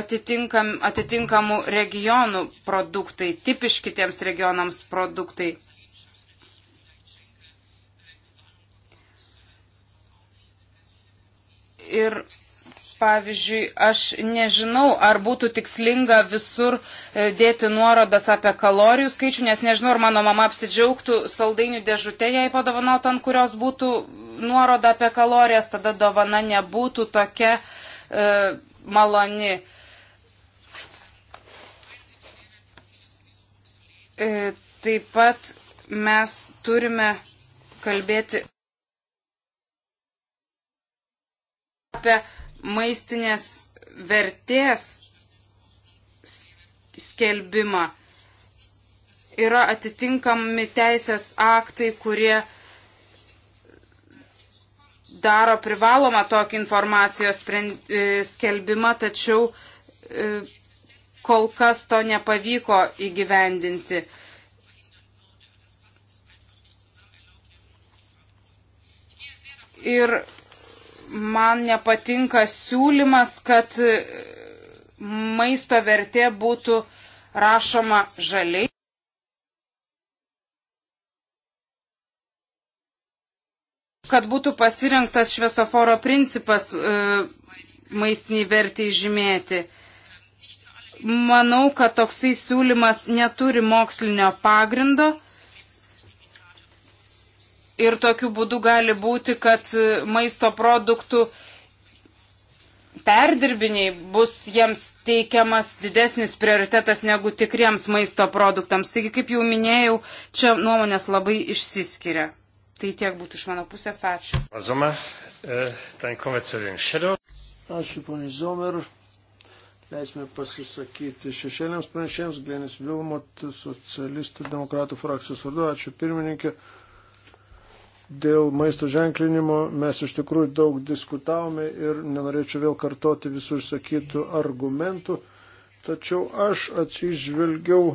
atitinkam, atitinkamų regionų produktai, tipiški tiems regionams produktai. Ir pavyzdžiui, aš nežinau, ar būtų tikslinga visur e, dėti nuorodas apie kalorijų skaičių, nes nežinau, ar mano mama apsidžiaugtų saldainių dėžutė, jei padovanotų, ant kurios būtų nuoroda apie kalorijas, tada dovana nebūtų tokia e, maloni. E, taip pat mes turime kalbėti apie maistinės vertės skelbimą. Yra atitinkami teisės aktai, kurie daro privalomą tokį informacijos e, skelbimą, tačiau e, kol kas to nepavyko įgyvendinti. Ir man nepatinka siūlymas, kad maisto vertė būtų rašoma žaliai. kad būtų pasirinktas šviesoforo principas e, maistiniai vertį žymėti. Manau, kad toksai siūlymas neturi mokslinio pagrindo. E, ir tokiu būdu gali būti, kad maisto produktų perdirbiniai bus jiems teikiamas didesnis prioritetas negu tikriems maisto produktams. Taigi, kaip jau minėjau, čia nuomonės labai išsiskiria. Tai tiek būtų iš mano pusės. Ačiū. E, Ačiū, ponė Zomer. Leisime pasisakyti šešėliams pranešėjams. Glenis Vilmot, socialistų demokratų frakcijos vardu. Ačiū, pirmininkė. Dėl maisto ženklinimo mes iš tikrųjų daug diskutavome ir nenorėčiau vėl kartoti visų išsakytų argumentų, tačiau aš atsižvelgiau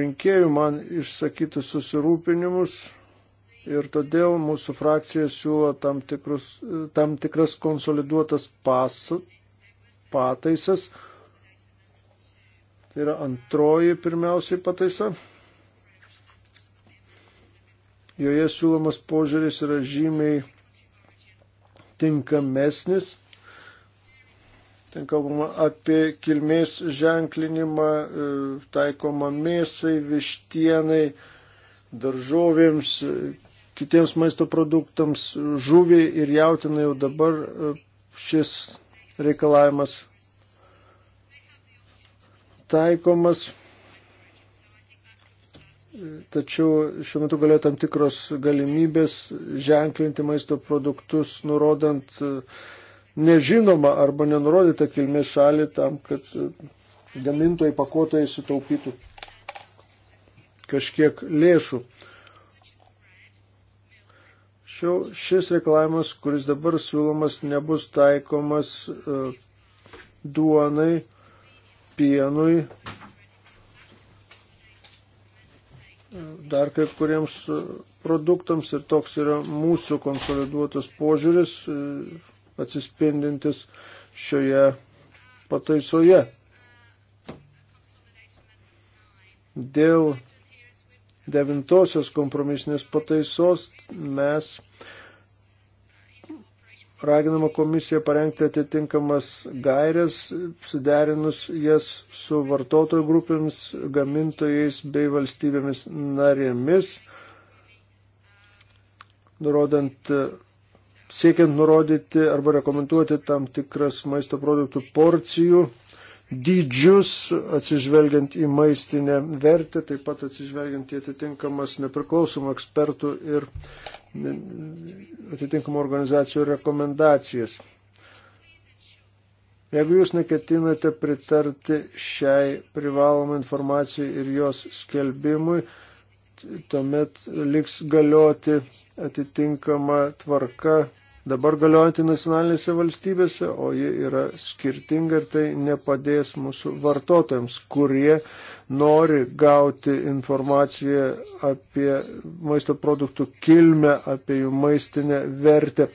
rinkėjų man išsakytus susirūpinimus ir todėl mūsų frakcija siūlo tam, tikrus, tam tikras konsoliduotas pas, pataisas. Tai yra antroji pirmiausiai pataisa joje siūlomas požiūris yra žymiai tinkamesnis. Ten kalbama apie kilmės ženklinimą, e, taikoma mėsai, vištienai, daržovėms, e, kitiems maisto produktams, žuviai ir jautinai jau dabar e, šis reikalavimas taikomas tačiau šiuo metu galioja tam tikros galimybės ženklinti maisto produktus, nurodant e, nežinomą arba nenurodytą kilmės šalį tam, kad e, gamintojai pakuotojai sutaupytų kažkiek lėšų. Šiau šis reikalavimas, kuris dabar siūlomas, nebus taikomas e, duonai, pienui dar kai kuriems produktams ir toks yra mūsų konsoliduotas požiūris e, atsispindintis šioje pataisoje. Dėl devintosios kompromisinės pataisos mes raginama komisija parengti atitinkamas gairias, suderinus jas su vartotojų grupėmis, gamintojais bei valstybėmis narėmis, nurodant, siekiant nurodyti arba rekomenduoti tam tikras maisto produktų porcijų dydžius, atsižvelgiant į maistinę vertę, taip pat atsižvelgiant į atitinkamas nepriklausomų ekspertų ir atitinkamų organizacijų rekomendacijas. Jeigu jūs neketinate pritarti šiai privalomai informacijai ir jos skelbimui, tuomet liks galioti atitinkama tvarka, dabar galiojantį nacionalinėse valstybėse, o ji yra skirtinga ir tai nepadės mūsų vartotojams, kurie nori gauti informaciją apie maisto produktų kilmę, apie jų maistinę vertę.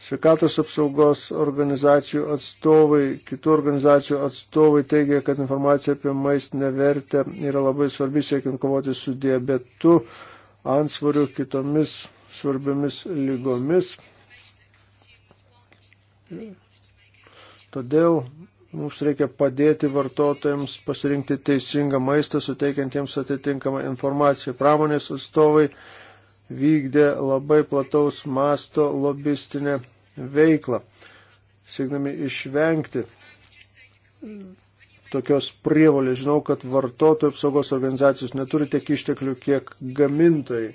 Sveikatos apsaugos organizacijų atstovai, kitų organizacijų atstovai teigia, kad informacija apie maistinę vertę yra labai svarbi siekiant kovoti su diabetu, ansvariu, kitomis svarbiamis lygomis. Todėl mums reikia padėti vartotojams pasirinkti teisingą maistą, suteikiant jiems atitinkamą informaciją. Pramonės atstovai vykdė labai plataus masto lobistinę veiklą, siekdami išvengti tokios prievolės. Žinau, kad vartotojų apsaugos organizacijos neturi tiek išteklių, kiek gamintojai.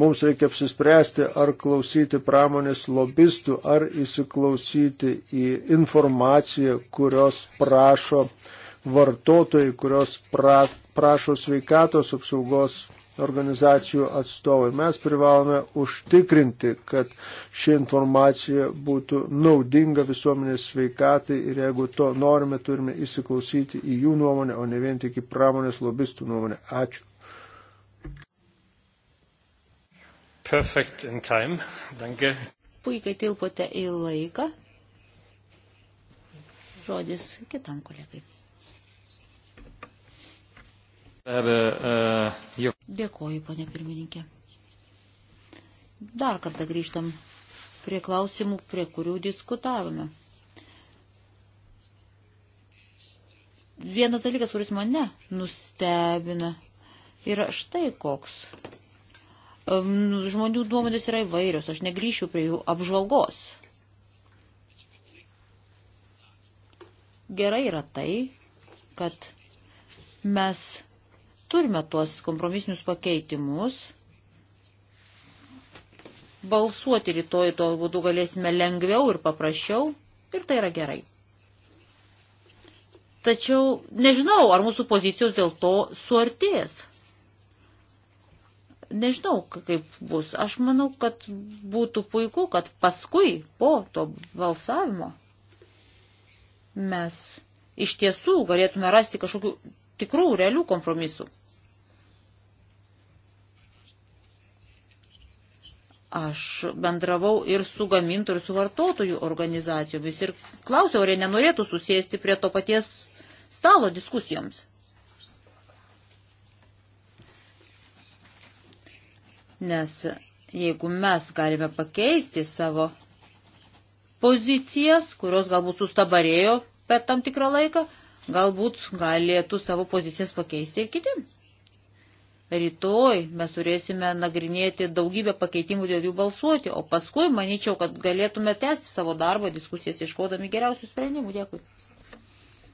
Mums reikia apsispręsti, ar klausyti pramonės lobistų, ar įsiklausyti į informaciją, kurios prašo vartotojai, kurios pra, prašo sveikatos apsaugos organizacijų atstovai. Mes privalome užtikrinti, kad ši informacija būtų naudinga visuomenės sveikatai ir jeigu to norime, turime įsiklausyti į jų nuomonę, o ne vien tik į pramonės lobistų nuomonę. Ačiū. Perfect in time. Danke. Puikiai tilpote į laiką. Žodis kitam kolegai. E, Dėkoju, ponė pirmininkė. Dar kartą grįžtam prie klausimų, prie kurių diskutavome. Vienas dalykas, kuris mane nustebina, yra štai koks. Žmonių nuomonės yra įvairios, aš negryšiu prie jų apžvalgos. Gerai yra tai, kad mes turime tuos kompromisinius pakeitimus. Balsuoti rytoj tuo būdu galėsime lengviau ir paprasčiau ir tai yra gerai. Tačiau nežinau, ar mūsų pozicijos dėl to suartės. Nežinau, kaip bus. Aš manau, kad būtų puiku, kad paskui, po to balsavimo, mes iš tiesų galėtume rasti kažkokių tikrų, realių kompromisų. Aš bendravau ir su gamintojų, ir su vartotojų organizacijomis ir klausiau, ar jie nenorėtų susėsti prie to paties stalo diskusijoms. Nes jeigu mes galime pakeisti savo pozicijas, kurios galbūt sustabarėjo per tam tikrą laiką, galbūt galėtų savo pozicijas pakeisti ir kiti. Rytoj mes turėsime nagrinėti daugybę pakeitimų dėl jų balsuoti, o paskui manyčiau, kad galėtume tęsti savo darbą, diskusijas iškodami geriausių sprendimų.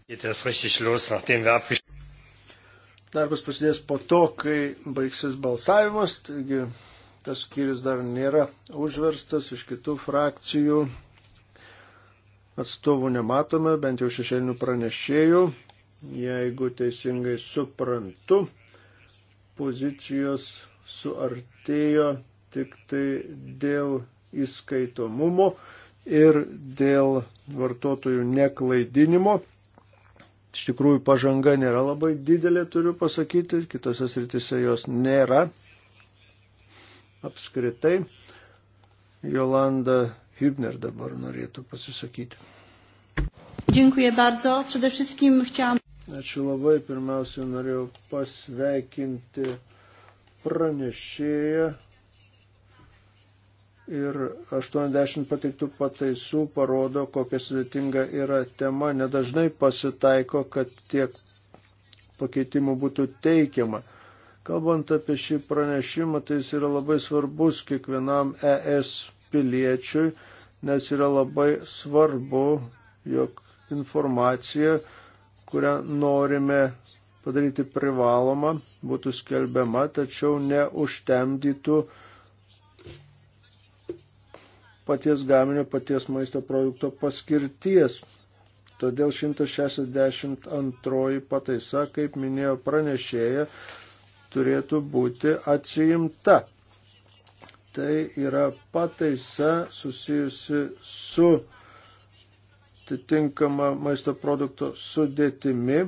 Dėkui. Darbas prasidės po to, kai baigsis balsavimas, taigi tas skyrius dar nėra užverstas iš kitų frakcijų. Atstovų nematome, bent jau šešėlinių pranešėjų. Jeigu teisingai suprantu, pozicijos suartėjo tik tai dėl įskaitomumo ir dėl vartotojų neklaidinimo iš tikrųjų pažanga nėra labai didelė, turiu pasakyti, kitose sritise jos nėra apskritai. Jolanda Hübner dabar norėtų pasisakyti. Dziękuję bardzo. Przede wszystkim chciałam. Ačiū labai. Pirmiausia, norėjau pasveikinti pranešėją ir 80 pateiktų pataisų parodo, kokia sudėtinga yra tema. Nedažnai pasitaiko, kad tiek pakeitimų būtų teikiama. Kalbant apie šį pranešimą, tai jis yra labai svarbus kiekvienam ES piliečiui, nes yra labai svarbu, jog informacija, kurią norime padaryti privaloma, būtų skelbiama, tačiau neužtemdytų uh, paties gaminio, paties maisto produkto paskirties. Todėl 162 pataisa, kaip minėjo pranešėja, turėtų būti atsiimta. Tai yra pataisa susijusi su atitinkama maisto produkto sudėtimi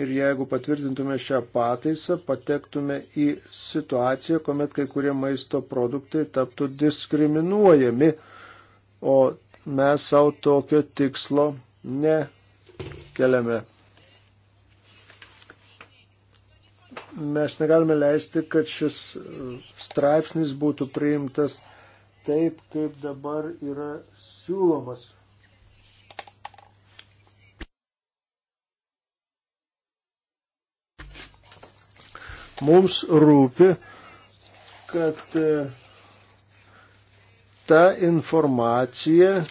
ir jeigu patvirtintume šią pataisą, patektume į situaciją, kuomet kai kurie maisto produktai taptų diskriminuojami o mes savo tokio tikslo nekeliame. Mes negalime leisti, kad šis straipsnis būtų priimtas taip, kaip dabar yra siūlomas. Mums rūpi, kad ta informacija,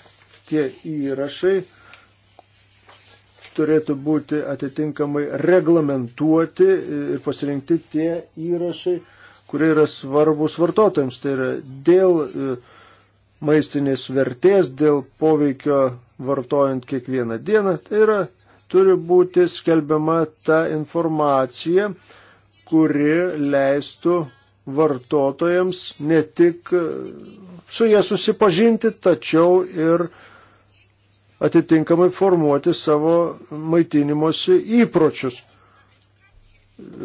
tie įrašai turėtų būti atitinkamai reglamentuoti ir pasirinkti tie įrašai, kurie yra svarbus vartotojams. Tai yra dėl e, maistinės vertės, dėl poveikio vartojant kiekvieną dieną. Tai yra turi būti skelbiama ta informacija, kuri leistų vartotojams ne tik e, su jie susipažinti, tačiau ir atitinkamai formuoti savo maitinimosi įpročius.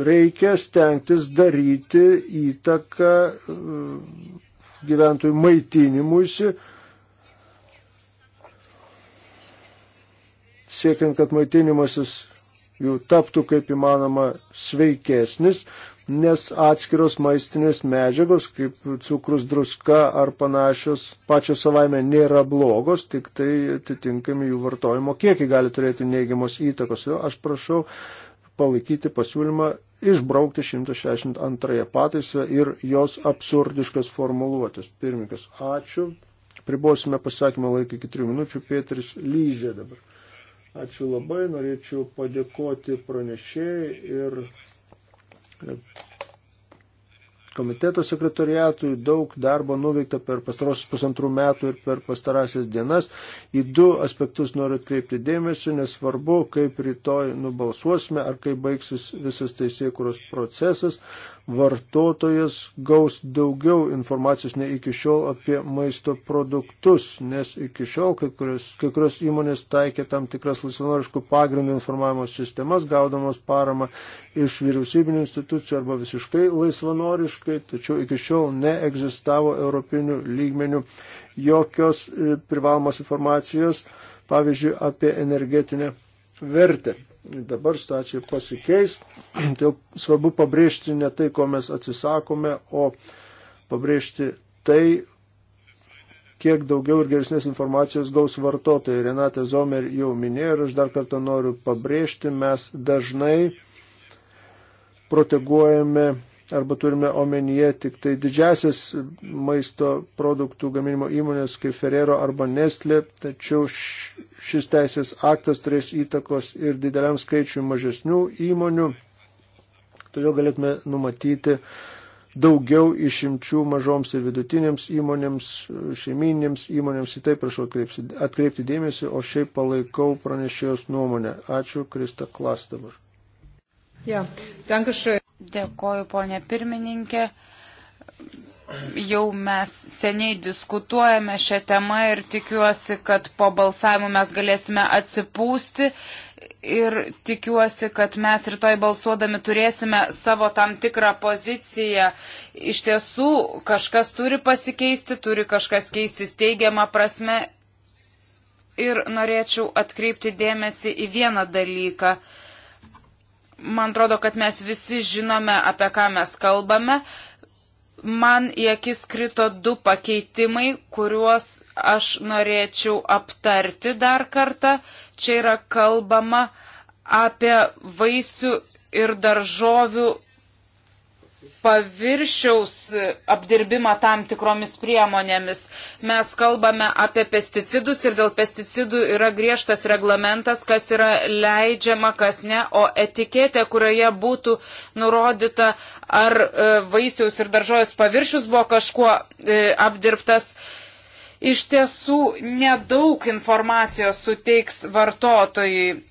Reikia stengtis daryti įtaką e, gyventojų maitinimuisi, siekiant, kad maitinimasis jų taptų kaip įmanoma sveikesnis, nes atskiros maistinės medžiagos, kaip cukrus, druska ar panašios, pačios savaime nėra blogos, tik tai atitinkami jų vartojimo kiekiai gali turėti neigiamos įtakos. Todėl aš prašau palaikyti pasiūlymą išbraukti 162 pataisą ir jos absurdiškas formuluotės. Pirmininkas, ačiū. Pribosime pasakymą laiką iki 3 minučių. Pietris Lyzė dabar. Ačiū labai, norėčiau padėkoti pranešėjai ir komiteto sekretoriatui daug darbo nuveikta per pastarosius pusantrų metų ir per pastarąsias dienas. Į du aspektus noriu atkreipti dėmesį, nesvarbu, kaip rytoj nubalsuosime ar kaip baigsis visas teisėkuros procesas vartotojas gaus daugiau informacijos nei iki šiol apie maisto produktus, nes iki šiol kai kurios, kai kurios įmonės taikė tam tikras laisvanoriškų pagrindų informavimo sistemas, gaudamos paramą iš vyriausybinių institucijų arba visiškai laisvanoriškai, tačiau iki šiol neegzistavo europinių lygmenių jokios e, privalomos informacijos, pavyzdžiui, apie energetinę vertę dabar stačiai pasikeis. Tai svarbu pabrėžti ne tai, ko mes atsisakome, o pabrėžti tai, kiek daugiau ir geresnės informacijos gaus vartotojai. Renate Zomer jau minėjo ir aš dar kartą noriu pabrėžti, mes dažnai proteguojame arba turime omenyje tik tai didžiasias maisto produktų gaminimo įmonės kaip Ferrero arba Nestle, tačiau šis teisės aktas turės įtakos ir dideliam skaičiui mažesnių įmonių, todėl galėtume numatyti daugiau išimčių mažoms ir vidutinėms įmonėms, šeiminėms įmonėms, į tai prašau atkreipti, atkreipti dėmesį, o šiaip palaikau pranešėjos nuomonę. Ačiū, Krista Klas dabar. Ja, danke schön. Dėkoju, ponė pirmininkė. Jau mes seniai diskutuojame šią temą ir tikiuosi, kad po balsavimo mes galėsime atsipūsti ir tikiuosi, kad mes rytoj balsuodami turėsime savo tam tikrą poziciją. Iš tiesų, kažkas turi pasikeisti, turi kažkas keistis teigiamą prasme. Ir norėčiau atkreipti dėmesį į vieną dalyką man atrodo, kad mes visi žinome, apie ką mes kalbame. Man į akis krito du pakeitimai, kuriuos aš norėčiau aptarti dar kartą. Čia yra kalbama apie vaisių ir daržovių paviršiaus apdirbimą tam tikromis priemonėmis. Mes kalbame apie pesticidus ir dėl pesticidų yra griežtas reglamentas, kas yra leidžiama, kas ne, o etiketė, kurioje būtų nurodyta, ar e, vaisiaus ir daržovės paviršius buvo kažkuo e, apdirbtas. Iš tiesų nedaug informacijos suteiks vartotojui.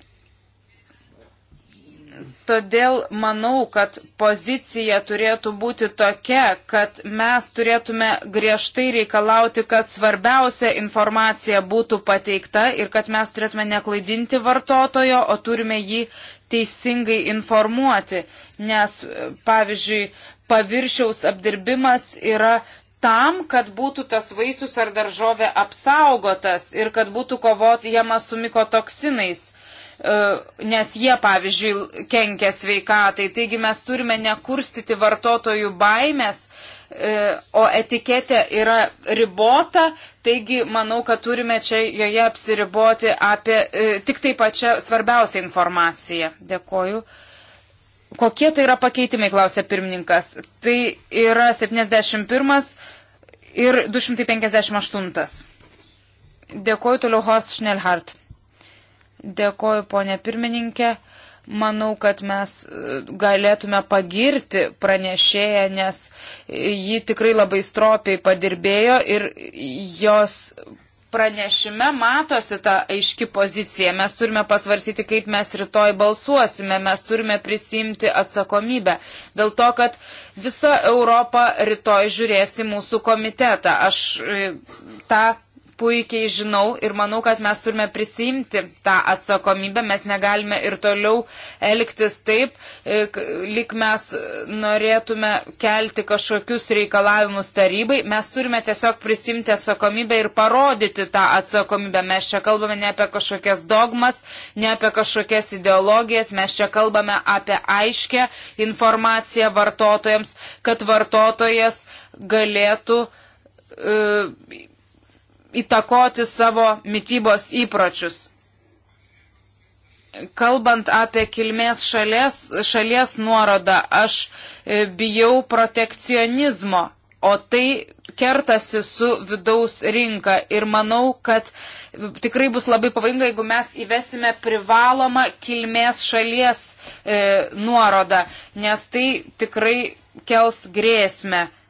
Todėl manau, kad pozicija turėtų būti tokia, kad mes turėtume griežtai reikalauti, kad svarbiausia informacija būtų pateikta ir kad mes turėtume neklaidinti vartotojo, o turime jį teisingai informuoti. Nes, pavyzdžiui, paviršiaus apdirbimas yra tam, kad būtų tas vaisius ar daržovė apsaugotas ir kad būtų kovojama su mikotoksinais. E, nes jie, pavyzdžiui, kenkia sveikatai. Taigi mes turime nekurstyti vartotojų baimės, e, o etiketė yra ribota, taigi manau, kad turime čia joje apsiriboti apie e, tik tai pačią svarbiausią informaciją. Dėkoju. Kokie tai yra pakeitimai, klausė pirmininkas. Tai yra 71 ir 258. Dėkoju toliau Horst Schnellhardt. Dėkoju, ponė pirmininkė. Manau, kad mes e, galėtume pagirti pranešėją, nes ji tikrai labai stropiai padirbėjo ir jos pranešime matosi ta aiški pozicija. Mes turime pasvarsyti, kaip mes rytoj balsuosime, mes turime prisimti atsakomybę. Dėl to, kad visa Europa rytoj žiūrės į mūsų komitetą. Aš e, tą puikiai žinau ir manau, kad mes turime prisimti tą atsakomybę, mes negalime ir toliau elgtis taip, lik e, mes norėtume kelti kažkokius reikalavimus tarybai, mes turime tiesiog prisimti atsakomybę ir parodyti tą atsakomybę. Mes čia kalbame ne apie kažkokias dogmas, ne apie kažkokias ideologijas, mes čia kalbame apie aiškę informaciją vartotojams, kad vartotojas galėtų uh, įtakoti savo mytybos įpročius. Kalbant apie kilmės šalies, šalies nuorodą, aš e, bijau protekcionizmo, o tai kertasi su vidaus rinka. Ir manau, kad tikrai bus labai pavojinga, jeigu mes įvesime privalomą kilmės šalies e, nuorodą, nes tai tikrai kels grėsmę. E,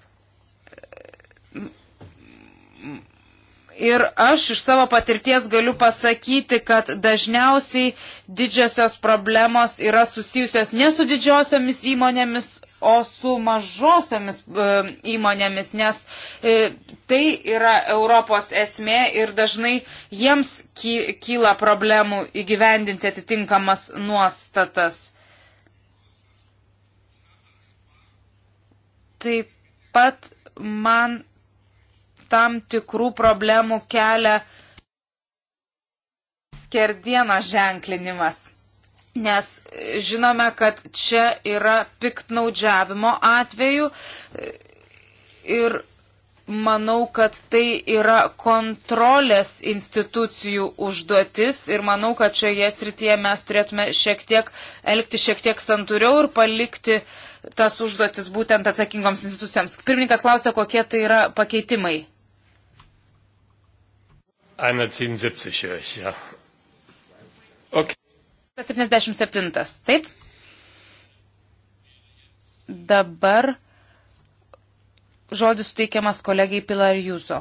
Ir aš iš savo patirties galiu pasakyti, kad dažniausiai didžiosios problemos yra susijusios ne su didžiosiomis įmonėmis, o su mažosiomis e, įmonėmis, nes e, tai yra Europos esmė ir dažnai jiems kyla problemų įgyvendinti atitinkamas nuostatas. Taip pat man tam tikrų problemų kelia skerdienos ženklinimas. Nes žinome, kad čia yra piktnaudžiavimo atveju ir manau, kad tai yra kontrolės institucijų užduotis ir manau, kad šioje srityje mes turėtume šiek tiek elgti šiek tiek santūriau ir palikti tas užduotis būtent atsakingoms institucijoms. Pirmininkas klausia, kokie tai yra pakeitimai. 177 höre ich, ja. Okay. 77, taip. Dabar žodis suteikiamas kolegai Pilar Jūzo.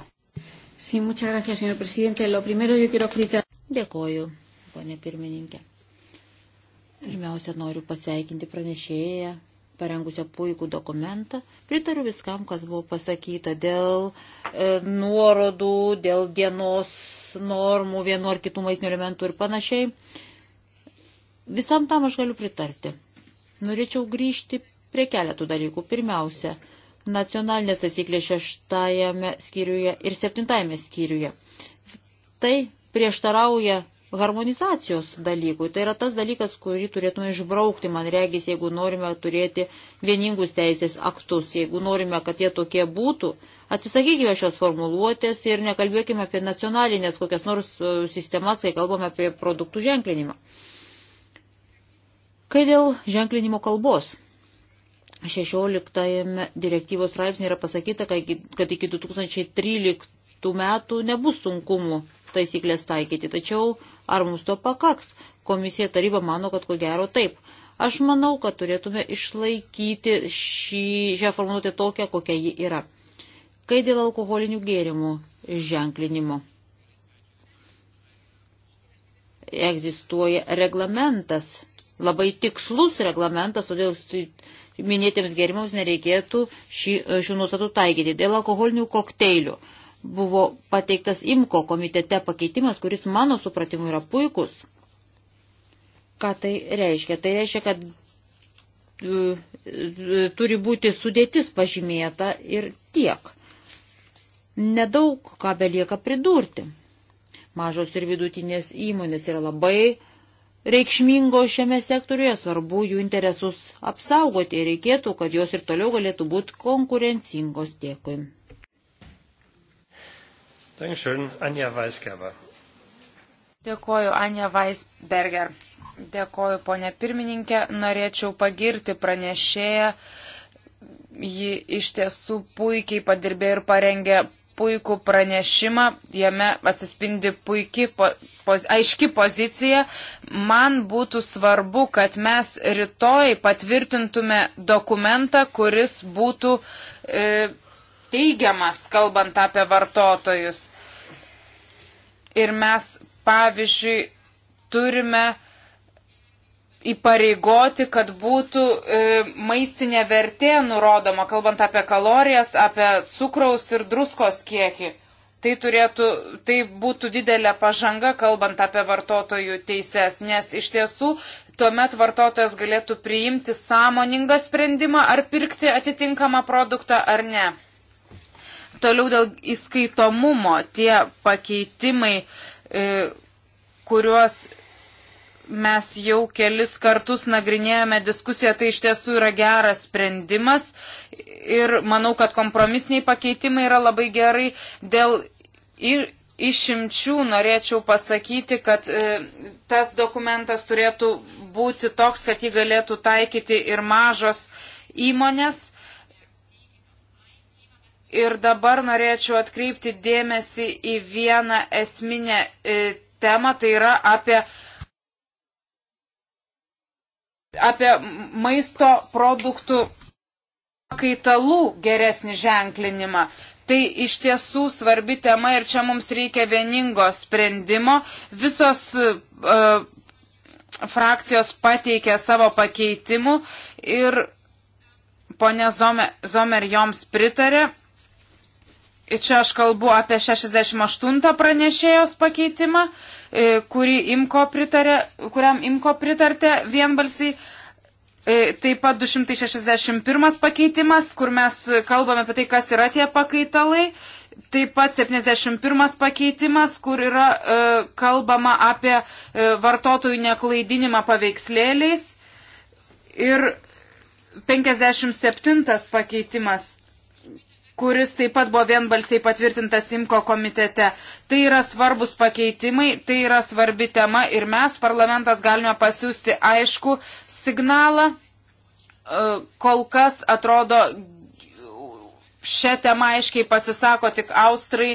Sí, muchas gracias, señor presidente. Lo primero yo quiero felicitar. Dėkoju, ponė pirmininkė. Pirmiausia, noriu pasveikinti pranešėją parengusio puikų dokumentą. Pritariu viskam, kas buvo pasakyta dėl e, nuorodų, dėl dienos normų, vienu ar kitų maisnių elementų ir panašiai. Visam tam aš galiu pritarti. Norėčiau grįžti prie keletų dalykų. Pirmiausia, nacionalinės taisyklės šeštajame skyriuje ir septintajame skyriuje. Tai prieštarauja harmonizacijos dalykui. Tai yra tas dalykas, kurį turėtume išbraukti, man regis, jeigu norime turėti vieningus teisės aktus, jeigu norime, kad jie tokie būtų. Atsisakykime šios formuluotės ir nekalbėkime apie nacionalinės kokias nors e, sistemas, kai kalbame apie produktų ženklinimą. Kai dėl ženklinimo kalbos. 16 direktyvos straipsnė yra pasakyta, kad iki 2013 metų nebus sunkumų taisyklės taikyti. Tačiau ar mums to pakaks? Komisija taryba mano, kad ko gero taip. Aš manau, kad turėtume išlaikyti šį, šią formuotę tokią, kokia ji yra. Kai dėl alkoholinių gėrimų ženklinimo egzistuoja reglamentas, labai tikslus reglamentas, todėl minėtiems gėrimams nereikėtų šį, šių nuostatų taikyti. Dėl alkoholinių kokteilių buvo pateiktas IMKO komitete pakeitimas, kuris mano supratimu yra puikus. Ką tai reiškia? Tai reiškia, kad e, e, turi būti sudėtis pažymėta ir tiek. Nedaug ką belieka pridurti. Mažos ir vidutinės įmonės yra labai reikšmingos šiame sektoriuje, svarbu jų interesus apsaugoti ir reikėtų, kad jos ir toliau galėtų būti konkurencingos. Dėkui. Dankšin, Anja Vaiskeva. Dėkoju, Anja Vaisberger. Dėkoju, ponė pirmininkė. Norėčiau pagirti pranešėją. Ji iš tiesų puikiai padirbė ir parengė puikų pranešimą, jame atsispindi puiki, po, poz, aiški pozicija. Man būtų svarbu, kad mes rytoj patvirtintume dokumentą, kuris būtų e, teigiamas, kalbant apie vartotojus ir mes, pavyzdžiui, turime įpareigoti, kad būtų e, maistinė vertė nurodoma, kalbant apie kalorijas, apie cukraus ir druskos kiekį. Tai, turėtų, tai būtų didelė pažanga, kalbant apie vartotojų teises, nes iš tiesų tuomet vartotojas galėtų priimti sąmoningą sprendimą, ar pirkti atitinkamą produktą ar ne. Toliau dėl įskaitomumo tie pakeitimai, e, kuriuos mes jau kelis kartus nagrinėjome diskusiją, tai iš tiesų yra geras sprendimas ir manau, kad kompromisiniai pakeitimai yra labai gerai. Dėl išimčių norėčiau pasakyti, kad e, tas dokumentas turėtų būti toks, kad jį galėtų taikyti ir mažos įmonės. Ir dabar norėčiau atkreipti dėmesį į vieną esminę e, temą, tai yra apie, apie maisto produktų kaitalų geresnį ženklinimą. Tai iš tiesų svarbi tema ir čia mums reikia vieningo sprendimo. Visos uh, frakcijos pateikė savo pakeitimų ir ponė Zomer, Zomer joms pritarė čia aš kalbu apie 68 pranešėjos pakeitimą, e, imko pritarė, kuriam imko pritartė vienbalsiai. E, taip pat 261 pakeitimas, kur mes kalbame apie tai, kas yra tie pakaitalai. Taip pat 71 pakeitimas, kur yra e, kalbama apie e, vartotojų neklaidinimą paveikslėliais. Ir 57 pakeitimas, kuris taip pat buvo vienbalsiai patvirtintas Simko komitete. Tai yra svarbus pakeitimai, tai yra svarbi tema ir mes, parlamentas, galime pasiūsti aišku signalą. E, kol kas atrodo šią temą aiškiai pasisako tik austrai,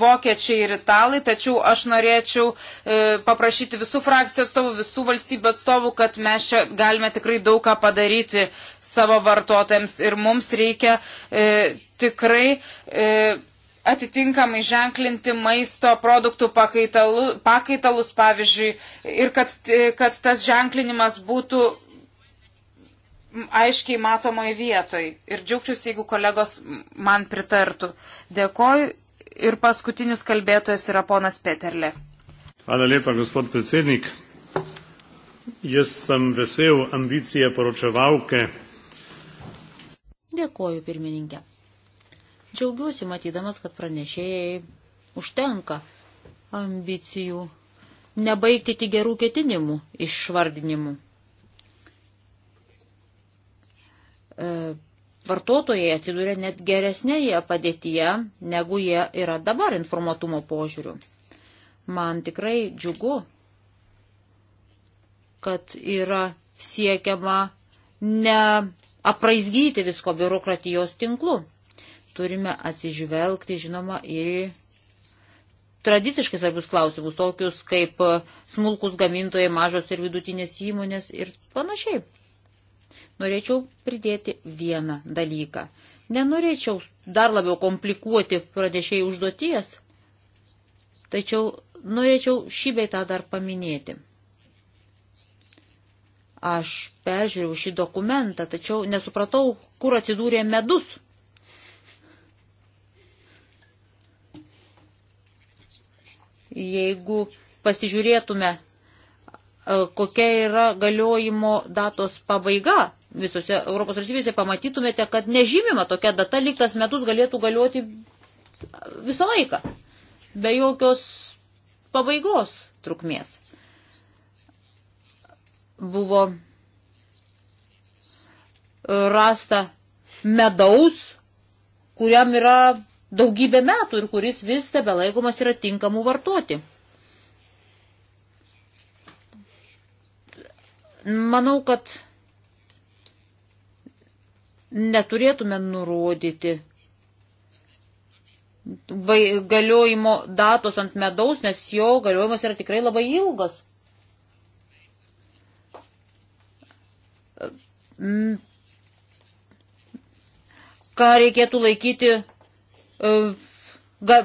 vokiečiai ir italai, tačiau aš norėčiau e, paprašyti visų frakcijų atstovų, visų valstybių atstovų, kad mes čia galime tikrai daug ką padaryti savo vartotojams ir mums reikia e, tikrai e, atitinkamai ženklinti maisto produktų pakaitalu, pakaitalus, pavyzdžiui, ir kad, e, kad tas ženklinimas būtų aiškiai matomoj vietoj. Ir džiaugčiausi, jeigu kolegos man pritartų. Dėkoju. Ir paskutinis kalbėtojas yra ponas Peterle. Hvala lepa, gospod predsednik. Jaz sem vesel ambicije poročevalke. Dėkoju, pirmininkė. Džiaugiuosi matydamas, kad pranešėjai užtenka ambicijų nebaigti tik gerų ketinimų išvardinimų. E, vartotojai atsiduria net geresnėje padėtyje, negu jie yra dabar informatumo požiūriu. Man tikrai džiugu, kad yra siekiama neapraizgyti visko biurokratijos tinklų. Turime atsižvelgti, žinoma, į tradiciškai svarbius klausimus, tokius kaip smulkus gamintojai, mažos ir vidutinės įmonės ir panašiai. Norėčiau pridėti vieną dalyką. Nenorėčiau dar labiau komplikuoti pranešėjų užduoties, tačiau norėčiau šį beitą dar paminėti. Aš peržiūrėjau šį dokumentą, tačiau nesupratau, kur atsidūrė medus. Jeigu pasižiūrėtume E, kokia yra galiojimo datos pabaiga. Visose Europos valstybėse pamatytumėte, kad nežymima tokia data, liktas metus galėtų galioti visą laiką, be jokios pabaigos trukmės. Buvo rasta medaus, kuriam yra daugybė metų ir kuris vis tebe laikomas yra tinkamų vartoti. Manau, kad neturėtume nurodyti galiojimo datos ant medaus, nes jo galiojimas yra tikrai labai ilgas. Ką reikėtų laikyti e,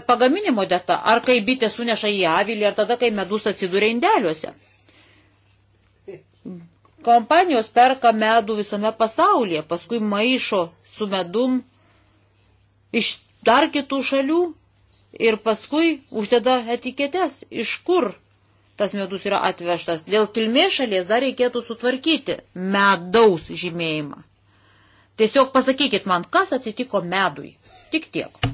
pagaminimo data, ar kai bitė suneša į avilį, ar tada, kai medus atsiduria indeliuose. Kompanijos perka medų visame pasaulyje, paskui maišo su medum iš dar kitų šalių ir paskui uždeda etiketes, iš kur tas medus yra atvežtas. Dėl kilmės šalies dar reikėtų sutvarkyti medaus žymėjimą. Tiesiog pasakykit man, kas atsitiko medui. Tik tiek.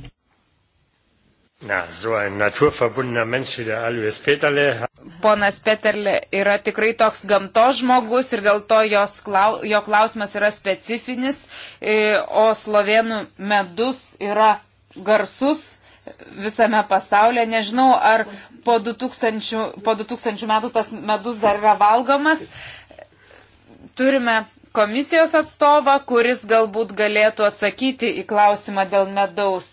Na, so ein naturverbundener Mensch wie der Alois Peterle. Ponas Peterle yra tikrai toks gamtos žmogus ir dėl to klau, jo klausimas yra specifinis, e, o slovenų medus yra garsus visame pasaulyje. Nežinau, ar po 2000, po 2000 metų tas medus dar yra valgomas. Turime komisijos atstovą, kuris galbūt galėtų atsakyti į klausimą dėl medaus.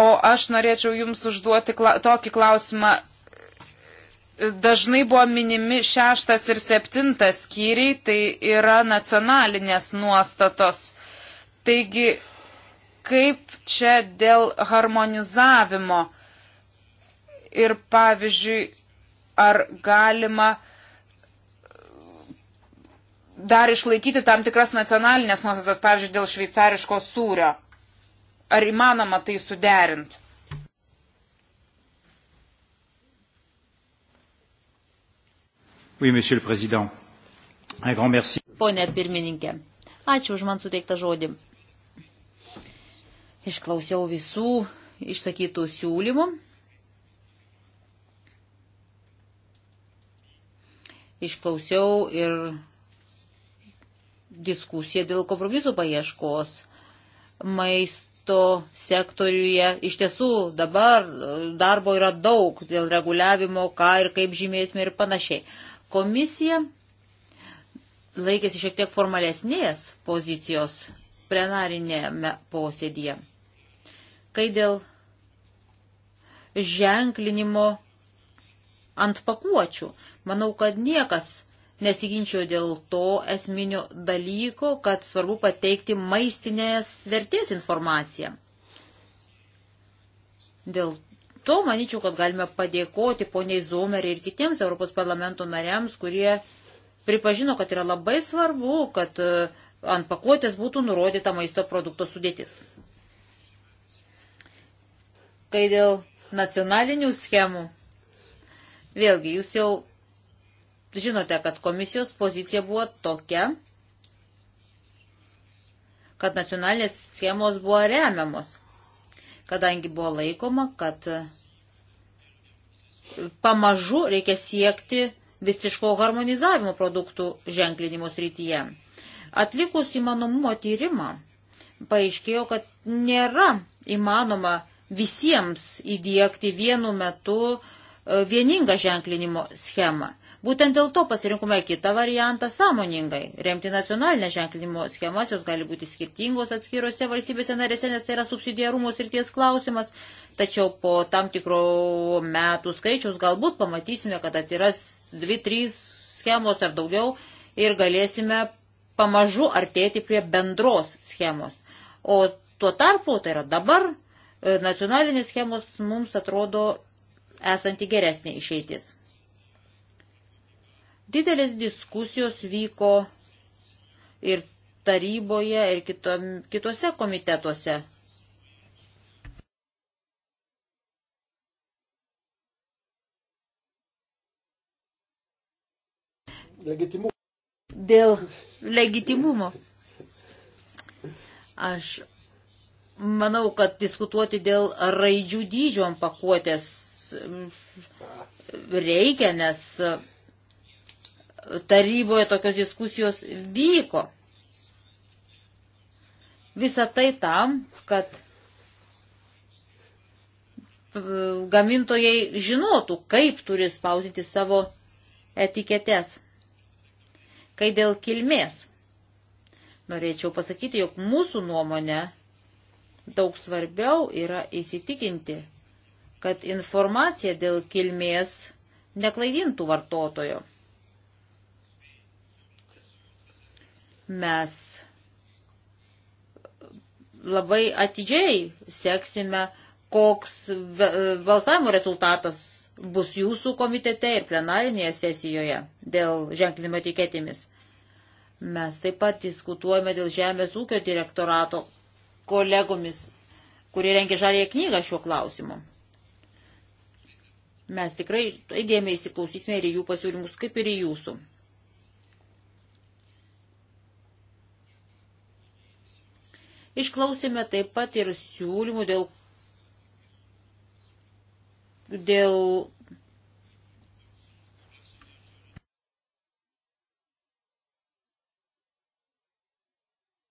O aš norėčiau Jums užduoti kla tokį klausimą. Dažnai buvo minimi šeštas ir septintas skyriai, tai yra nacionalinės nuostatos. Taigi, kaip čia dėl harmonizavimo ir pavyzdžiui, ar galima dar išlaikyti tam tikras nacionalinės nuostatas, pavyzdžiui, dėl šveicariško sūrio ar įmanoma tai suderinti? Oui, monsieur le président. Un grand merci. Pone pirmininkė, ačiū už man suteiktą žodį. Išklausiau visų išsakytų siūlymų. Išklausiau ir diskusiją dėl kompromisų paieškos. Maist transporto sektoriuje iš tiesų dabar e, darbo yra daug dėl reguliavimo, ką ir kaip žymėsime ir panašiai. Komisija laikėsi šiek tiek formalesnės pozicijos plenarinėme posėdėje. Kai dėl ženklinimo ant pakuočių, manau, kad niekas nesiginčio dėl to esminio dalyko, kad svarbu pateikti maistinės vertės informaciją. Dėl to manyčiau, kad galime padėkoti poniai Zomeriai ir kitiems Europos parlamento nariams, kurie pripažino, kad yra labai svarbu, kad e, ant pakuotės būtų nurodyta maisto produkto sudėtis. Kai dėl nacionalinių schemų, vėlgi, jūs jau žinote, kad komisijos pozicija buvo tokia, kad nacionalinės schemos buvo remiamos, kadangi buvo laikoma, kad pamažu reikia siekti visiško harmonizavimo produktų ženklinimo srityje. Atlikus įmanomumo tyrimą, paaiškėjo, kad nėra įmanoma visiems įdėkti vienu metu E, vieningą ženklinimo schemą. Būtent dėl to pasirinkome kitą variantą sąmoningai. Remti nacionalinę ženklinimo schemas, jos gali būti skirtingos atskirose valstybėse narėse, nes tai yra subsidiarumos ir ties klausimas. Tačiau po tam tikro metų skaičiaus galbūt pamatysime, kad atiras 2-3 schemos ar daugiau ir galėsime pamažu artėti prie bendros schemos. O tuo tarpu, tai yra dabar, e, nacionalinės schemos mums atrodo esanti geresnė išeitis. Didelės diskusijos vyko ir taryboje, ir kito, kitose komitetuose. Legitimu. Dėl legitimumo. Aš manau, kad diskutuoti dėl raidžių dydžio ant pakuotės Mm, reikia, nes taryboje tokios diskusijos vyko. Visą tai tam, kad gamintojai žinotų, kaip turi spausdinti savo etiketes. Kai dėl kilmės. Norėčiau pasakyti, jog mūsų nuomonė daug svarbiau yra įsitikinti, kad informacija dėl kilmės neklaidintų vartotojo. Mes labai atidžiai seksime, koks balsavimo rezultatas bus jūsų komitete ir plenarinėje sesijoje dėl ženklinimo etiketėmis. Mes taip pat diskutuojame dėl Žemės ūkio direktorato kolegomis, kurie rengia žalėje knygą šiuo klausimu. Mes tikrai įdėmiai įsiklausysime ir į jų pasiūlymus, kaip ir į jūsų. Išklausėme taip pat ir siūlymų dėl, dėl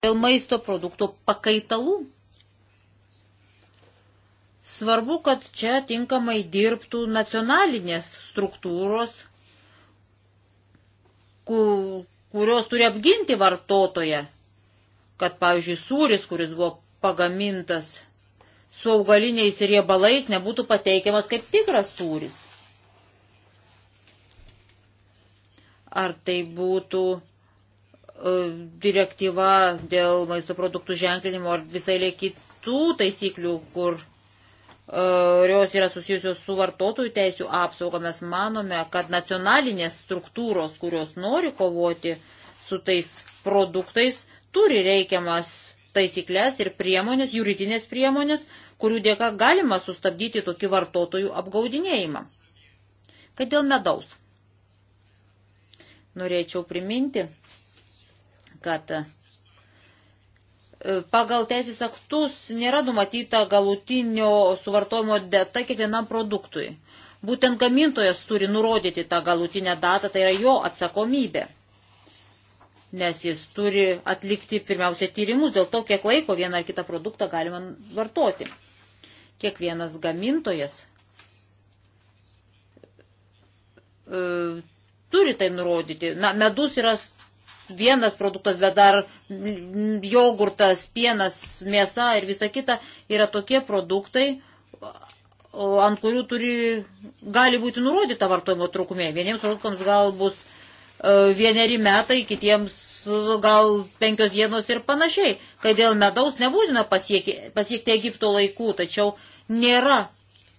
dėl maisto produktų pakaitalų. Svarbu, kad čia tinkamai dirbtų nacionalinės struktūros, kurios turi apginti vartotoje, kad, pavyzdžiui, sūris, kuris buvo pagamintas su augaliniais riebalais, nebūtų pateikiamas kaip tikras sūris. Ar tai būtų e, direktyva dėl maisto produktų ženklinimo ar visai lė kitų taisyklių, kur kurios yra susijusios su vartotojų teisų apsauga, mes manome, kad nacionalinės struktūros, kurios nori kovoti su tais produktais, turi reikiamas taisyklės ir priemonės, juridinės priemonės, kurių dėka galima sustabdyti tokį vartotojų apgaudinėjimą. Kad dėl medaus. Norėčiau priminti, kad pagal teisės aktus nėra numatyta galutinio suvartojimo data kiekvienam produktui. Būtent gamintojas turi nurodyti tą galutinę datą, tai yra jo atsakomybė. Nes jis turi atlikti pirmiausia tyrimus dėl to, kiek laiko vieną ar kitą produktą galima vartoti. Kiekvienas gamintojas e, turi tai nurodyti. Na, medus yra vienas produktas, bet dar jogurtas, pienas, mėsa ir visa kita yra tokie produktai, ant kurių turi, gali būti nurodyta vartojimo trukmė. Vieniems produktams gal bus e, vieneri metai, kitiems gal penkios dienos ir panašiai, kad dėl medaus nebūtina pasiekti, pasiekti Egipto laikų, tačiau nėra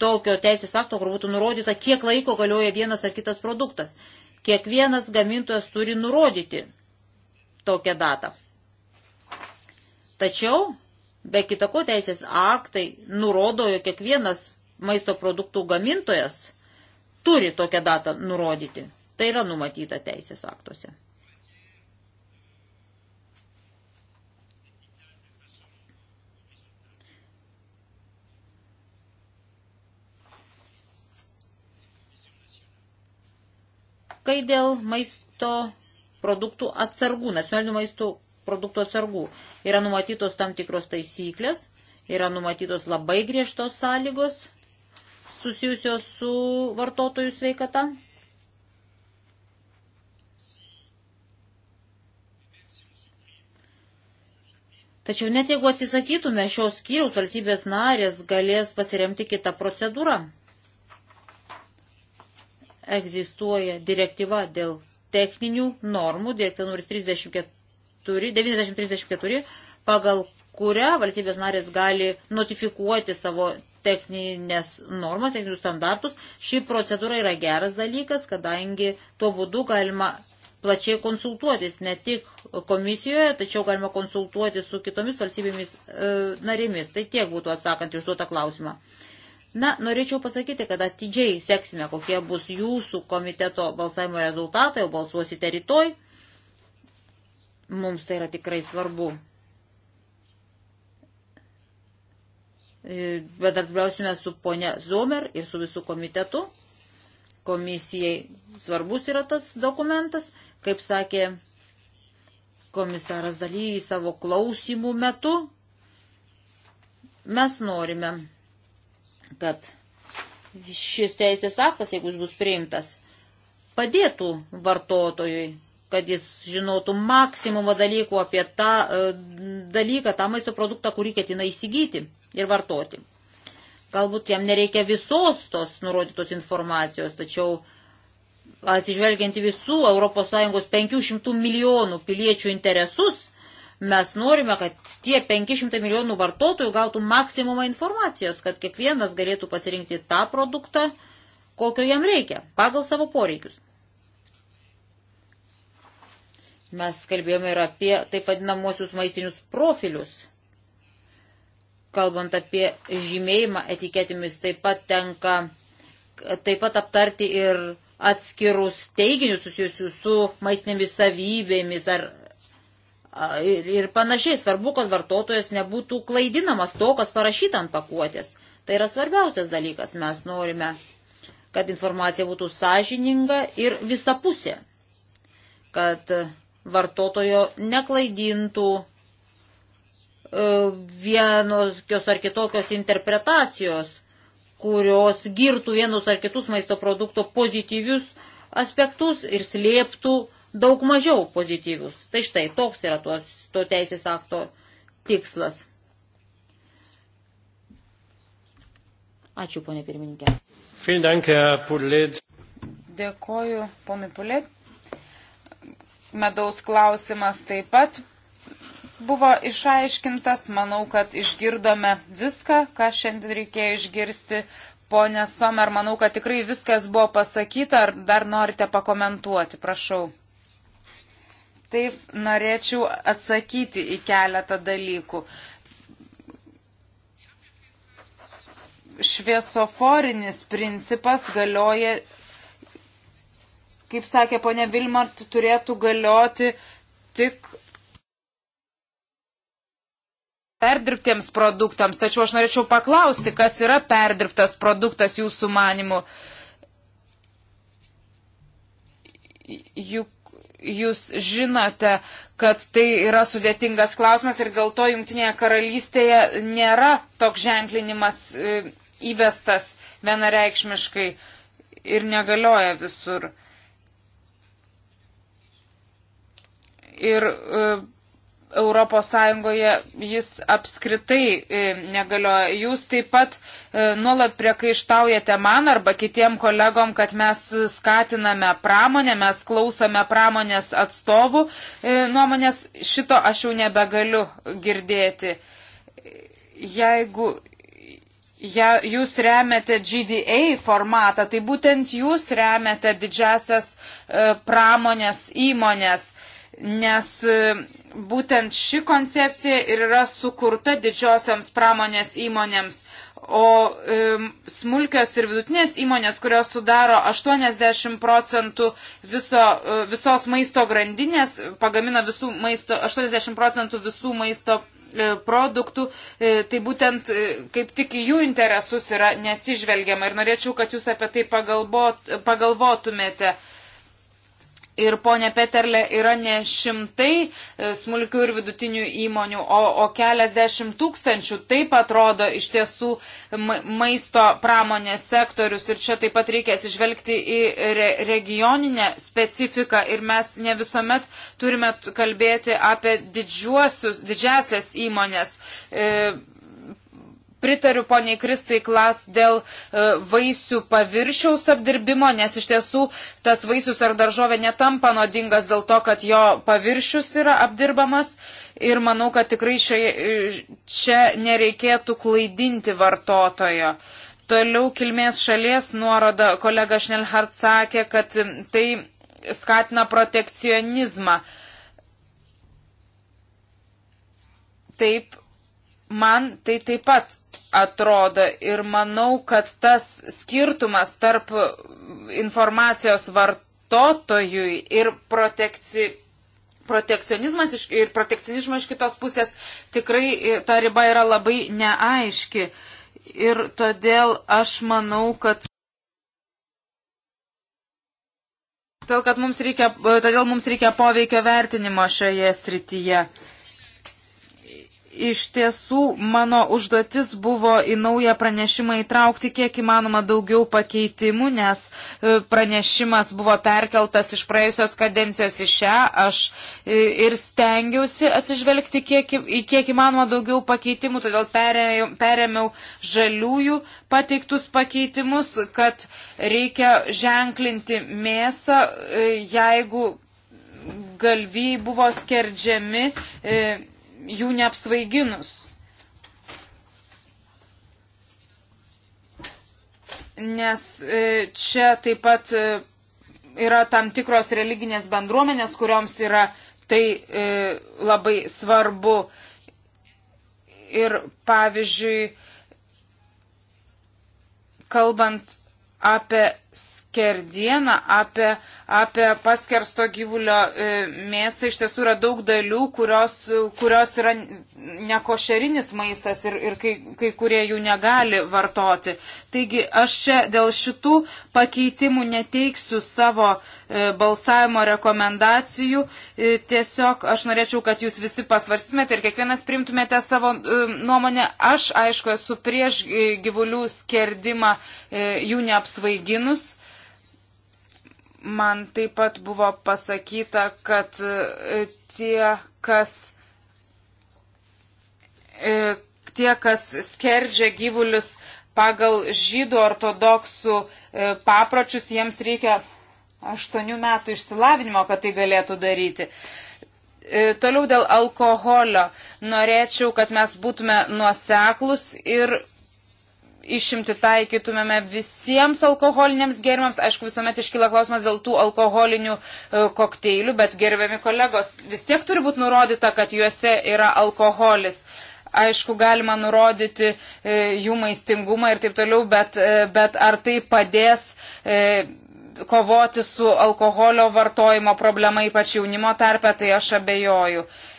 tokio teisės akto, kur būtų nurodyta, kiek laiko galioja vienas ar kitas produktas. Kiekvienas gamintojas turi nurodyti tokią datą. Tačiau, be kitako teisės aktai nurodo, jog kiekvienas maisto produktų gamintojas turi tokią datą nurodyti. Tai yra numatyta teisės aktuose. Kai dėl maisto produktų atsargų, nacionalinių maisto produktų atsargų. Yra numatytos tam tikros taisyklės, yra numatytos labai griežtos sąlygos susijusios su vartotojų sveikata. Tačiau net jeigu atsisakytume šios skyriaus, valstybės narės galės pasiremti kitą procedūrą. Egzistuoja direktyva dėl techninių normų, direktyva numeris 9034, pagal kurią valstybės narės gali notifikuoti savo techninės normas, techninius standartus. Ši procedūra yra geras dalykas, kadangi tuo būdu galima plačiai konsultuotis ne tik komisijoje, tačiau galima konsultuotis su kitomis valstybėmis e, narėmis. Tai tiek būtų atsakant užduotą klausimą. E, Na, norėčiau pasakyti, kad atidžiai seksime, kokie bus jūsų komiteto balsavimo rezultatai, o balsuosite rytoj. Mums tai yra tikrai svarbu. E, bet atbliausime su ponia Zomer ir su visų komitetu. Komisijai svarbus yra tas dokumentas, kaip sakė komisaras dalyjai savo klausimų metu. Mes norime kad šis teisės aktas, jeigu jis bus priimtas, padėtų vartotojui, kad jis žinotų maksimumą dalykų apie tą e, dalyką, tą maisto produktą, kurį ketina įsigyti ir vartoti. Galbūt jam nereikia visos tos nurodytos informacijos, tačiau atsižvelgiant į visų ES 500 milijonų piliečių interesus, Mes norime, kad tie 500 milijonų vartotojų gautų maksimumą informacijos, kad kiekvienas galėtų pasirinkti tą produktą, kokio jam reikia, pagal savo poreikius. Mes kalbėjome ir apie taip vadinamosius maistinius profilius. Kalbant apie žymėjimą etiketėmis, taip pat tenka taip pat aptarti ir atskirus teiginius susijusius su maistinėmis savybėmis ar ir, ir panašiai. Svarbu, kad vartotojas nebūtų klaidinamas to, kas parašyta ant pakuotės. Tai yra svarbiausias dalykas. Mes norime, kad informacija būtų sąžininga ir visapusė, kad vartotojo neklaidintų e, vienokios ar kitokios interpretacijos, kurios girtų vienus ar kitus maisto produkto pozityvius aspektus ir slėptų uh, daug mažiau pozityvius. Tai štai toks yra tos, to teisės akto tikslas. Ačiū, ponė pirmininkė. Dėkoju, ponui Pulėt. Medaus klausimas taip pat buvo išaiškintas. Manau, kad išgirdome viską, ką šiandien reikėjo išgirsti. Pone Somer, manau, kad tikrai viskas buvo pasakyta. Ar dar norite pakomentuoti? Prašau. Taip norėčiau atsakyti į keletą dalykų. Šviesoforinis principas galioja, kaip sakė ponia Vilmart, turėtų galioti tik perdirbtiems produktams. Tačiau aš norėčiau paklausti, kas yra perdirbtas produktas jūsų manimu. Juk jūs žinote, kad tai yra sudėtingas klausimas ir dėl to Junktinėje karalystėje nėra toks ženklinimas e, įvestas vienareikšmiškai ir negalioja visur. Ir e, Europos Sąjungoje jis apskritai e, negalioja. Jūs taip pat e, nuolat priekaištaujate man arba kitiem kolegom, kad mes skatiname pramonę, mes klausome pramonės atstovų e, nuomonės. Šito aš jau nebegaliu girdėti. Jeigu ja, jūs remiate GDA formatą, tai būtent jūs remiate didžiasias pramonės įmonės, nes būtent ši koncepcija ir yra sukurta didžiosioms pramonės įmonėms, o um, smulkios ir vidutinės įmonės, kurios sudaro 80 procentų viso, e, visos maisto grandinės, pagamina visų maisto, 80 procentų visų maisto e, produktų, e, tai būtent kaip tik į jų interesus yra neatsižvelgiama ir norėčiau, kad jūs apie tai pagalbot, pagalvotumėte. Ir ponė Peterle yra ne šimtai e, smulkių ir vidutinių įmonių, o, o keliasdešimt tūkstančių. Taip atrodo iš tiesų maisto pramonės sektorius. Ir čia taip pat reikia atsižvelgti į re, regioninę specifiką. Ir mes ne visuomet turime kalbėti apie didžiasias įmonės. E, pritariu poniai Kristai Klas dėl e, vaisių paviršiaus apdirbimo, nes iš tiesų tas vaisius ar daržovė netampa nuodingas dėl to, kad jo paviršius yra apdirbamas. Ir manau, kad tikrai šioje, čia nereikėtų klaidinti vartotojo. Toliau kilmės šalies nuoroda, kolega Šnelhart sakė, kad tai skatina protekcionizmą. Taip, man tai taip pat atrodo. Ir manau, kad tas skirtumas tarp informacijos vartotojui ir protekci, protekcionizmas iš, ir protekcionizmas iš kitos pusės tikrai e, ta riba yra labai neaiški. Ir todėl aš manau, kad. Todėl, mums reikia, todėl mums reikia poveikio vertinimo šioje srityje iš tiesų mano užduotis buvo į naują pranešimą įtraukti kiek įmanoma daugiau pakeitimų, nes e, pranešimas buvo perkeltas iš praėjusios kadencijos į šią. Aš e, ir stengiausi atsižvelgti kiek, į kiek įmanoma daugiau pakeitimų, todėl perėmiau žaliųjų pateiktus pakeitimus, kad reikia ženklinti mėsą, e, jeigu galvijai buvo skerdžiami. E, jų neapsvaiginus. Nes e, čia taip pat e, yra tam tikros religinės bendruomenės, kurioms yra tai e, labai svarbu. Ir pavyzdžiui, kalbant apie skerdieną, apie, apie paskersto gyvulio e, mėsą. Iš tiesų yra daug dalių, kurios, kurios yra nekošerinis maistas ir, ir kai, kai kurie jų negali vartoti. Taigi aš čia dėl šitų pakeitimų neteiksiu savo e, balsavimo rekomendacijų. E, tiesiog aš norėčiau, kad jūs visi pasvarstumėte ir kiekvienas primtumėte savo nuomonę. Aš, aišku, esu prieš gyvulių skerdimą jų neapsvaiginus. Man taip pat buvo pasakyta, kad e, tie, kas, e, tie, kas skerdžia gyvulius pagal žydų ortodoksų e, papročius, jiems reikia aštuonių metų išsilavinimo, kad tai galėtų daryti. Toliau dėl alkoholio. Norėčiau, kad mes būtume nuoseklus ir išimti taikytumėme visiems alkoholiniams gėrimams. Aišku, visuomet iškyla klausimas dėl tų alkoholinių e, kokteilių, bet gerbiami kolegos, vis tiek turi būti nurodyta, kad juose yra alkoholis. Aišku, galima nurodyti e, jų maistingumą ir taip toliau, bet, e, bet ar tai padės e, kovoti su alkoholio vartojimo problema, ypač jaunimo tarpe, tai aš abejoju. E,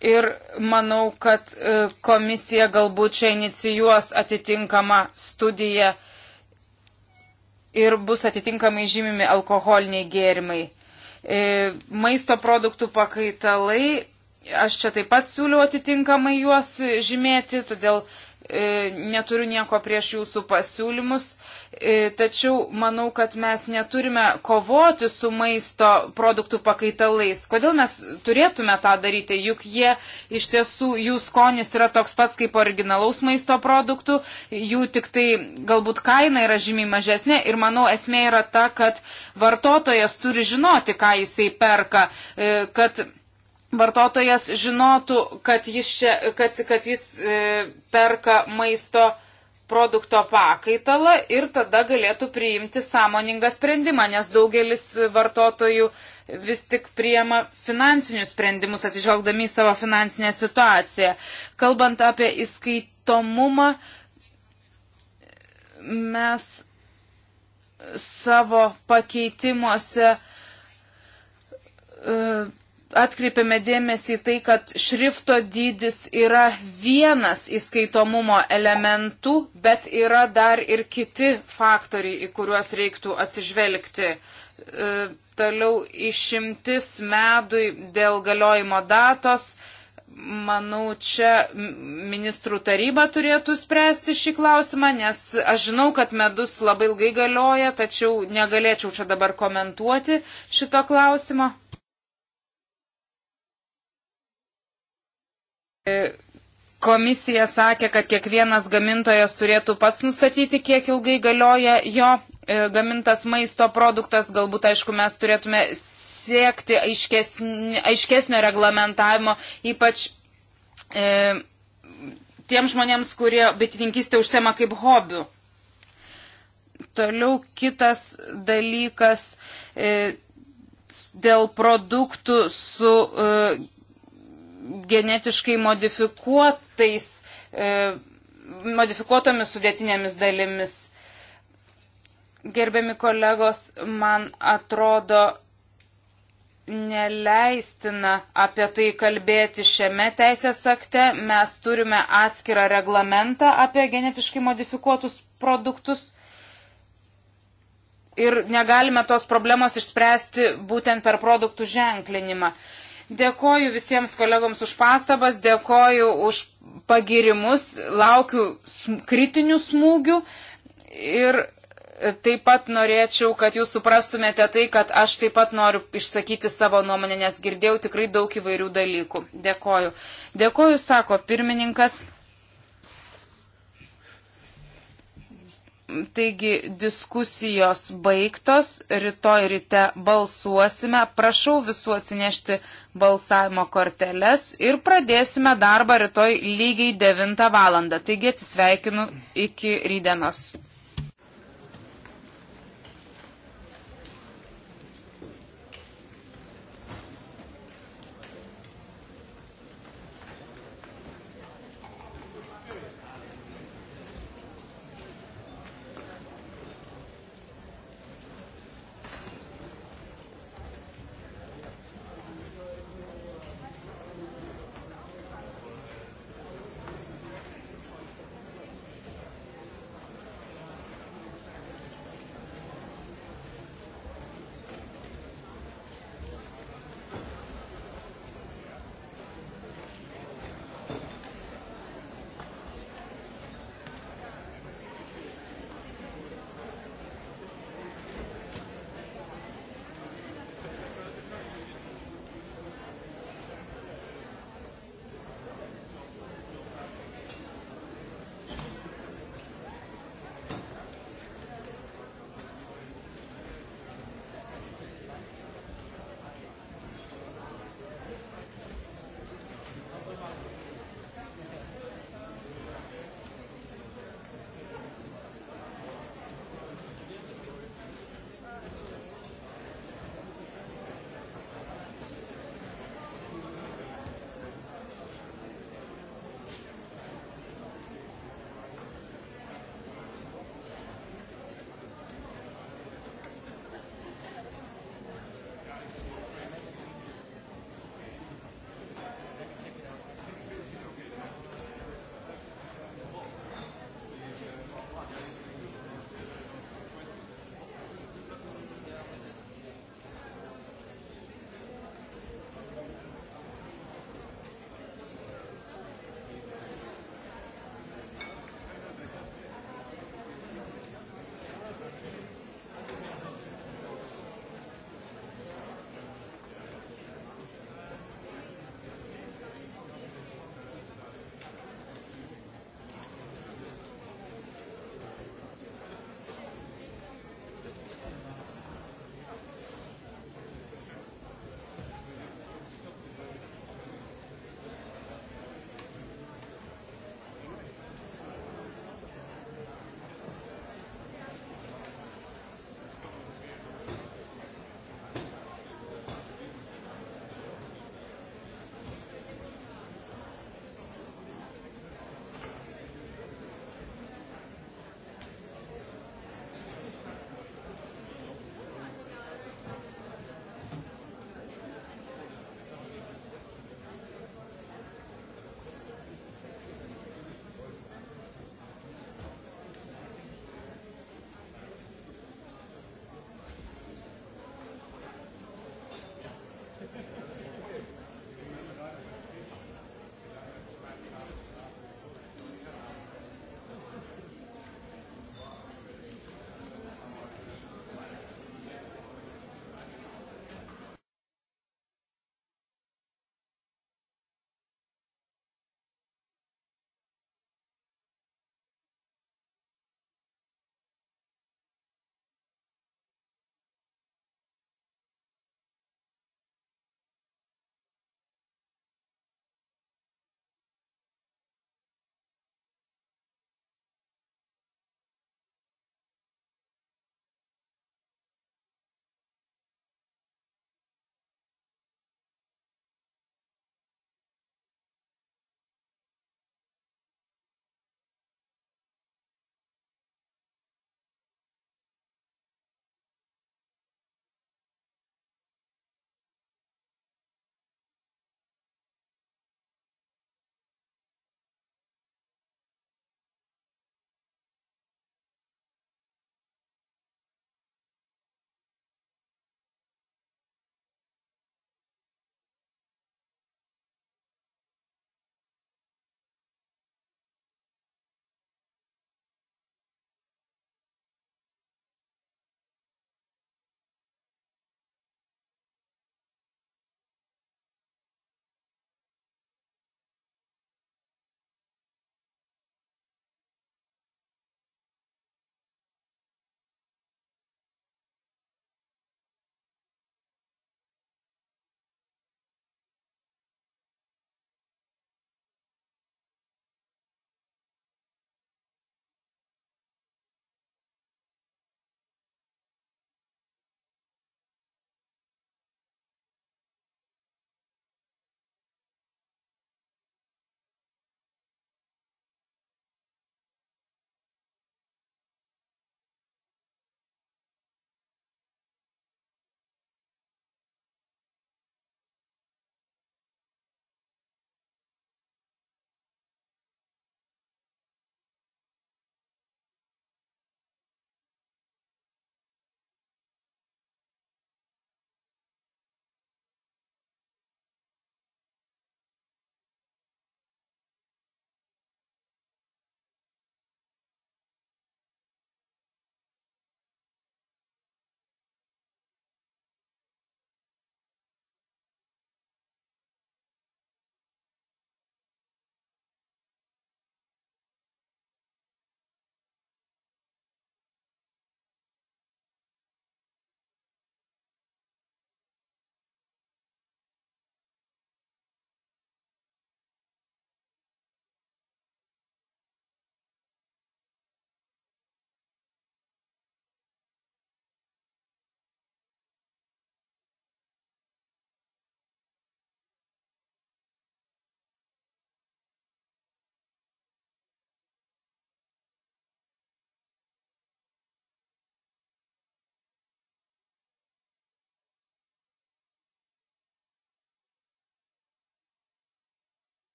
ir manau, kad e, komisija galbūt čia inicijuos atitinkamą studiją ir bus atitinkamai žymimi alkoholiniai gėrimai. E, maisto produktų pakaitalai, aš čia taip pat siūliau atitinkamai juos žymėti, todėl e, neturiu nieko prieš jūsų pasiūlymus. E, tačiau manau, kad mes neturime kovoti su maisto produktų pakaitalais. Kodėl mes turėtume tą daryti, juk jie iš tiesų, jų skonis yra toks pats kaip originalaus maisto produktų, jų tik tai galbūt kaina yra žymiai mažesnė ir manau esmė yra ta, kad vartotojas turi žinoti, ką jisai perka, e, kad vartotojas žinotų, kad jis, čia, kad, kad jis e, perka maisto produktų produkto pakaitalą ir tada galėtų priimti sąmoningą sprendimą, nes daugelis vartotojų vis tik priema finansinius sprendimus atsižvelgdami į savo finansinę situaciją. Kalbant apie įskaitomumą, mes savo pakeitimuose e, atkreipiame dėmesį į tai, kad šrifto dydis yra vienas įskaitomumo elementų, bet yra dar ir kiti faktoriai, į kuriuos reiktų atsižvelgti. E, toliau išimtis medui dėl galiojimo datos. Manau, čia ministrų taryba turėtų spręsti šį klausimą, nes aš žinau, kad medus labai ilgai galioja, tačiau negalėčiau čia dabar komentuoti šito klausimo. E, komisija sakė, kad kiekvienas gamintojas turėtų pats nustatyti, kiek ilgai galioja jo e, gamintas maisto produktas. Galbūt, aišku, mes turėtume siekti aiškesnio, aiškesnio reglamentavimo, ypač e, tiem žmonėms, kurie bitininkystė užsema kaip hobių. Toliau kitas dalykas e, dėl produktų su. E, genetiškai modifikuotais, e, modifikuotomis sudėtinėmis dalimis. Gerbiami kolegos, man atrodo neleistina apie tai kalbėti šiame teisės akte. Mes turime atskirą reglamentą apie genetiškai modifikuotus produktus ir negalime tos problemos išspręsti būtent per produktų ženklinimą. Dėkoju visiems kolegoms už pastabas, dėkoju už pagirimus, laukiu kritinių smūgių ir taip pat norėčiau, kad jūs suprastumėte tai, kad aš taip pat noriu išsakyti savo nuomonę, nes girdėjau tikrai daug įvairių dalykų. Dėkoju. Dėkoju, sako pirmininkas. Taigi diskusijos baigtos, rytoj ryte balsuosime, prašau visų atsinešti balsavimo korteles ir pradėsime darbą rytoj lygiai 9 val. Taigi atsisveikinu iki rydienos.